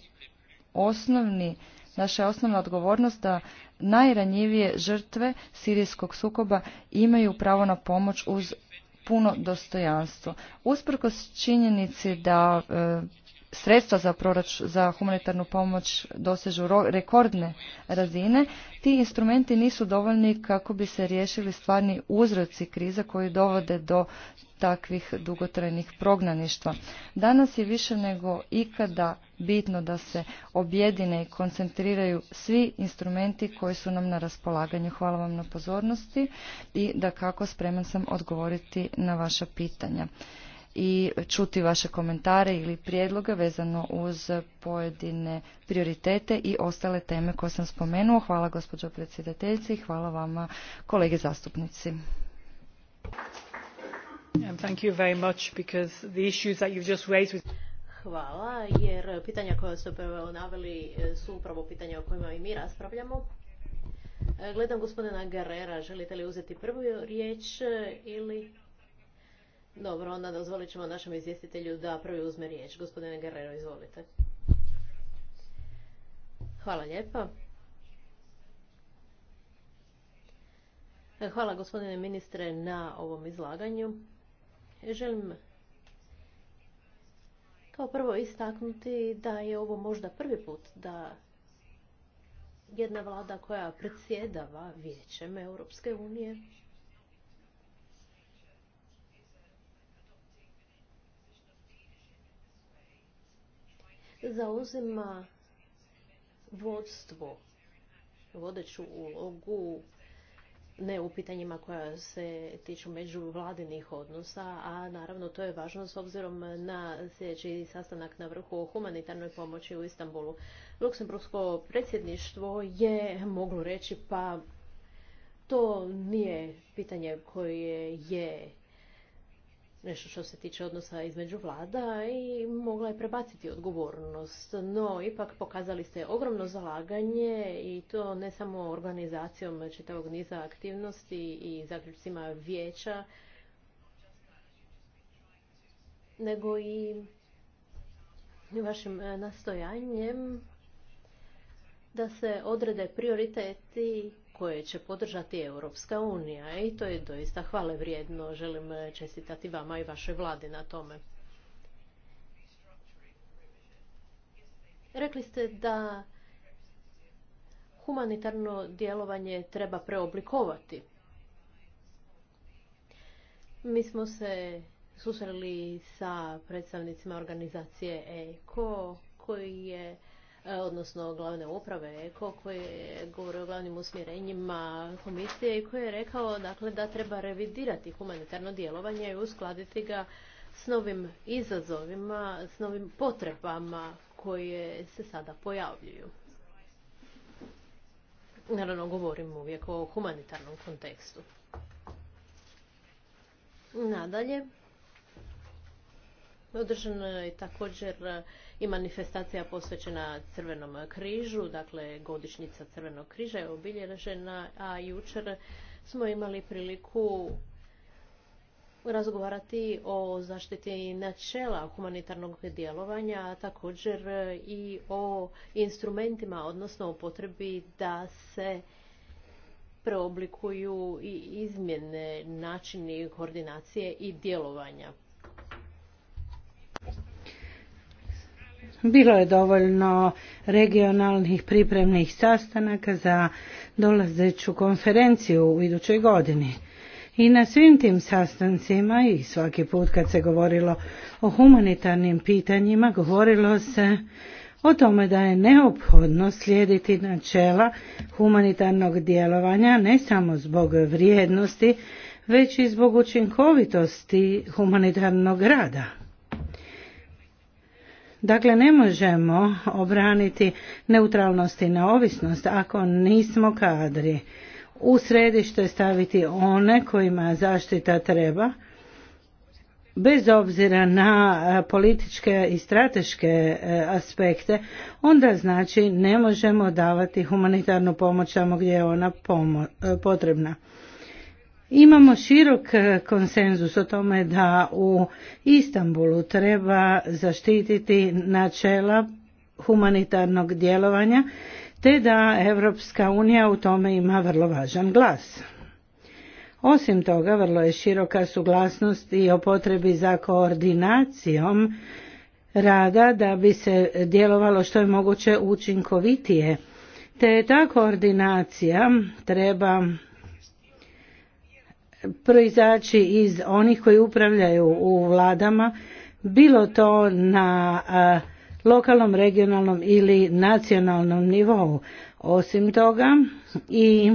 osnovni Naša je osnovna odgovornost da najranjivije žrtve sirijskog sukoba imaju pravo na pomoć uz puno dostojanstvo. Usprkos činjenici da e, sredstva za, prorač, za humanitarnu pomoć dosežu rekordne razine, ti instrumenti nisu dovoljni kako bi se riješili stvarni uzroci kriza koji dovode do takvih dugotrajnih prognaništva. Danas je više nego ikada bitno da se objedine i koncentriraju svi instrumenti koji su nam na raspolaganju. Hvala vam na pozornosti i da kako spreman sam odgovoriti na vaša pitanja i čuti vaše komentare ili prijedloge vezano uz pojedine prioritete i ostale teme koje sam spomenuo. Hvala gospođo predsjedateljici i hvala vama kolege zastupnici. Hvala, jer pitanja koja ste naveli su upravo pitanja o kojima i mi raspravljamo. E, gledam gospodina Guerrera, želite li uzeti prvu riječ e, ili... Dobro, onda dozvolit ćemo našem izvjestitelju da prvi uzme riječ. Gospodine Guerrero, izvolite. Hvala lijepa. E, hvala gospodine ministre na ovom izlaganju. Želim kao prvo istaknuti da je ovo možda prvi put da jedna vlada koja predsjedava vijećem Europske unije zauzima vodstvo, vodeću ulogu ne u pitanjima koja se tiču međuvladinih odnosa, a naravno to je važno s obzirom na sljedeći sastanak na vrhu o humanitarnoj pomoći u Istanbulu. Luksemburgsko predsjedništvo je moglo reći pa to nije pitanje koje je nešto što se tiče odnosa između vlada i mogla je prebaciti odgovornost. No, ipak pokazali ste ogromno zalaganje i to ne samo organizacijom čitavog niza aktivnosti i zaključcima vijeća, nego i vašim eh, nastojanjem da se odrede prioriteti koje će podržati Europska unija i to je doista hvale vrijedno. Želim eh, čestitati vama i vašoj vladi na tome. Rekli ste da humanitarno djelovanje treba preoblikovati. Mi smo se susreli sa predstavnicima organizacije EKO koji je E, odnosno glavne uprave EKO koji govori o glavnim usmjerenjima komisije i koji je rekao dakle, da treba revidirati humanitarno djelovanje i uskladiti ga s novim izazovima, s novim potrebama koje se sada pojavljuju. Naravno, govorim uvijek o humanitarnom kontekstu. Nadalje, održano je također i manifestacija posvećena Crvenom križu, dakle godišnjica Crvenog križa je obilježena, a jučer smo imali priliku razgovarati o zaštiti načela humanitarnog djelovanja, a također i o instrumentima, odnosno o potrebi da se preoblikuju i izmjene načini koordinacije i djelovanja. Bilo je dovoljno regionalnih pripremnih sastanaka za dolazeću konferenciju u idućoj godini. I na svim tim sastancima i svaki put kad se govorilo o humanitarnim pitanjima, govorilo se o tome da je neophodno slijediti načela humanitarnog djelovanja ne samo zbog vrijednosti, već i zbog učinkovitosti humanitarnog rada. Dakle, ne možemo obraniti neutralnost i neovisnost ako nismo kadri u središte staviti one kojima zaštita treba, bez obzira na e, političke i strateške e, aspekte, onda znači ne možemo davati humanitarnu pomoć tamo gdje je ona e, potrebna. Imamo širok e, konsenzus o tome da u Istanbulu treba zaštititi načela humanitarnog djelovanja te da Europska unija u tome ima vrlo važan glas. Osim toga, vrlo je široka suglasnost i o potrebi za koordinacijom rada da bi se djelovalo što je moguće učinkovitije. Te ta koordinacija treba proizaći iz onih koji upravljaju u vladama, bilo to na lokalnom, regionalnom ili nacionalnom nivou. Osim toga i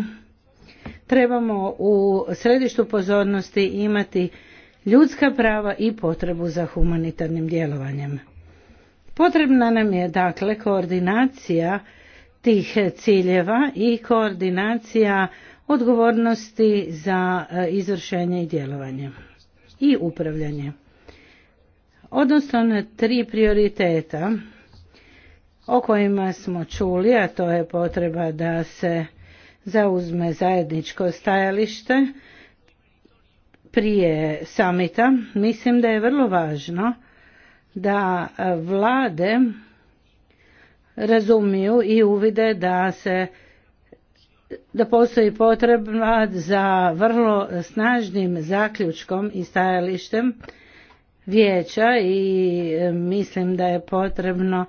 trebamo u središtu pozornosti imati ljudska prava i potrebu za humanitarnim djelovanjem. Potrebna nam je dakle koordinacija tih ciljeva i koordinacija odgovornosti za e, izvršenje i djelovanje i upravljanje. Odnosno na tri prioriteta o kojima smo čuli, a to je potreba da se zauzme zajedničko stajalište prije samita, mislim da je vrlo važno da vlade razumiju i uvide da se da postoji potrebna za vrlo snažnim zaključkom i stajalištem vijeća i e, mislim da je potrebno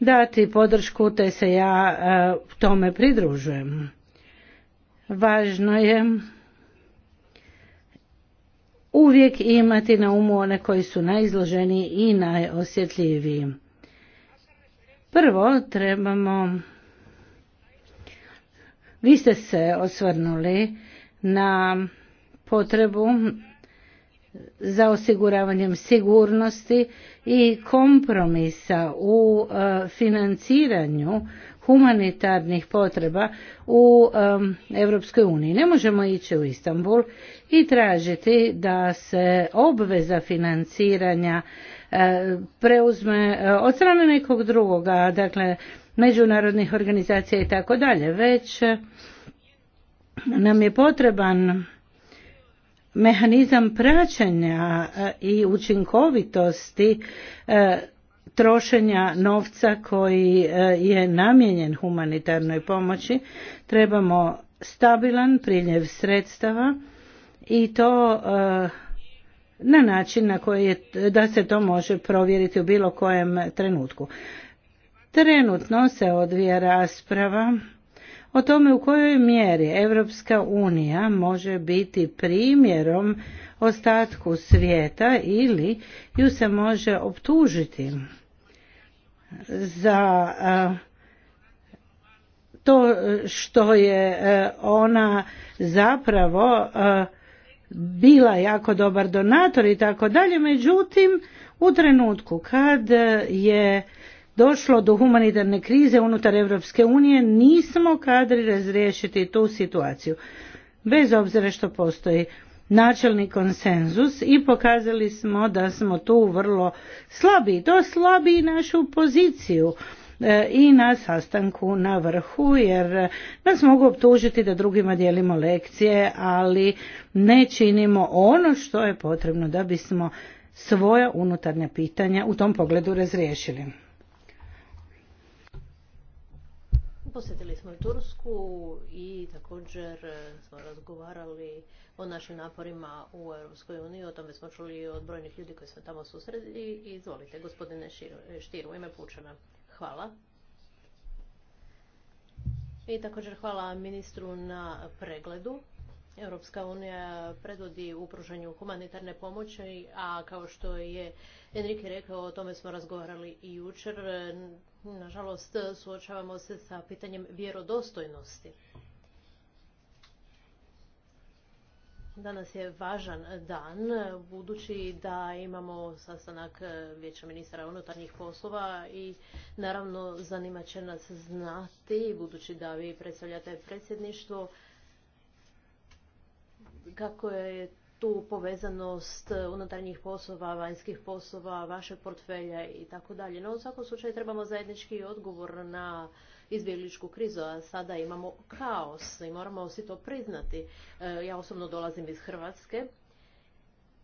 dati podršku te se ja e, tome pridružujem. Važno je uvijek imati na umu one koji su najizloženiji i najosjetljiviji. Prvo trebamo vi ste se osvrnuli na potrebu za osiguravanjem sigurnosti i kompromisa u e, financiranju humanitarnih potreba u e, Europskoj uniji. Ne možemo ići u Istanbul i tražiti da se obveza financiranja e, preuzme od strane nekog drugoga, dakle međunarodnih organizacija i tako dalje, već nam je potreban mehanizam praćenja e, i učinkovitosti e, trošenja novca koji e, je namijenjen humanitarnoj pomoći trebamo stabilan priljev sredstava i to na način na koji je, da se to može provjeriti u bilo kojem trenutku. Trenutno se odvija rasprava o tome u kojoj mjeri Europska unija može biti primjerom ostatku svijeta ili ju se može optužiti za to što je ona zapravo bila jako dobar donator i tako dalje međutim u trenutku kad je došlo do humanitarne krize unutar Europske unije, nismo kadri razriješiti tu situaciju. Bez obzira što postoji načelni konsenzus i pokazali smo da smo tu vrlo slabi. To slabi našu poziciju e, i na sastanku na vrhu jer nas mogu optužiti da drugima dijelimo lekcije, ali ne činimo ono što je potrebno da bismo svoja unutarnja pitanja u tom pogledu razriješili. Posjetili smo i Tursku i također e, smo razgovarali o našim naporima u Europskoj uniji. O tome smo čuli od brojnih ljudi koji smo tamo susredili. Izvolite, gospodine Štiru, u ime Pučana. Hvala. I također hvala ministru na pregledu. Europska unija predvodi u pružanju humanitarne pomoći, a kao što je Enrique rekao, o tome smo razgovarali i jučer. Nažalost, suočavamo se sa pitanjem vjerodostojnosti. Danas je važan dan, budući da imamo sastanak Vijeća ministra unutarnjih poslova i naravno zanima će nas znati, budući da vi predstavljate predsjedništvo, kako je tu povezanost e, unutarnjih poslova, vanjskih poslova, vašeg portfelja i tako dalje. No u svakom slučaju trebamo zajednički odgovor na izbjegličku krizu, a sada imamo kaos i moramo si to priznati. E, ja osobno dolazim iz Hrvatske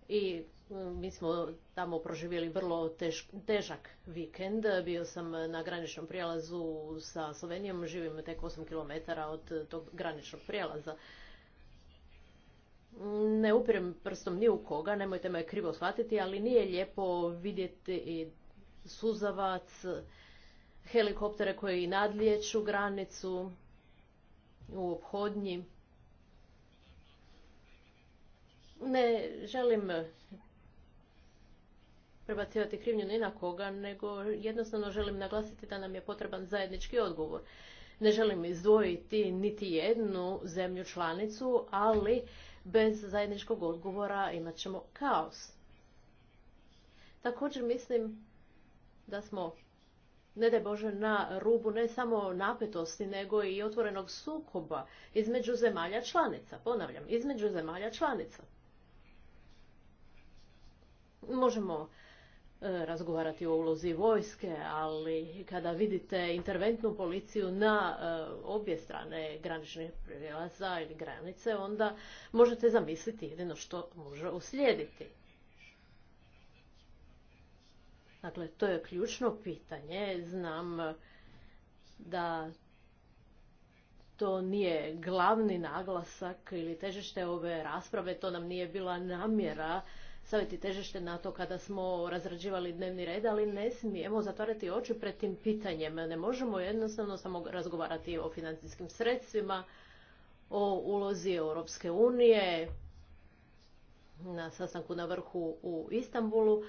i e, mi smo tamo proživjeli vrlo težak vikend. Bio sam na graničnom prijelazu sa Slovenijom, živim tek 8 km od tog graničnog prijelaza ne upirem prstom ni u koga, nemojte me krivo shvatiti, ali nije lijepo vidjeti i suzavac, helikoptere koji nadlijeću granicu u obhodnji. Ne želim prebacivati krivnju ni na koga, nego jednostavno želim naglasiti da nam je potreban zajednički odgovor. Ne želim izdvojiti niti jednu zemlju članicu, ali bez zajedničkog odgovora imat ćemo kaos. Također mislim da smo, ne daj Bože, na rubu ne samo napetosti, nego i otvorenog sukoba između zemalja članica. Ponavljam, između zemalja članica. Možemo E, razgovarati o ulozi vojske, ali kada vidite interventnu policiju na e, obje strane graničnih prijelaza ili granice, onda možete zamisliti jedino što može uslijediti. Dakle, to je ključno pitanje. Znam da to nije glavni naglasak ili težište ove rasprave, to nam nije bila namjera staviti težište na to kada smo razrađivali dnevni red, ali ne smijemo zatvarati oči pred tim pitanjem. Ne možemo jednostavno samo razgovarati o financijskim sredstvima, o ulozi Europske unije na sastanku na vrhu u Istanbulu,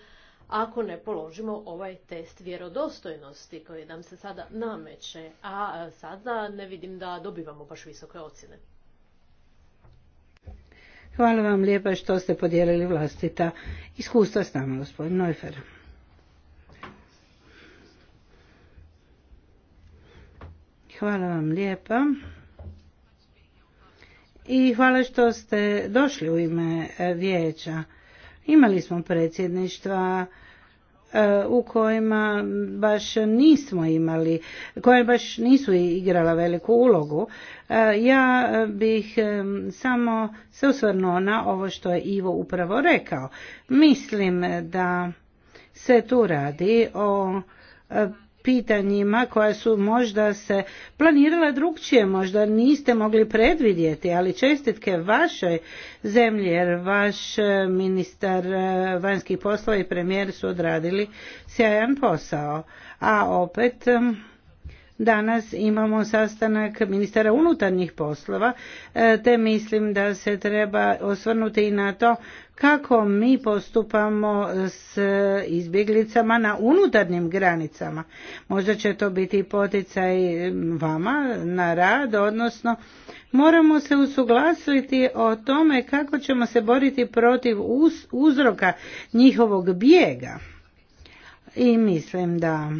ako ne položimo ovaj test vjerodostojnosti koji nam se sada nameće, a sada ne vidim da dobivamo baš visoke ocjene. Hvala vam lijepa što ste podijelili vlastita iskustva s nama, gospodin Neufer. Hvala vam lijepa. I hvala što ste došli u ime vijeća. Imali smo predsjedništva u kojima baš nismo imali, koje baš nisu igrala veliku ulogu. E, ja bih e, samo se osvrnuo na ovo što je Ivo upravo rekao. Mislim da se tu radi o e, pitanjima koja su možda se planirala drugčije, možda niste mogli predvidjeti, ali čestitke vašoj zemlji, jer vaš e, ministar e, vanjskih poslova i premijer su odradili sjajan posao. A opet Danas imamo sastanak ministara unutarnjih poslova, e, te mislim da se treba osvrnuti i na to kako mi postupamo s izbjeglicama na unutarnjim granicama. Možda će to biti poticaj vama na rad, odnosno moramo se usuglasiti o tome kako ćemo se boriti protiv uzroka njihovog bijega. I mislim da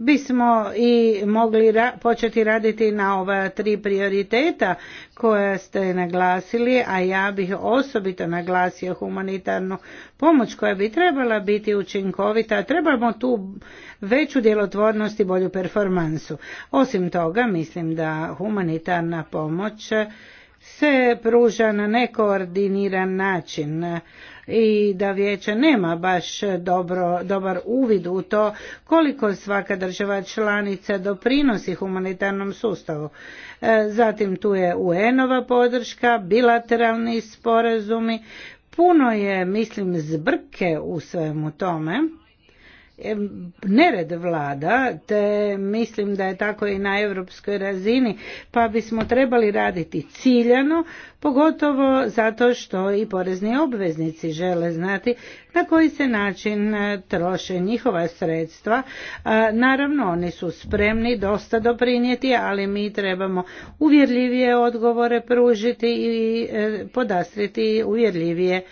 bismo i mogli ra početi raditi na ova tri prioriteta koja ste naglasili, a ja bih osobito naglasio humanitarnu pomoć koja bi trebala biti učinkovita, trebamo tu veću djelotvornost i bolju performansu. Osim toga, mislim da humanitarna pomoć se pruža na nekoordiniran način i da vijeće nema baš dobro, dobar uvid u to koliko svaka država članica doprinosi humanitarnom sustavu. E, zatim tu je UN-ova podrška, bilateralni sporazumi, puno je, mislim, zbrke u svemu tome nered vlada, te mislim da je tako i na europskoj razini, pa bismo trebali raditi ciljano, pogotovo zato što i porezni obveznici žele znati na koji se način e, troše njihova sredstva. E, naravno, oni su spremni dosta doprinijeti, ali mi trebamo uvjerljivije odgovore pružiti i e, podastriti uvjerljivije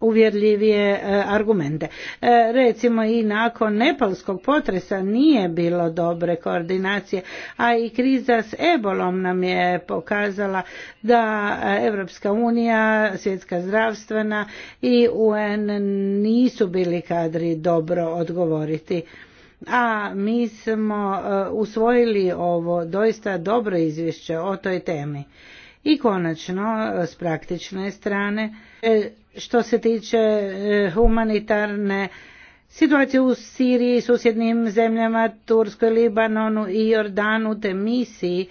uvjerljivije e, argumente. E, recimo i nakon nepalskog potresa nije bilo dobre koordinacije, a i kriza s ebolom nam je pokazala da e, Evropska unija, svjetska zdravstvena i UN nisu bili kadri dobro odgovoriti. A mi smo usvojili ovo doista dobro izvješće o toj temi. I konačno, s praktične strane, što se tiče e, humanitarne situacije u Siriji i susjednim zemljama, Turskoj, Libanonu i Jordanu te misiji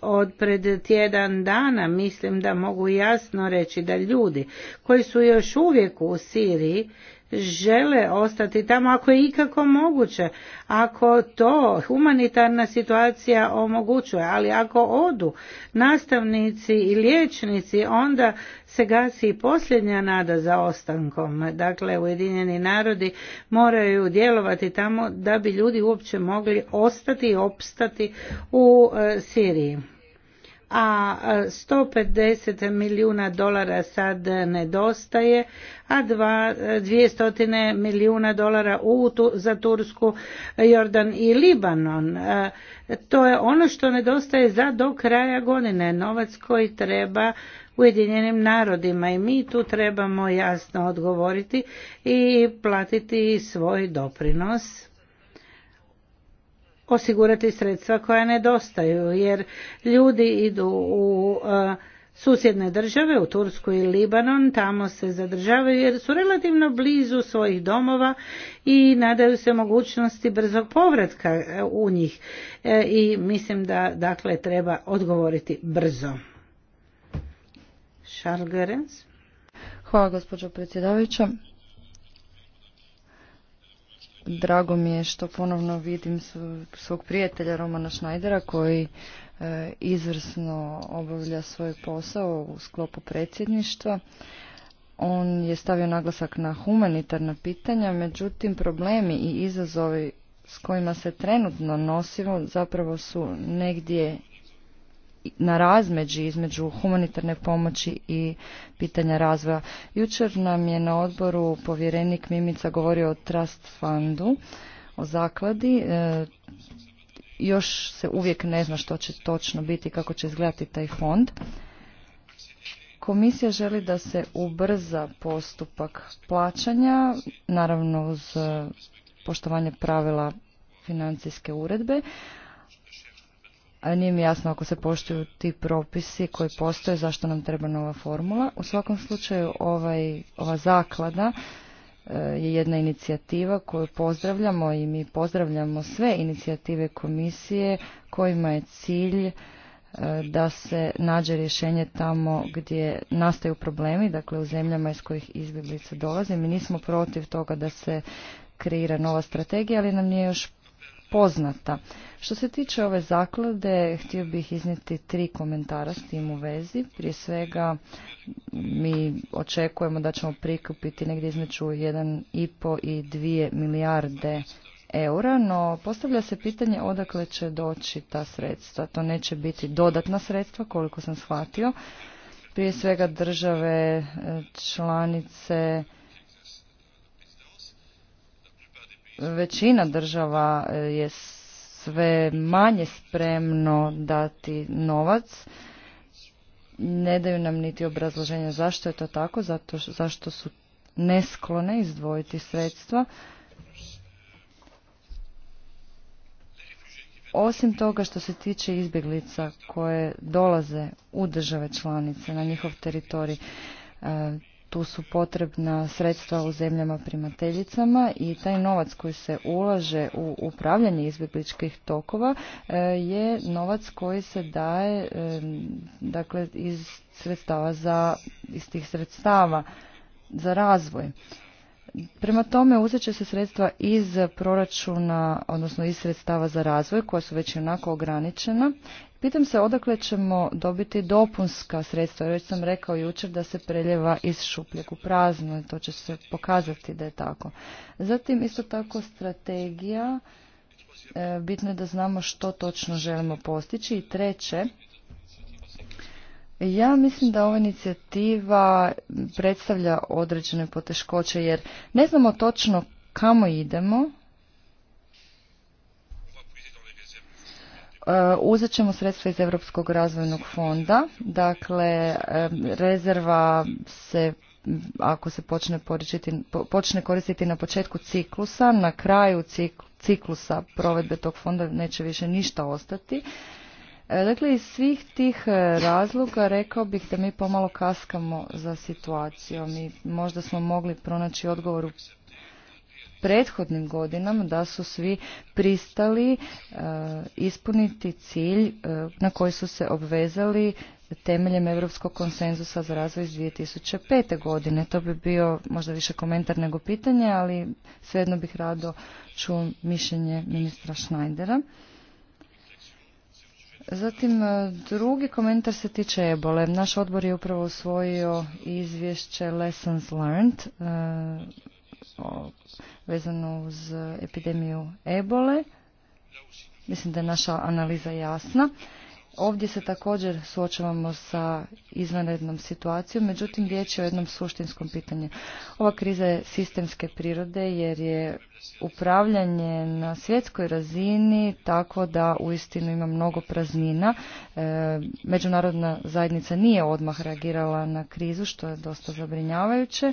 od pred tjedan dana mislim da mogu jasno reći da ljudi koji su još uvijek u Siriji žele ostati tamo ako je ikako moguće, ako to humanitarna situacija omogućuje, ali ako odu nastavnici i liječnici, onda se gasi i posljednja nada za ostankom. Dakle, Ujedinjeni narodi moraju djelovati tamo da bi ljudi uopće mogli ostati i opstati u e, Siriji a 150 milijuna dolara sad nedostaje, a 200 milijuna dolara u, za Tursku, Jordan i Libanon. To je ono što nedostaje za do kraja godine, novac koji treba Ujedinjenim narodima i mi tu trebamo jasno odgovoriti i platiti svoj doprinos osigurati sredstva koja nedostaju jer ljudi idu u e, susjedne države u Tursku i Libanon tamo se zadržavaju jer su relativno blizu svojih domova i nadaju se mogućnosti brzog povratka e, u njih e, i mislim da dakle treba odgovoriti brzo. Hvala gospođo predsjedavajuća. Drago mi je što ponovno vidim svog prijatelja Romana Šnajdera koji e, izvrsno obavlja svoj posao u sklopu predsjedništva. On je stavio naglasak na humanitarna pitanja, međutim problemi i izazovi s kojima se trenutno nosimo zapravo su negdje na razmeđi između humanitarne pomoći i pitanja razvoja. Jučer nam je na odboru povjerenik Mimica govorio o Trust Fundu, o zakladi. E, još se uvijek ne zna što će točno biti, kako će izgledati taj fond. Komisija želi da se ubrza postupak plaćanja, naravno uz e, poštovanje pravila financijske uredbe. Nije mi jasno ako se poštuju ti propisi koji postoje, zašto nam treba nova formula. U svakom slučaju ovaj, ova zaklada e, je jedna inicijativa koju pozdravljamo i mi pozdravljamo sve inicijative komisije kojima je cilj e, da se nađe rješenje tamo gdje nastaju problemi, dakle u zemljama iz kojih izbjeglice dolaze. Mi nismo protiv toga da se kreira nova strategija, ali nam nije još poznata. Što se tiče ove zaklade, htio bih iznijeti tri komentara s tim u vezi. Prije svega, mi očekujemo da ćemo prikupiti negdje između 1,5 i 2 milijarde eura, no postavlja se pitanje odakle će doći ta sredstva. To neće biti dodatna sredstva, koliko sam shvatio. Prije svega države, e, članice, većina država e, je sve manje spremno dati novac. Ne daju nam niti obrazloženja zašto je to tako, zato zašto su nesklone izdvojiti sredstva. Osim toga što se tiče izbjeglica koje dolaze u države članice na njihov teritorij, e, tu su potrebna sredstva u zemljama primateljicama i taj novac koji se ulaže u upravljanje izbjegličkih tokova e, je novac koji se daje e, dakle iz sredstava za iz tih sredstava za razvoj. Prema tome uzet će se sredstva iz proračuna, odnosno iz sredstava za razvoj koja su već onako ograničena Pitam se odakle ćemo dobiti dopunska sredstva. Već sam rekao jučer da se preljeva iz šupljeg u prazno i to će se pokazati da je tako. Zatim isto tako strategija. E, bitno je da znamo što točno želimo postići. I treće, ja mislim da ova inicijativa predstavlja određene poteškoće jer ne znamo točno kamo idemo E, uzet ćemo sredstva iz Europskog razvojnog fonda, dakle e, rezerva se ako se počne, počne koristiti na početku ciklusa, na kraju ciklusa provedbe tog fonda neće više ništa ostati. E, dakle, iz svih tih razloga rekao bih da mi pomalo kaskamo za situacijom i možda smo mogli pronaći odgovor u prethodnim godinama da su svi pristali e, ispuniti cilj e, na koji su se obvezali temeljem Europskog konsenzusa za razvoj iz 2005. godine. To bi bio možda više komentar nego pitanje, ali svejedno bih rado čuo mišljenje ministra Schneidera. Zatim e, drugi komentar se tiče ebole. Naš odbor je upravo usvojio izvješće Lessons Learned vezano uz epidemiju ebole. Mislim da je naša analiza jasna. Ovdje se također suočavamo sa izvanrednom situacijom, međutim riječ je o jednom suštinskom pitanju. Ova kriza je sistemske prirode jer je upravljanje na svjetskoj razini tako da uistinu ima mnogo praznina. E, međunarodna zajednica nije odmah reagirala na krizu što je dosta zabrinjavajuće.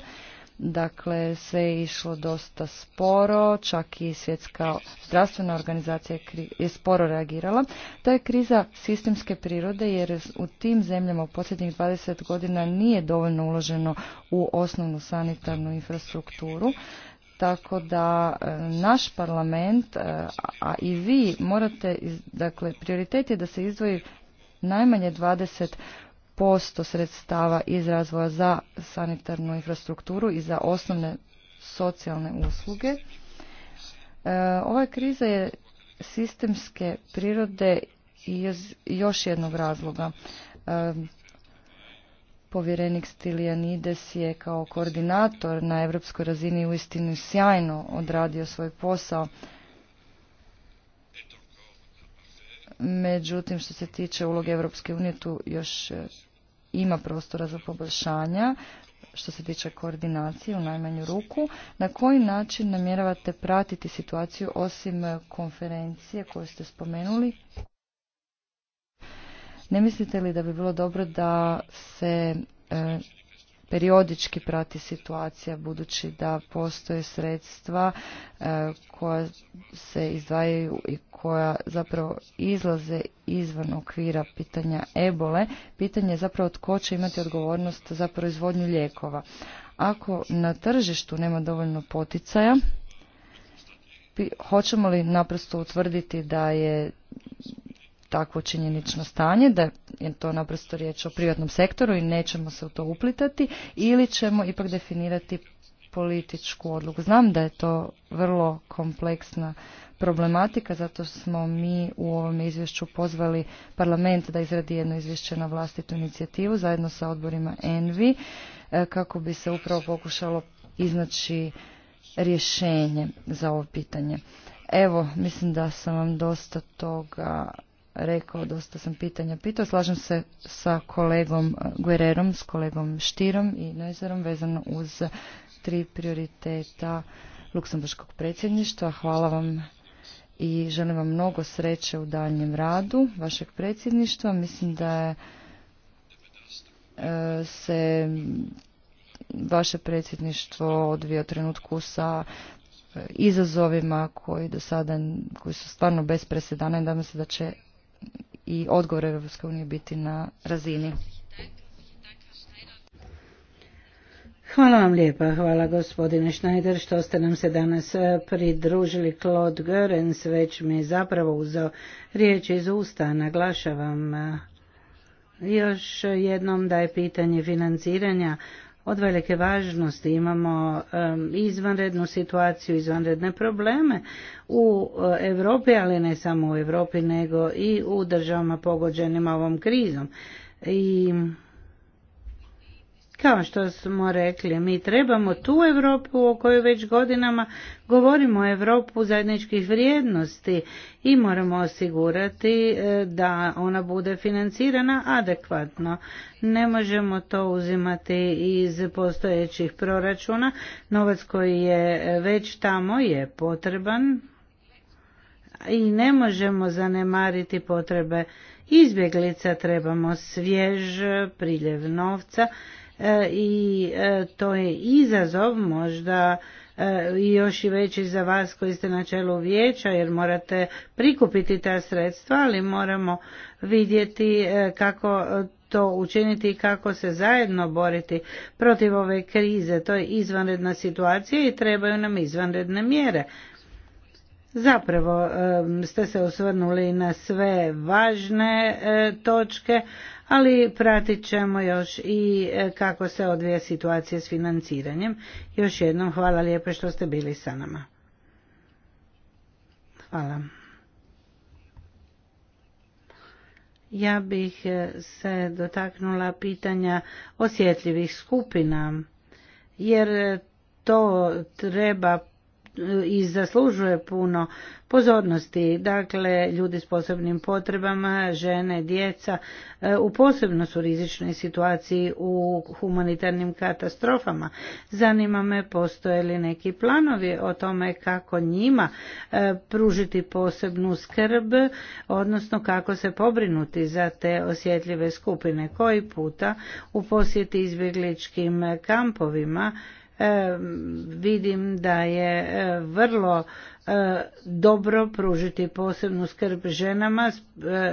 Dakle, sve je išlo dosta sporo, čak i svjetska zdravstvena organizacija je sporo reagirala. To je kriza sistemske prirode jer u tim zemljama u posljednjih 20 godina nije dovoljno uloženo u osnovnu sanitarnu infrastrukturu. Tako da e, naš parlament, e, a i vi morate, dakle, prioritet je da se izdvoji najmanje 20 posto sredstava iz razvoja za sanitarnu infrastrukturu i za osnovne socijalne usluge. E, ova kriza je sistemske prirode iz još jednog razloga. E, povjerenik Stilijanides je kao koordinator na europskoj razini uistinu sjajno odradio svoj posao. Međutim, što se tiče uloge Europske unije, tu još e, ima prostora za poboljšanja što se tiče koordinacije u najmanju ruku. Na koji način namjeravate pratiti situaciju osim e, konferencije koju ste spomenuli? Ne mislite li da bi bilo dobro da se e, periodički prati situacija budući da postoje sredstva e, koja se izdvajaju i koja zapravo izlaze izvan okvira pitanja ebole. Pitanje je zapravo tko će imati odgovornost za proizvodnju lijekova. Ako na tržištu nema dovoljno poticaja, hoćemo li naprosto utvrditi da je takvo činjenično stanje, da je to naprosto riječ o privatnom sektoru i nećemo se u to uplitati ili ćemo ipak definirati političku odluku. Znam da je to vrlo kompleksna problematika, zato smo mi u ovom izvješću pozvali parlament da izradi jedno izvješće na vlastitu inicijativu zajedno sa odborima ENVI kako bi se upravo pokušalo iznaći rješenje za ovo pitanje. Evo, mislim da sam vam dosta toga rekao, dosta sam pitanja pitao. Slažem se sa kolegom Guererom, s kolegom Štirom i Nezerom vezano uz tri prioriteta Luksemburškog predsjedništva. Hvala vam i želim vam mnogo sreće u daljnjem radu vašeg predsjedništva. Mislim da je se vaše predsjedništvo odvio trenutku sa e, izazovima koji do sada koji su stvarno bez presedana i nadam se da će i odgovor Europske unije biti na razini. Hvala vam lijepa, hvala gospodine Schneider što ste nam se danas e, pridružili. Claude Görens već mi je zapravo uzao riječ iz usta, naglašavam e, još jednom da je pitanje financiranja od velike važnosti. Imamo izvanrednu situaciju, izvanredne probleme u eh, Europi, ali ne samo u Europi, nego i u državama pogođenima ovom krizom. I kao što smo rekli, mi trebamo tu Europu o kojoj već godinama govorimo Europu zajedničkih vrijednosti i moramo osigurati e, da ona bude financirana adekvatno. Ne možemo to uzimati iz postojećih proračuna. Novac koji je već tamo je potreban i ne možemo zanemariti potrebe izbjeglica, trebamo svjež priljev novca E, i e, to je izazov možda e, i još i veći za vas koji ste na čelu vijeća jer morate prikupiti ta sredstva ali moramo vidjeti kako to učiniti i kako se zajedno boriti protiv ove krize to je izvanredna situacija i trebaju nam izvanredne mjere Zapravo ste se osvrnuli na sve važne e, točke, ali pratit ćemo još i e, kako se odvija situacija s financiranjem. Još jednom hvala lijepo što ste bili sa nama. Hvala. Ja bih e, se dotaknula pitanja osjetljivih skupina, jer to treba i zaslužuje puno pozornosti. Dakle, ljudi s posebnim potrebama, žene, djeca e, u posebno su rizičnoj situaciji u humanitarnim katastrofama. Zanima me postoje li neki planovi o tome kako njima e, pružiti posebnu skrb, odnosno kako se pobrinuti za te osjetljive skupine koji puta u posjeti izbjegličkim kampovima vidim da je vrlo dobro pružiti posebnu skrb ženama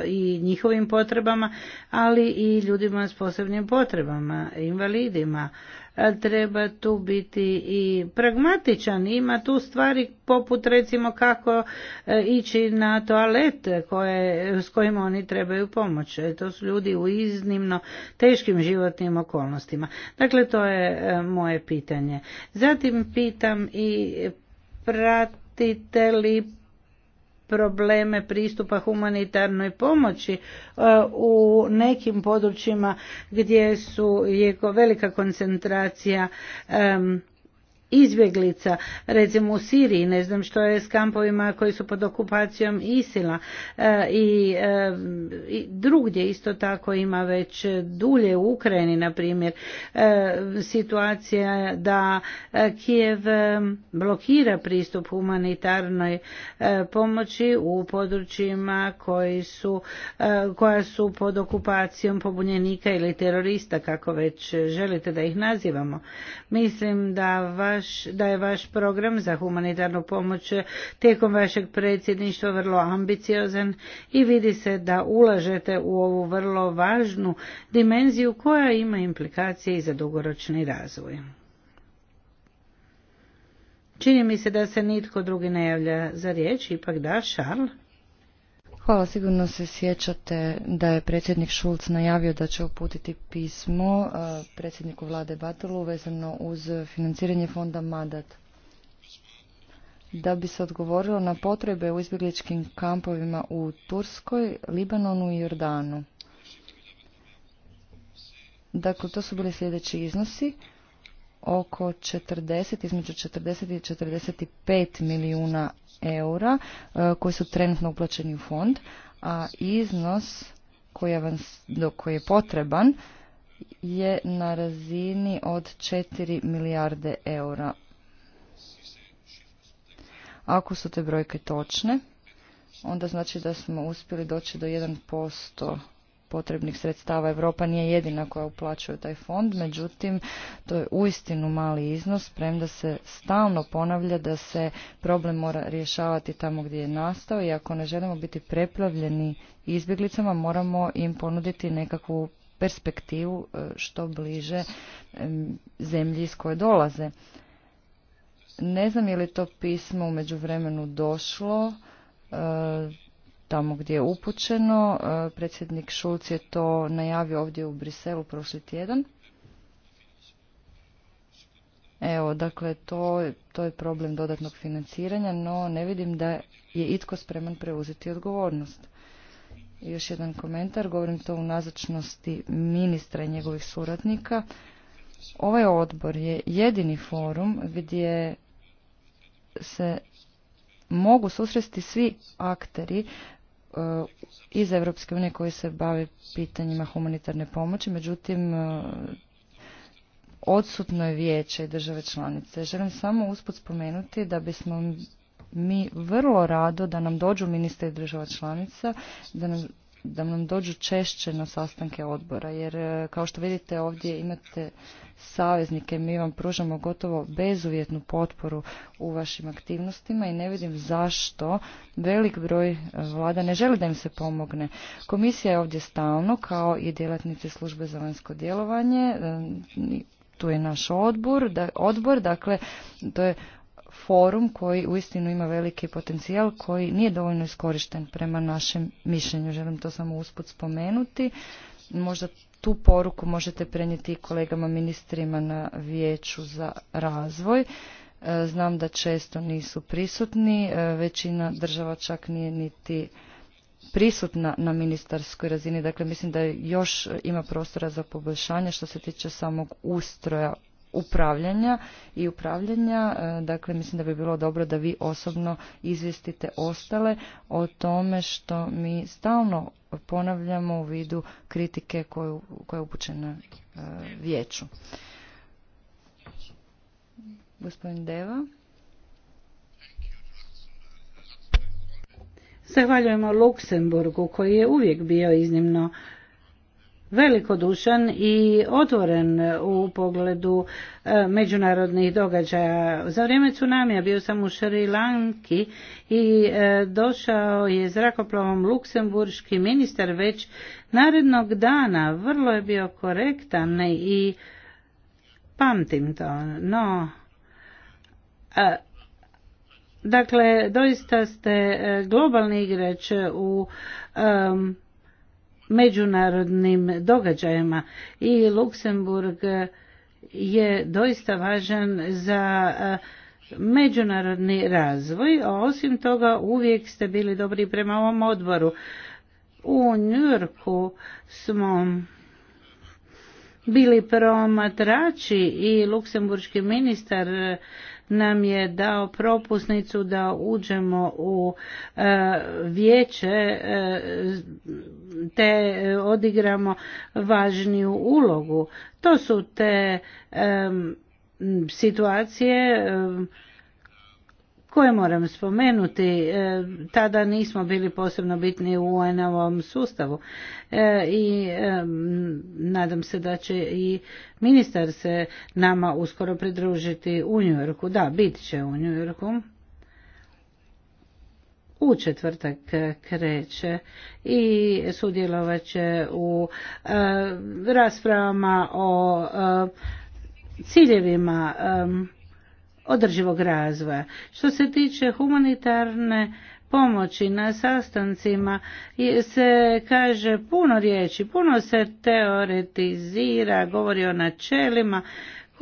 i njihovim potrebama, ali i ljudima s posebnim potrebama, invalidima treba tu biti i pragmatičan. Ima tu stvari poput recimo kako e, ići na toalet koje, s kojima oni trebaju pomoć. E, to su ljudi u iznimno teškim životnim okolnostima. Dakle, to je e, moje pitanje. Zatim pitam i pratite li probleme pristupa humanitarnoj pomoći e, u nekim područjima gdje su je velika koncentracija izbjeglica, recimo u Siriji, ne znam što je s kampovima koji su pod okupacijom Isila e, i, e, i drugdje isto tako ima već dulje u Ukrajini, na primjer, e, situacija da Kijev blokira pristup humanitarnoj pomoći u područjima koji su, koja su pod okupacijom pobunjenika ili terorista, kako već želite da ih nazivamo. Mislim da vaš da je vaš program za humanitarnu pomoć tijekom vašeg predsjedništva vrlo ambiciozan i vidi se da ulažete u ovu vrlo važnu dimenziju koja ima implikacije i za dugoročni razvoj. Čini mi se da se nitko drugi ne javlja za riječ, ipak da, Šarl. Hvala, sigurno se sjećate da je predsjednik Šulc najavio da će uputiti pismo uh, predsjedniku vlade Batelu vezano uz financiranje fonda Madat. Da bi se odgovorilo na potrebe u izbjegličkim kampovima u Turskoj, Libanonu i Jordanu. Dakle, to su bili sljedeći iznosi. Oko 40, između 40 i 45 milijuna eura e, koji su trenutno uplaćeni u fond, a iznos koji je, do koji je potreban je na razini od 4 milijarde eura. Ako su te brojke točne, onda znači da smo uspjeli doći do 1% potrebnih sredstava. Europa nije jedina koja uplaćuje taj fond, međutim to je uistinu mali iznos, premda se stalno ponavlja da se problem mora rješavati tamo gdje je nastao i ako ne želimo biti preplavljeni izbjeglicama moramo im ponuditi nekakvu perspektivu e, što bliže zemlji iz koje dolaze. Ne znam je li to pismo u međuvremenu došlo, e, tamo gdje je upućeno. E, predsjednik Šulc je to najavio ovdje u Briselu prošli tjedan. Evo, dakle, to, to je problem dodatnog financiranja, no ne vidim da je itko spreman preuzeti odgovornost. još jedan komentar, govorim to u nazačnosti ministra i njegovih suradnika. Ovaj odbor je jedini forum gdje se mogu susresti svi akteri E, iz Europske unije koji se bave pitanjima humanitarne pomoći, međutim e, odsutno je vijeće i države članice. Želim samo usput spomenuti da bismo mi vrlo rado da nam dođu ministri država članica da nam da nam dođu češće na sastanke odbora, jer e, kao što vidite ovdje imate saveznike, mi vam pružamo gotovo bezuvjetnu potporu u vašim aktivnostima i ne vidim zašto velik broj e, vlada ne želi da im se pomogne. Komisija je ovdje stalno, kao i djelatnice službe za vanjsko djelovanje, e, tu je naš odbor, da, odbor, dakle to je forum koji uistinu ima veliki potencijal koji nije dovoljno iskorišten prema našem mišljenju. Želim to samo usput spomenuti. Možda tu poruku možete prenijeti i kolegama ministrima na vijeću za razvoj. E, znam da često nisu prisutni, e, većina država čak nije niti prisutna na ministarskoj razini, dakle mislim da još ima prostora za poboljšanje što se tiče samog ustroja upravljanja i upravljanja. E, dakle, mislim da bi bilo dobro da vi osobno izvijestite ostale o tome što mi stalno ponavljamo u vidu kritike koja je upućena e, vijeću. Gospodin Deva. Zahvaljujemo Luksemburgu koji je uvijek bio iznimno velikodušan i otvoren u pogledu e, međunarodnih događaja. Za vrijeme tsunamija bio sam u Šri Lanki i e, došao je zrakoplovom luksemburški ministar već narednog dana. Vrlo je bio korektan i pamtim to. No, e, dakle, doista ste globalni igrač u međunarodnim događajima i Luksemburg je doista važan za e, međunarodni razvoj, a osim toga uvijek ste bili dobri prema ovom odboru. U Njurku smo bili promatrači i luksemburški ministar nam je dao propusnicu da uđemo u e, vijeće e, te odigramo važniju ulogu. To su te situacije koje moram spomenuti, e, tada nismo bili posebno bitni u un sustavu e, i e, nadam se da će i ministar se nama uskoro pridružiti u Njujorku. Da, bit će u Njujorku. U četvrtak kreće i sudjelovat će u raspravama o ciljevima održivog razvoja. Što se tiče humanitarne pomoći na sastancima se kaže puno riječi, puno se teoretizira, govori o načelima,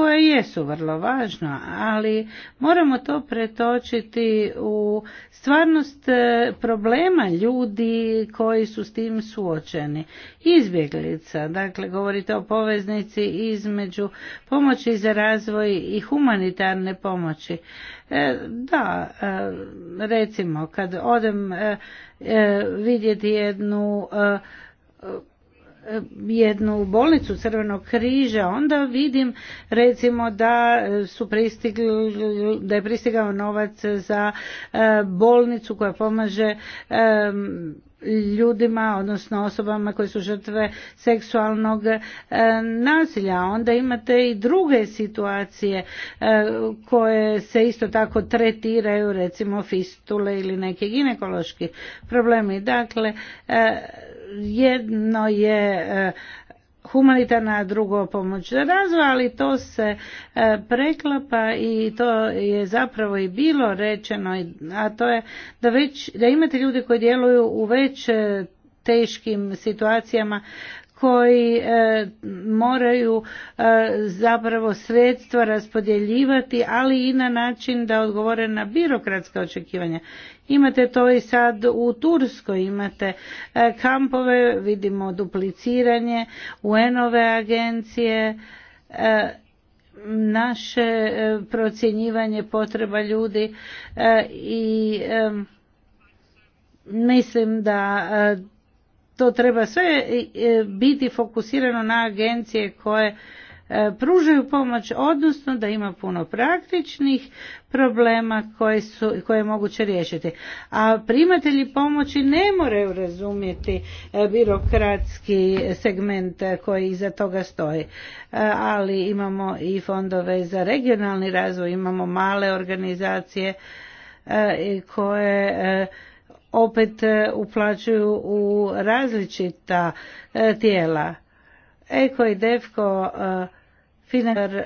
koja jesu vrlo važna, ali moramo to pretočiti u stvarnost e, problema ljudi koji su s tim suočeni. Izbjeglica, dakle govorite o poveznici između pomoći za razvoj i humanitarne pomoći. E, da, e, recimo kad odem vidjeti jednu E, jednu bolnicu Crvenog križa, onda vidim recimo da, su pristigli, da je pristigao novac za e, bolnicu koja pomaže e, ljudima, odnosno osobama koje su žrtve seksualnog nasilja. Onda imate i druge situacije koje se isto tako tretiraju, recimo fistule ili neki ginekološki problemi. Dakle, jedno je e, humanitarna, a drugo pomoć za razvoj, ali to se e, preklapa i to je zapravo i bilo rečeno, a to je da, već, da imate ljudi koji djeluju u već e, teškim situacijama koji e, moraju e, zapravo sredstva raspodjeljivati, ali i na način da odgovore na birokratska očekivanja. Imate to i sad u Turskoj, imate e, kampove, vidimo dupliciranje, UN-ove agencije, naše procjenjivanje potreba ljudi i mislim da to treba sve e, e, biti fokusirano na agencije koje e, pružaju pomoć, odnosno da ima puno praktičnih problema koje, su, koje je moguće riješiti. A primatelji pomoći ne moraju razumjeti birokratski segment koji iza toga stoji. Ali imamo i fondove za regionalni razvoj, imamo male organizacije koje opet e, uplaćuju u različita e, tijela. Eko i Defko, e, financijar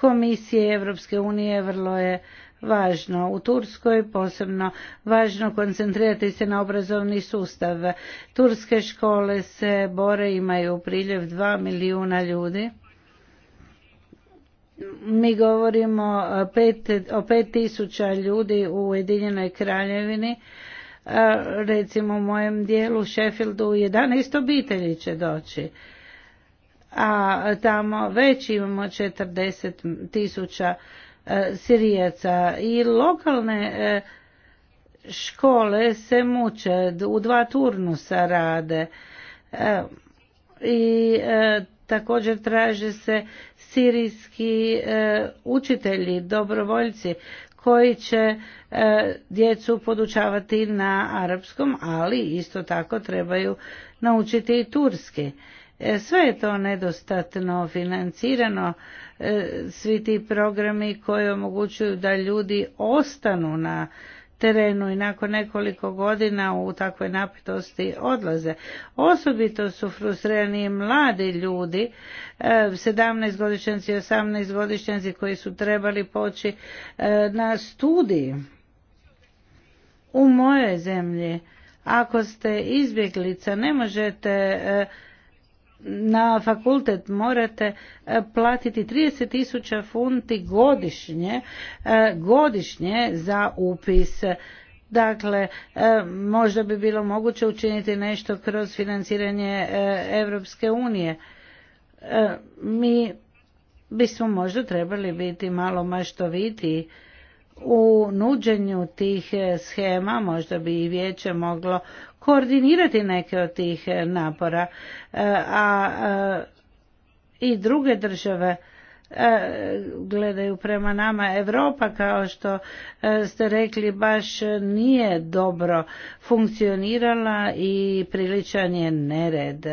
Komisije Europske unije vrlo je važno. U Turskoj posebno važno koncentrirati se na obrazovni sustav. Turske škole se bore, imaju priljev 2 milijuna ljudi. Mi govorimo o 5000 ljudi u Ujedinjenoj kraljevini, E, recimo u mojem dijelu Sheffieldu 11 obitelji će doći a tamo već imamo 40 tisuća e, sirijaca i lokalne e, škole se muče u dva turnusa rade i također traže se sirijski učitelji dobrovoljci koji će e, djecu podučavati na arapskom, ali isto tako trebaju naučiti i turski. E, sve je to nedostatno financirano, e, svi ti programi koji omogućuju da ljudi ostanu na terenu i nakon nekoliko godina u takvoj napetosti odlaze. Osobito su frustrirani mladi ljudi, 17-godišnjaci, e, 18-godišnjaci koji su trebali poći e, na studij u mojoj zemlji. Ako ste izbjeglica, ne možete e, na fakultet morate e, platiti 30 funti godišnje, e, godišnje za upis Dakle, e, možda bi bilo moguće učiniti nešto kroz financiranje Europske unije. Mi bismo možda trebali biti malo maštoviti u nuđenju tih schema, možda bi i vijeće moglo koordinirati neke od tih e, napora, e, a e, i druge države gledaju prema nama Europa kao što ste rekli baš nije dobro funkcionirala i priličan je nered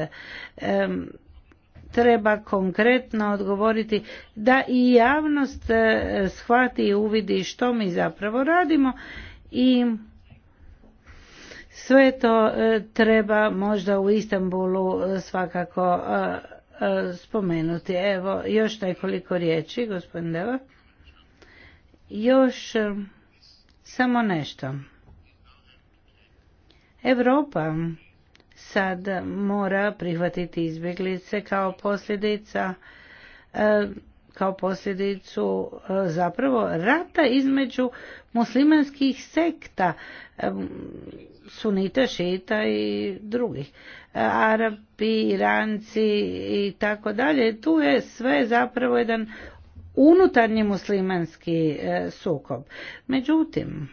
treba konkretno odgovoriti da i javnost shvati i uvidi što mi zapravo radimo i sve to e, treba možda u Istanbulu e, svakako e, spomenuti. Evo, još nekoliko riječi, gospodin Deva. Još samo nešto. Europa sad mora prihvatiti izbjeglice kao posljedica kao posljedicu e, zapravo rata između muslimanskih sekta sunita, šita i drugih. E, Arapi, Iranci i tako dalje. Tu je sve zapravo jedan unutarnji muslimanski e, sukob. Međutim,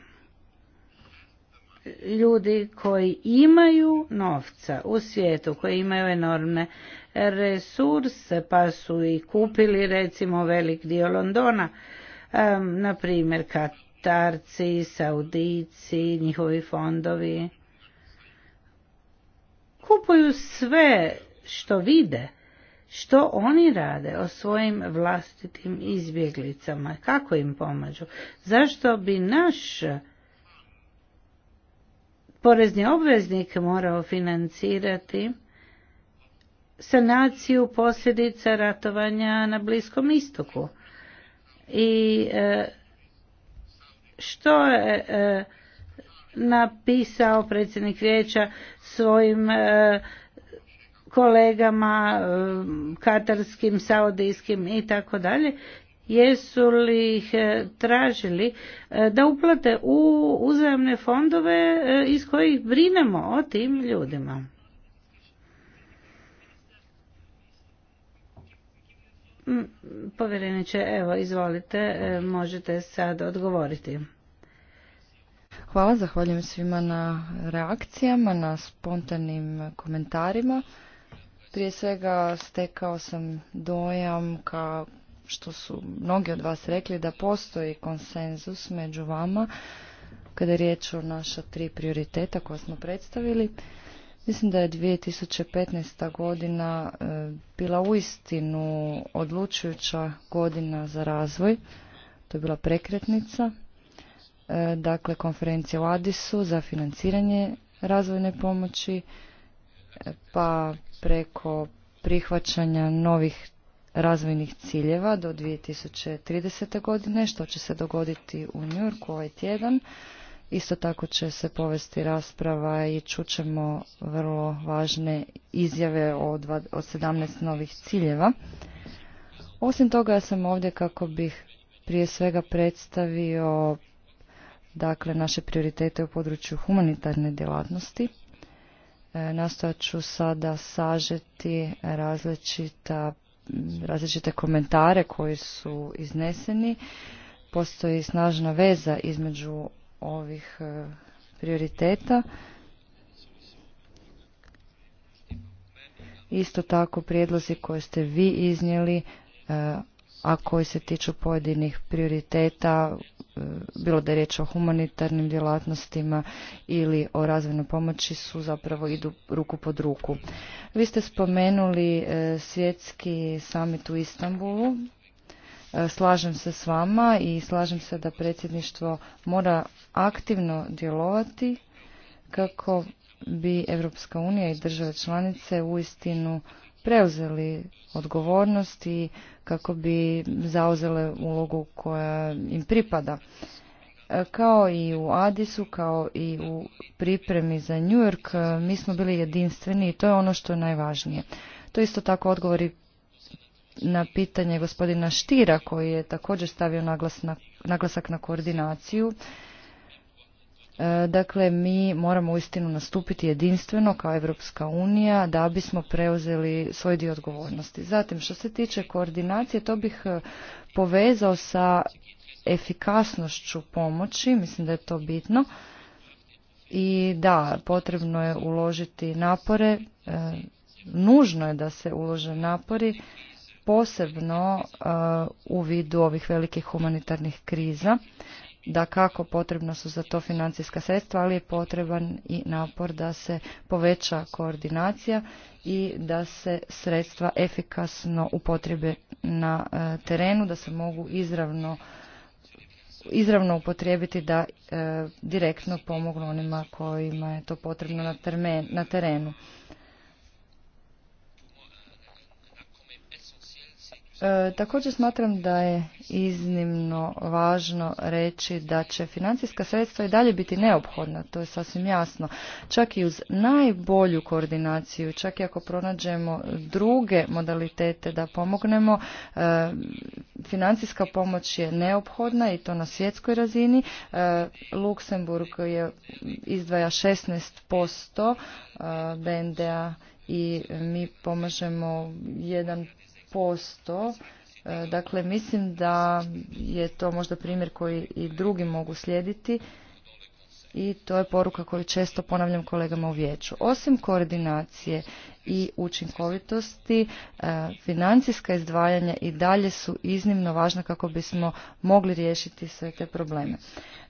ljudi koji imaju novca u svijetu, koji imaju enormne resurse, pa su i kupili recimo velik dio Londona, um, na primjer Katarci, Saudici, njihovi fondovi. Kupuju sve što vide, što oni rade o svojim vlastitim izbjeglicama, kako im pomažu. Zašto bi naš porezni obveznik morao financirati sanaciju posljedica ratovanja na Bliskom istoku. I e, što je e, napisao predsjednik vijeća svojim e, kolegama katarskim, saudijskim i tako dalje, jesu li ih tražili da uplate u uzajamne fondove iz kojih brinemo o tim ljudima. Povjereniče, evo, izvolite, e, možete sad odgovoriti. Hvala, zahvaljujem svima na reakcijama, na spontanim komentarima. Prije svega stekao sam dojam kao što su mnogi od vas rekli da postoji konsenzus među vama kada je riječ o naša tri prioriteta koja smo predstavili. Mislim da je 2015. godina e, bila uistinu odlučujuća godina za razvoj. To je bila prekretnica. E, dakle, konferencija u Adisu za financiranje razvojne pomoći, e, pa preko prihvaćanja novih razvojnih ciljeva do 2030. godine, što će se dogoditi u Njurku ovaj tjedan. Isto tako će se povesti rasprava i čućemo vrlo važne izjave o 17 novih ciljeva. Osim toga ja sam ovdje kako bih prije svega predstavio dakle naše prioritete u području humanitarne djelatnosti. E, nastojat ću sada sažeti različita, različite komentare koji su izneseni. Postoji snažna veza između ovih e, prioriteta. Isto tako prijedlozi koje ste vi iznijeli, e, a koji se tiču pojedinih prioriteta, e, bilo da je riječ o humanitarnim djelatnostima ili o razvojnoj pomoći, su zapravo idu ruku pod ruku. Vi ste spomenuli svjetski samit u Istanbulu E, slažem se s vama i slažem se da predsjedništvo mora aktivno djelovati kako bi Europska unija i države članice uistinu preuzeli odgovornost i kako bi zauzele ulogu koja im pripada. E, kao i u Adisu, kao i u pripremi za New York, e, mi smo bili jedinstveni i to je ono što je najvažnije. To isto tako odgovori na pitanje gospodina Štira koji je također stavio naglasak na koordinaciju. E, dakle, mi moramo uistinu nastupiti jedinstveno kao Evropska unija da bismo preuzeli svoj dio odgovornosti. Zatim, što se tiče koordinacije, to bih e, povezao sa efikasnošću pomoći, mislim da je to bitno. I da, potrebno je uložiti napore, e, nužno je da se ulože napori posebno e, u vidu ovih velikih humanitarnih kriza. Da kako potrebna su za to financijska sredstva, ali je potreban i napor da se poveća koordinacija i da se sredstva efikasno upotrebe na e, terenu, da se mogu izravno izravno upotrijebiti da e, direktno pomognu onima kojima je to potrebno na, na terenu E, također smatram da je iznimno važno reći da će financijska sredstva i dalje biti neophodna, to je sasvim jasno. Čak i uz najbolju koordinaciju, čak i ako pronađemo druge modalitete da pomognemo, e, financijska pomoć je neophodna i to na svjetskoj razini. E, Luksemburg je izdvaja 16% BND-a i mi pomažemo jedan posto e, dakle mislim da je to možda primjer koji i drugi mogu slijediti i to je poruka koju često ponavljam kolegama u vijeću osim koordinacije i učinkovitosti e, financijska izdvajanja i dalje su iznimno važna kako bismo mogli riješiti sve te probleme.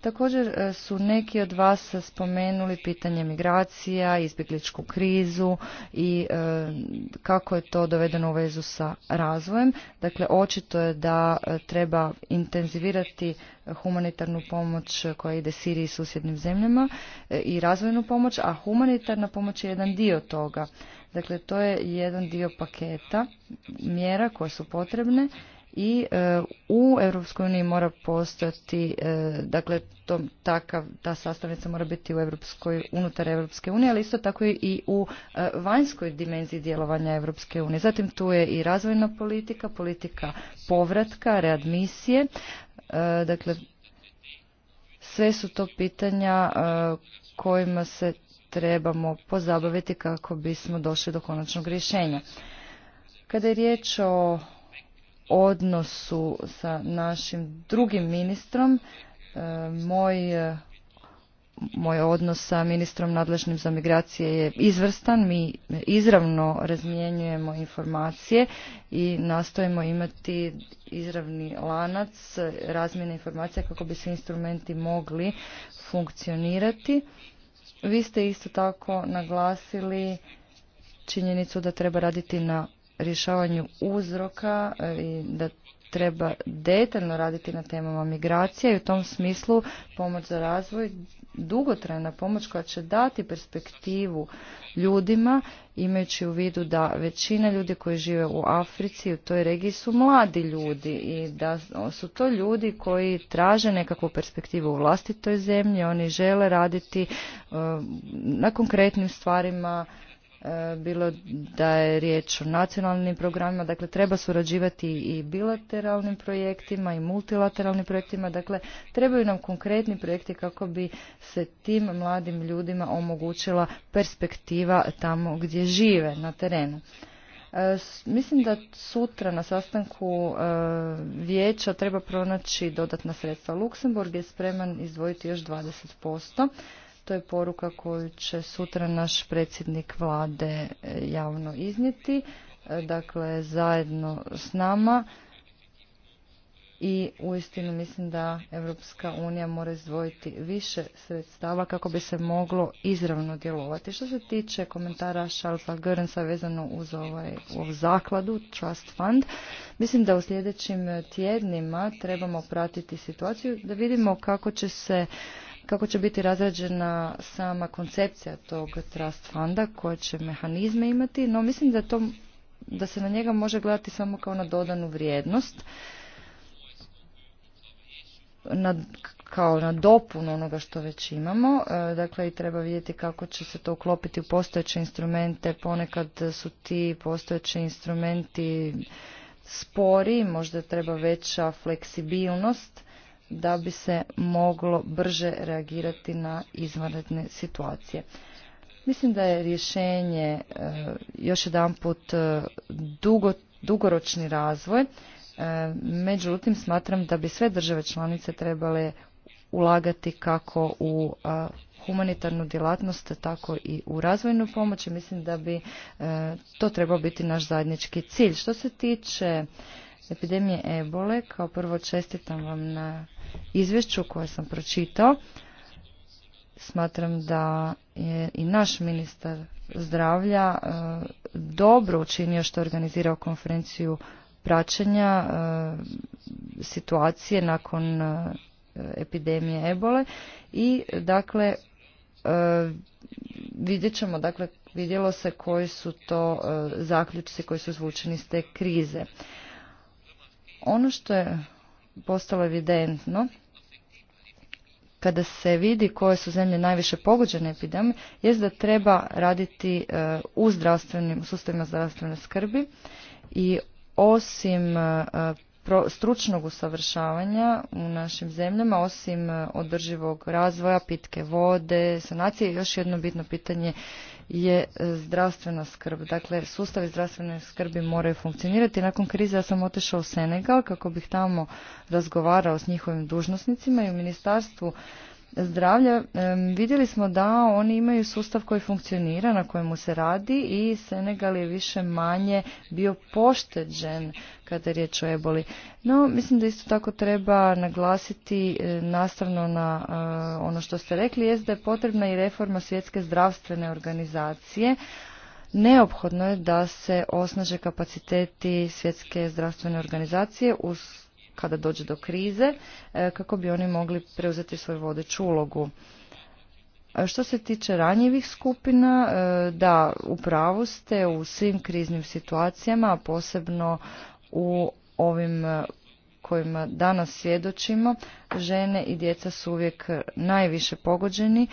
Također e, su neki od vas spomenuli pitanje migracija, izbjegličku krizu i e, kako je to dovedeno u vezu sa razvojem. Dakle, očito je da treba intenzivirati humanitarnu pomoć koja ide Siriji i susjednim zemljama i razvojnu pomoć, a humanitarna pomoć je jedan dio toga. Dakle, to je jedan dio paketa mjera koje su potrebne i e, u Europskoj mora postati, e, dakle, to, takav, ta sastavnica mora biti u Europskoj, unutar Europske unije, ali isto tako i u e, vanjskoj dimenziji djelovanja Europske unije. Zatim tu je i razvojna politika, politika povratka, readmisije, dakle, sve su to pitanja kojima se trebamo pozabaviti kako bismo došli do konačnog rješenja. Kada je riječ o odnosu sa našim drugim ministrom, e, moj moj odnos sa ministrom nadležnim za migracije je izvrstan. Mi izravno razmjenjujemo informacije i nastojimo imati izravni lanac razmjene informacija kako bi se instrumenti mogli funkcionirati. Vi ste isto tako naglasili činjenicu da treba raditi na rješavanju uzroka i da treba detaljno raditi na temama migracije i u tom smislu pomoć za razvoj, dugotrajna pomoć koja će dati perspektivu ljudima, imajući u vidu da većina ljudi koji žive u Africi u toj regiji su mladi ljudi i da su to ljudi koji traže nekakvu perspektivu u vlastitoj zemlji, oni žele raditi eh, na konkretnim stvarima, E, bilo da je riječ o nacionalnim programima, dakle treba surađivati i bilateralnim projektima i multilateralnim projektima, dakle trebaju nam konkretni projekti kako bi se tim mladim ljudima omogućila perspektiva tamo gdje žive na terenu. E, mislim da sutra na sastanku e, vijeća treba pronaći dodatna sredstva. Luksemburg je spreman izdvojiti još 20%. To je poruka koju će sutra naš predsjednik vlade e, javno iznijeti, e, dakle zajedno s nama i uistinu mislim da Europska unija mora izdvojiti više sredstava kako bi se moglo izravno djelovati. Što se tiče komentara Šalfa Grnsa vezano uz ovaj, ovu zakladu Trust Fund, mislim da u sljedećim tjednima trebamo pratiti situaciju da vidimo kako će se kako će biti razrađena sama koncepcija tog trust funda, koje će mehanizme imati, no mislim da, to, da se na njega može gledati samo kao na dodanu vrijednost, kao na dopunu onoga što već imamo. E, dakle, i treba vidjeti kako će se to uklopiti u postojeće instrumente. Ponekad su ti postojeći instrumenti spori, možda treba veća fleksibilnost da bi se moglo brže reagirati na izvanredne situacije. Mislim da je rješenje e, još jedanput e, dugo, dugoročni razvoj, e, međutim smatram da bi sve države članice trebale ulagati kako u humanitarnu djelatnost, tako i u razvojnu pomoć i mislim da bi to trebao biti naš zajednički cilj. Što se tiče epidemije ebole, kao prvo čestitam vam na izvješću koje sam pročitao. Smatram da je i naš ministar zdravlja e, dobro učinio što je organizirao konferenciju praćenja e, situacije nakon e, epidemije ebole i dakle vidjet ćemo dakle vidjelo se koji su to zaključci koji su zvučeni iz te krize. Ono što je postalo evidentno kada se vidi koje su zemlje najviše pogođene epidemije, jest da treba raditi e, u zdravstvenim sustavima zdravstvene skrbi i osim e, stručnog usavršavanja u našim zemljama, osim e, održivog razvoja, pitke vode, sanacije, još jedno bitno pitanje je e, zdravstvena skrb. Dakle, sustavi zdravstvene skrbi moraju funkcionirati. Nakon krize ja sam otišao u Senegal kako bih tamo razgovarao s njihovim dužnosnicima i u ministarstvu zdravlja, vidjeli smo da oni imaju sustav koji funkcionira, na kojemu se radi i Senegal je više manje bio pošteđen kada je riječ o eboli. No, mislim da isto tako treba naglasiti e, nastavno na e, ono što ste rekli, jest da je potrebna i reforma svjetske zdravstvene organizacije, Neophodno je da se osnaže kapaciteti svjetske zdravstvene organizacije uz kada dođe do krize e, kako bi oni mogli preuzeti svoju vodeću ulogu. E, što se tiče ranjivih skupina, e, da, u pravu ste u svim kriznim situacijama, a posebno u ovim kojima danas svjedočimo, žene i djeca su uvijek najviše pogođeni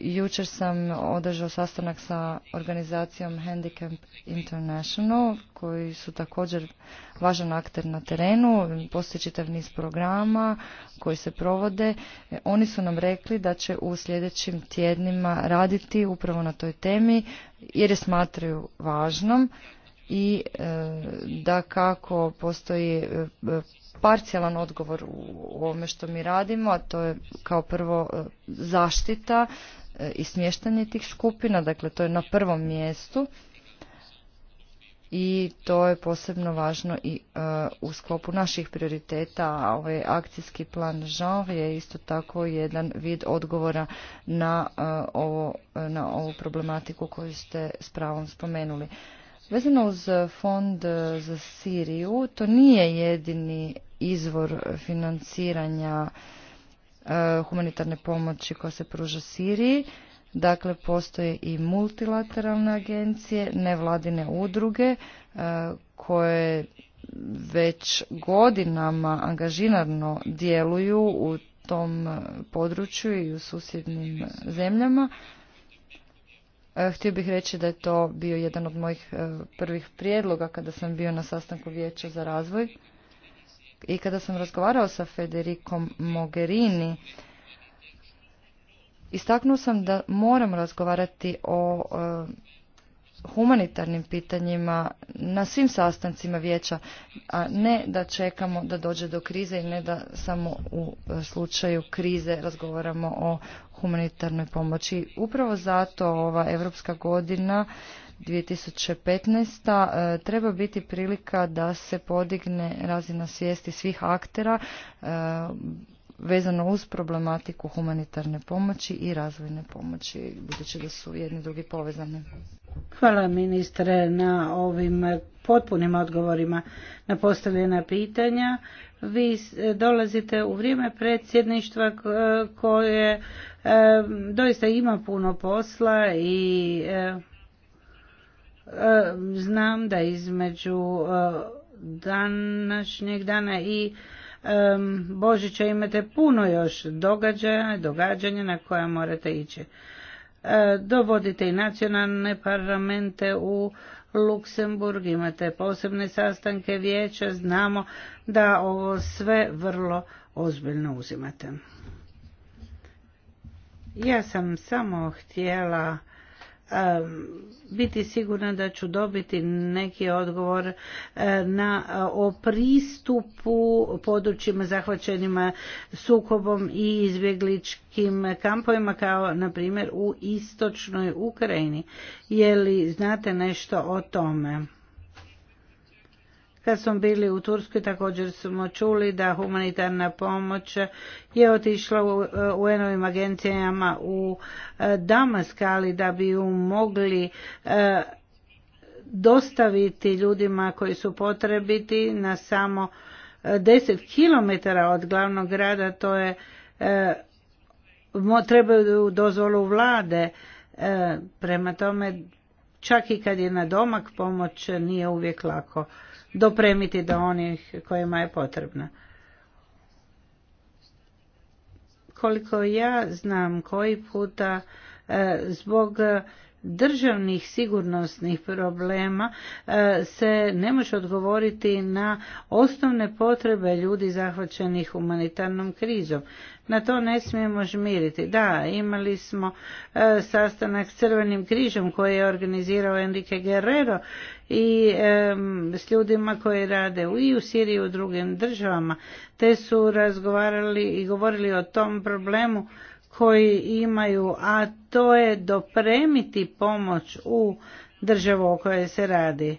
Jučer sam održao sastanak sa organizacijom Handicap International, koji su također važan akter na terenu. Postoji čitav niz programa koji se provode. E, oni su nam rekli da će u sljedećim tjednima raditi upravo na toj temi, jer je smatraju važnom i e, da kako postoji e, parcijalan odgovor u ovome što mi radimo, a to je kao prvo e, zaštita i smještanje tih skupina, dakle to je na prvom mjestu i to je posebno važno i u sklopu naših prioriteta, a ovaj akcijski plan Jean je isto tako jedan vid odgovora na, na ovu problematiku koju ste s pravom spomenuli. Vezano uz e, fond e, za Siriju, to nije jedini izvor financiranja e, humanitarne pomoći koja se pruža Siriji. Dakle, postoje i multilateralne agencije, nevladine udruge koje već godinama angažirano djeluju u tom području i u susjednim zemljama E, htio bih reći da je to bio jedan od mojih e, prvih prijedloga kada sam bio na sastanku Vijeća za razvoj i kada sam razgovarao sa Federikom Mogherini, istaknuo sam da moram razgovarati o e, humanitarnim pitanjima na svim sastancima vijeća, a ne da čekamo da dođe do krize i ne da samo u slučaju krize razgovaramo o humanitarnoj pomoći. Upravo zato ova Europska godina 2015. E, treba biti prilika da se podigne razina svijesti svih aktera e, vezano uz problematiku humanitarne pomoći i razvojne pomoći, budući da su jedni drugi povezani. Hvala ministre na ovim potpunim odgovorima na postavljena pitanja vi dolazite u vrijeme predsjedništva koje doista ima puno posla i znam da između eh, današnjeg dana i Božića imate puno još događaja, događanja na koja morate ići. Eh, dovodite i nacionalne parlamente u Luksemburg, imate posebne sastanke vijeća, znamo da ovo sve vrlo ozbiljno uzimate. Ja sam samo htjela biti sigurna da ću dobiti neki odgovor eh, na, eh, o pristupu područjima zahvaćenima sukobom i izbjegličkim kampovima kao na primjer u istočnoj Ukrajini. Je li znate nešto o tome? Kad smo bili u Turskoj također smo čuli da humanitarna pomoć je otišla u UN-ovim agencijama u e, Damask, ali da bi ju mogli e, dostaviti ljudima koji su potrebiti na samo 10 e, km od glavnog grada, to je trebaju dozvolu vlade. Prema tome, čak i kad je na domak pomoć, nije uvijek lako dopremiti do onih kojima je potrebna. Koliko ja znam koji puta e, zbog državnih sigurnosnih problema e, se ne može odgovoriti na osnovne potrebe ljudi zahvaćenih humanitarnom krizom. Na to ne smijemo žmiriti. Da, imali smo e, sastanak s Crvenim križom koji je organizirao Enrique Guerrero i e, s ljudima koji rade i u Siriji i u drugim državama. Te su razgovarali i govorili o tom problemu koji imaju, a to je dopremiti pomoć u državu o kojoj se radi.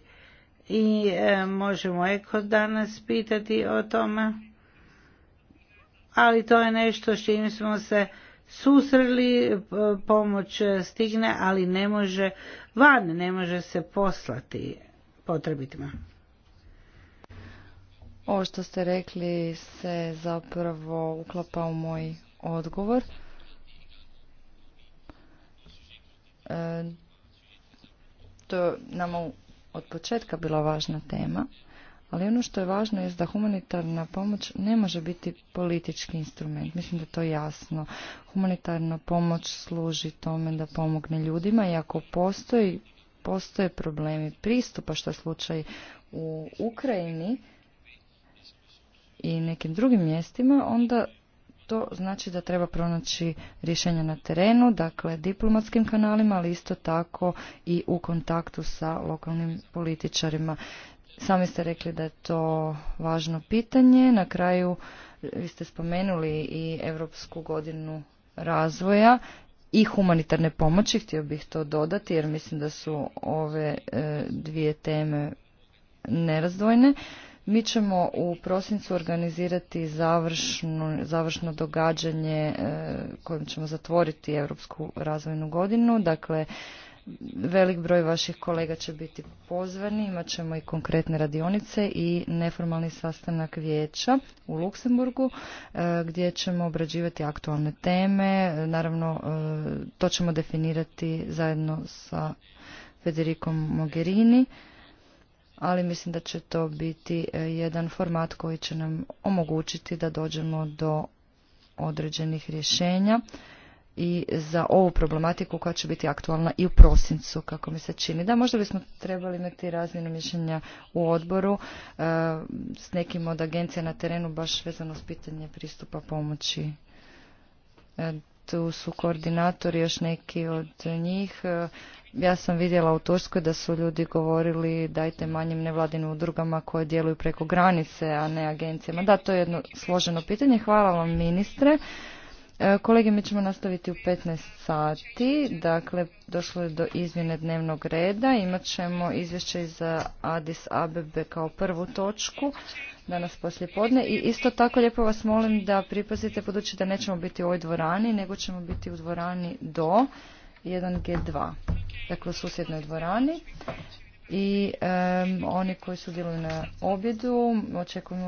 I e, možemo Eko danas pitati o tome, ali to je nešto s čim smo se susreli, e, pomoć stigne, ali ne može van, ne može se poslati potrebitima. Ovo što ste rekli se zapravo uklapa u moj odgovor. E, to je nama od početka bila važna tema, ali ono što je važno je da humanitarna pomoć ne može biti politički instrument. Mislim da je to jasno. Humanitarna pomoć služi tome da pomogne ljudima i ako postoji, postoje problemi pristupa, što je slučaj u Ukrajini i nekim drugim mjestima, onda to znači da treba pronaći rješenja na terenu, dakle diplomatskim kanalima, ali isto tako i u kontaktu sa lokalnim političarima. Sami ste rekli da je to važno pitanje. Na kraju vi ste spomenuli i Europsku godinu razvoja i humanitarne pomoći, htio bih to dodati jer mislim da su ove e, dvije teme nerazdvojne. Mi ćemo u prosincu organizirati završno, završno događanje e, kojim ćemo zatvoriti Europsku razvojnu godinu. Dakle, velik broj vaših kolega će biti pozvani, imat ćemo i konkretne radionice i neformalni sastanak vijeća u Luksemburgu e, gdje ćemo obrađivati aktualne teme. Naravno, e, to ćemo definirati zajedno sa Federikom Mogherini ali mislim da će to biti e, jedan format koji će nam omogućiti da dođemo do određenih rješenja i za ovu problematiku koja će biti aktualna i u prosincu, kako mi se čini. Da, možda bismo trebali imati razmjenu mišljenja u odboru e, s nekim od agencija na terenu baš vezano s pitanje pristupa pomoći. E, tu su koordinatori, još neki od njih. Ja sam vidjela u Turskoj da su ljudi govorili dajte manjim nevladinim udrugama koje djeluju preko granice, a ne agencijama. Da, to je jedno složeno pitanje. Hvala vam ministre. E, kolege, mi ćemo nastaviti u 15 sati. Dakle, došlo je do izmjene dnevnog reda. Imat ćemo izvješće za Adis Abebe kao prvu točku danas poslije podne. I isto tako lijepo vas molim da pripazite, budući da nećemo biti u ovoj dvorani, nego ćemo biti u dvorani do 1G2, dakle u susjednoj dvorani. I um, oni koji su bili na objedu očekujemo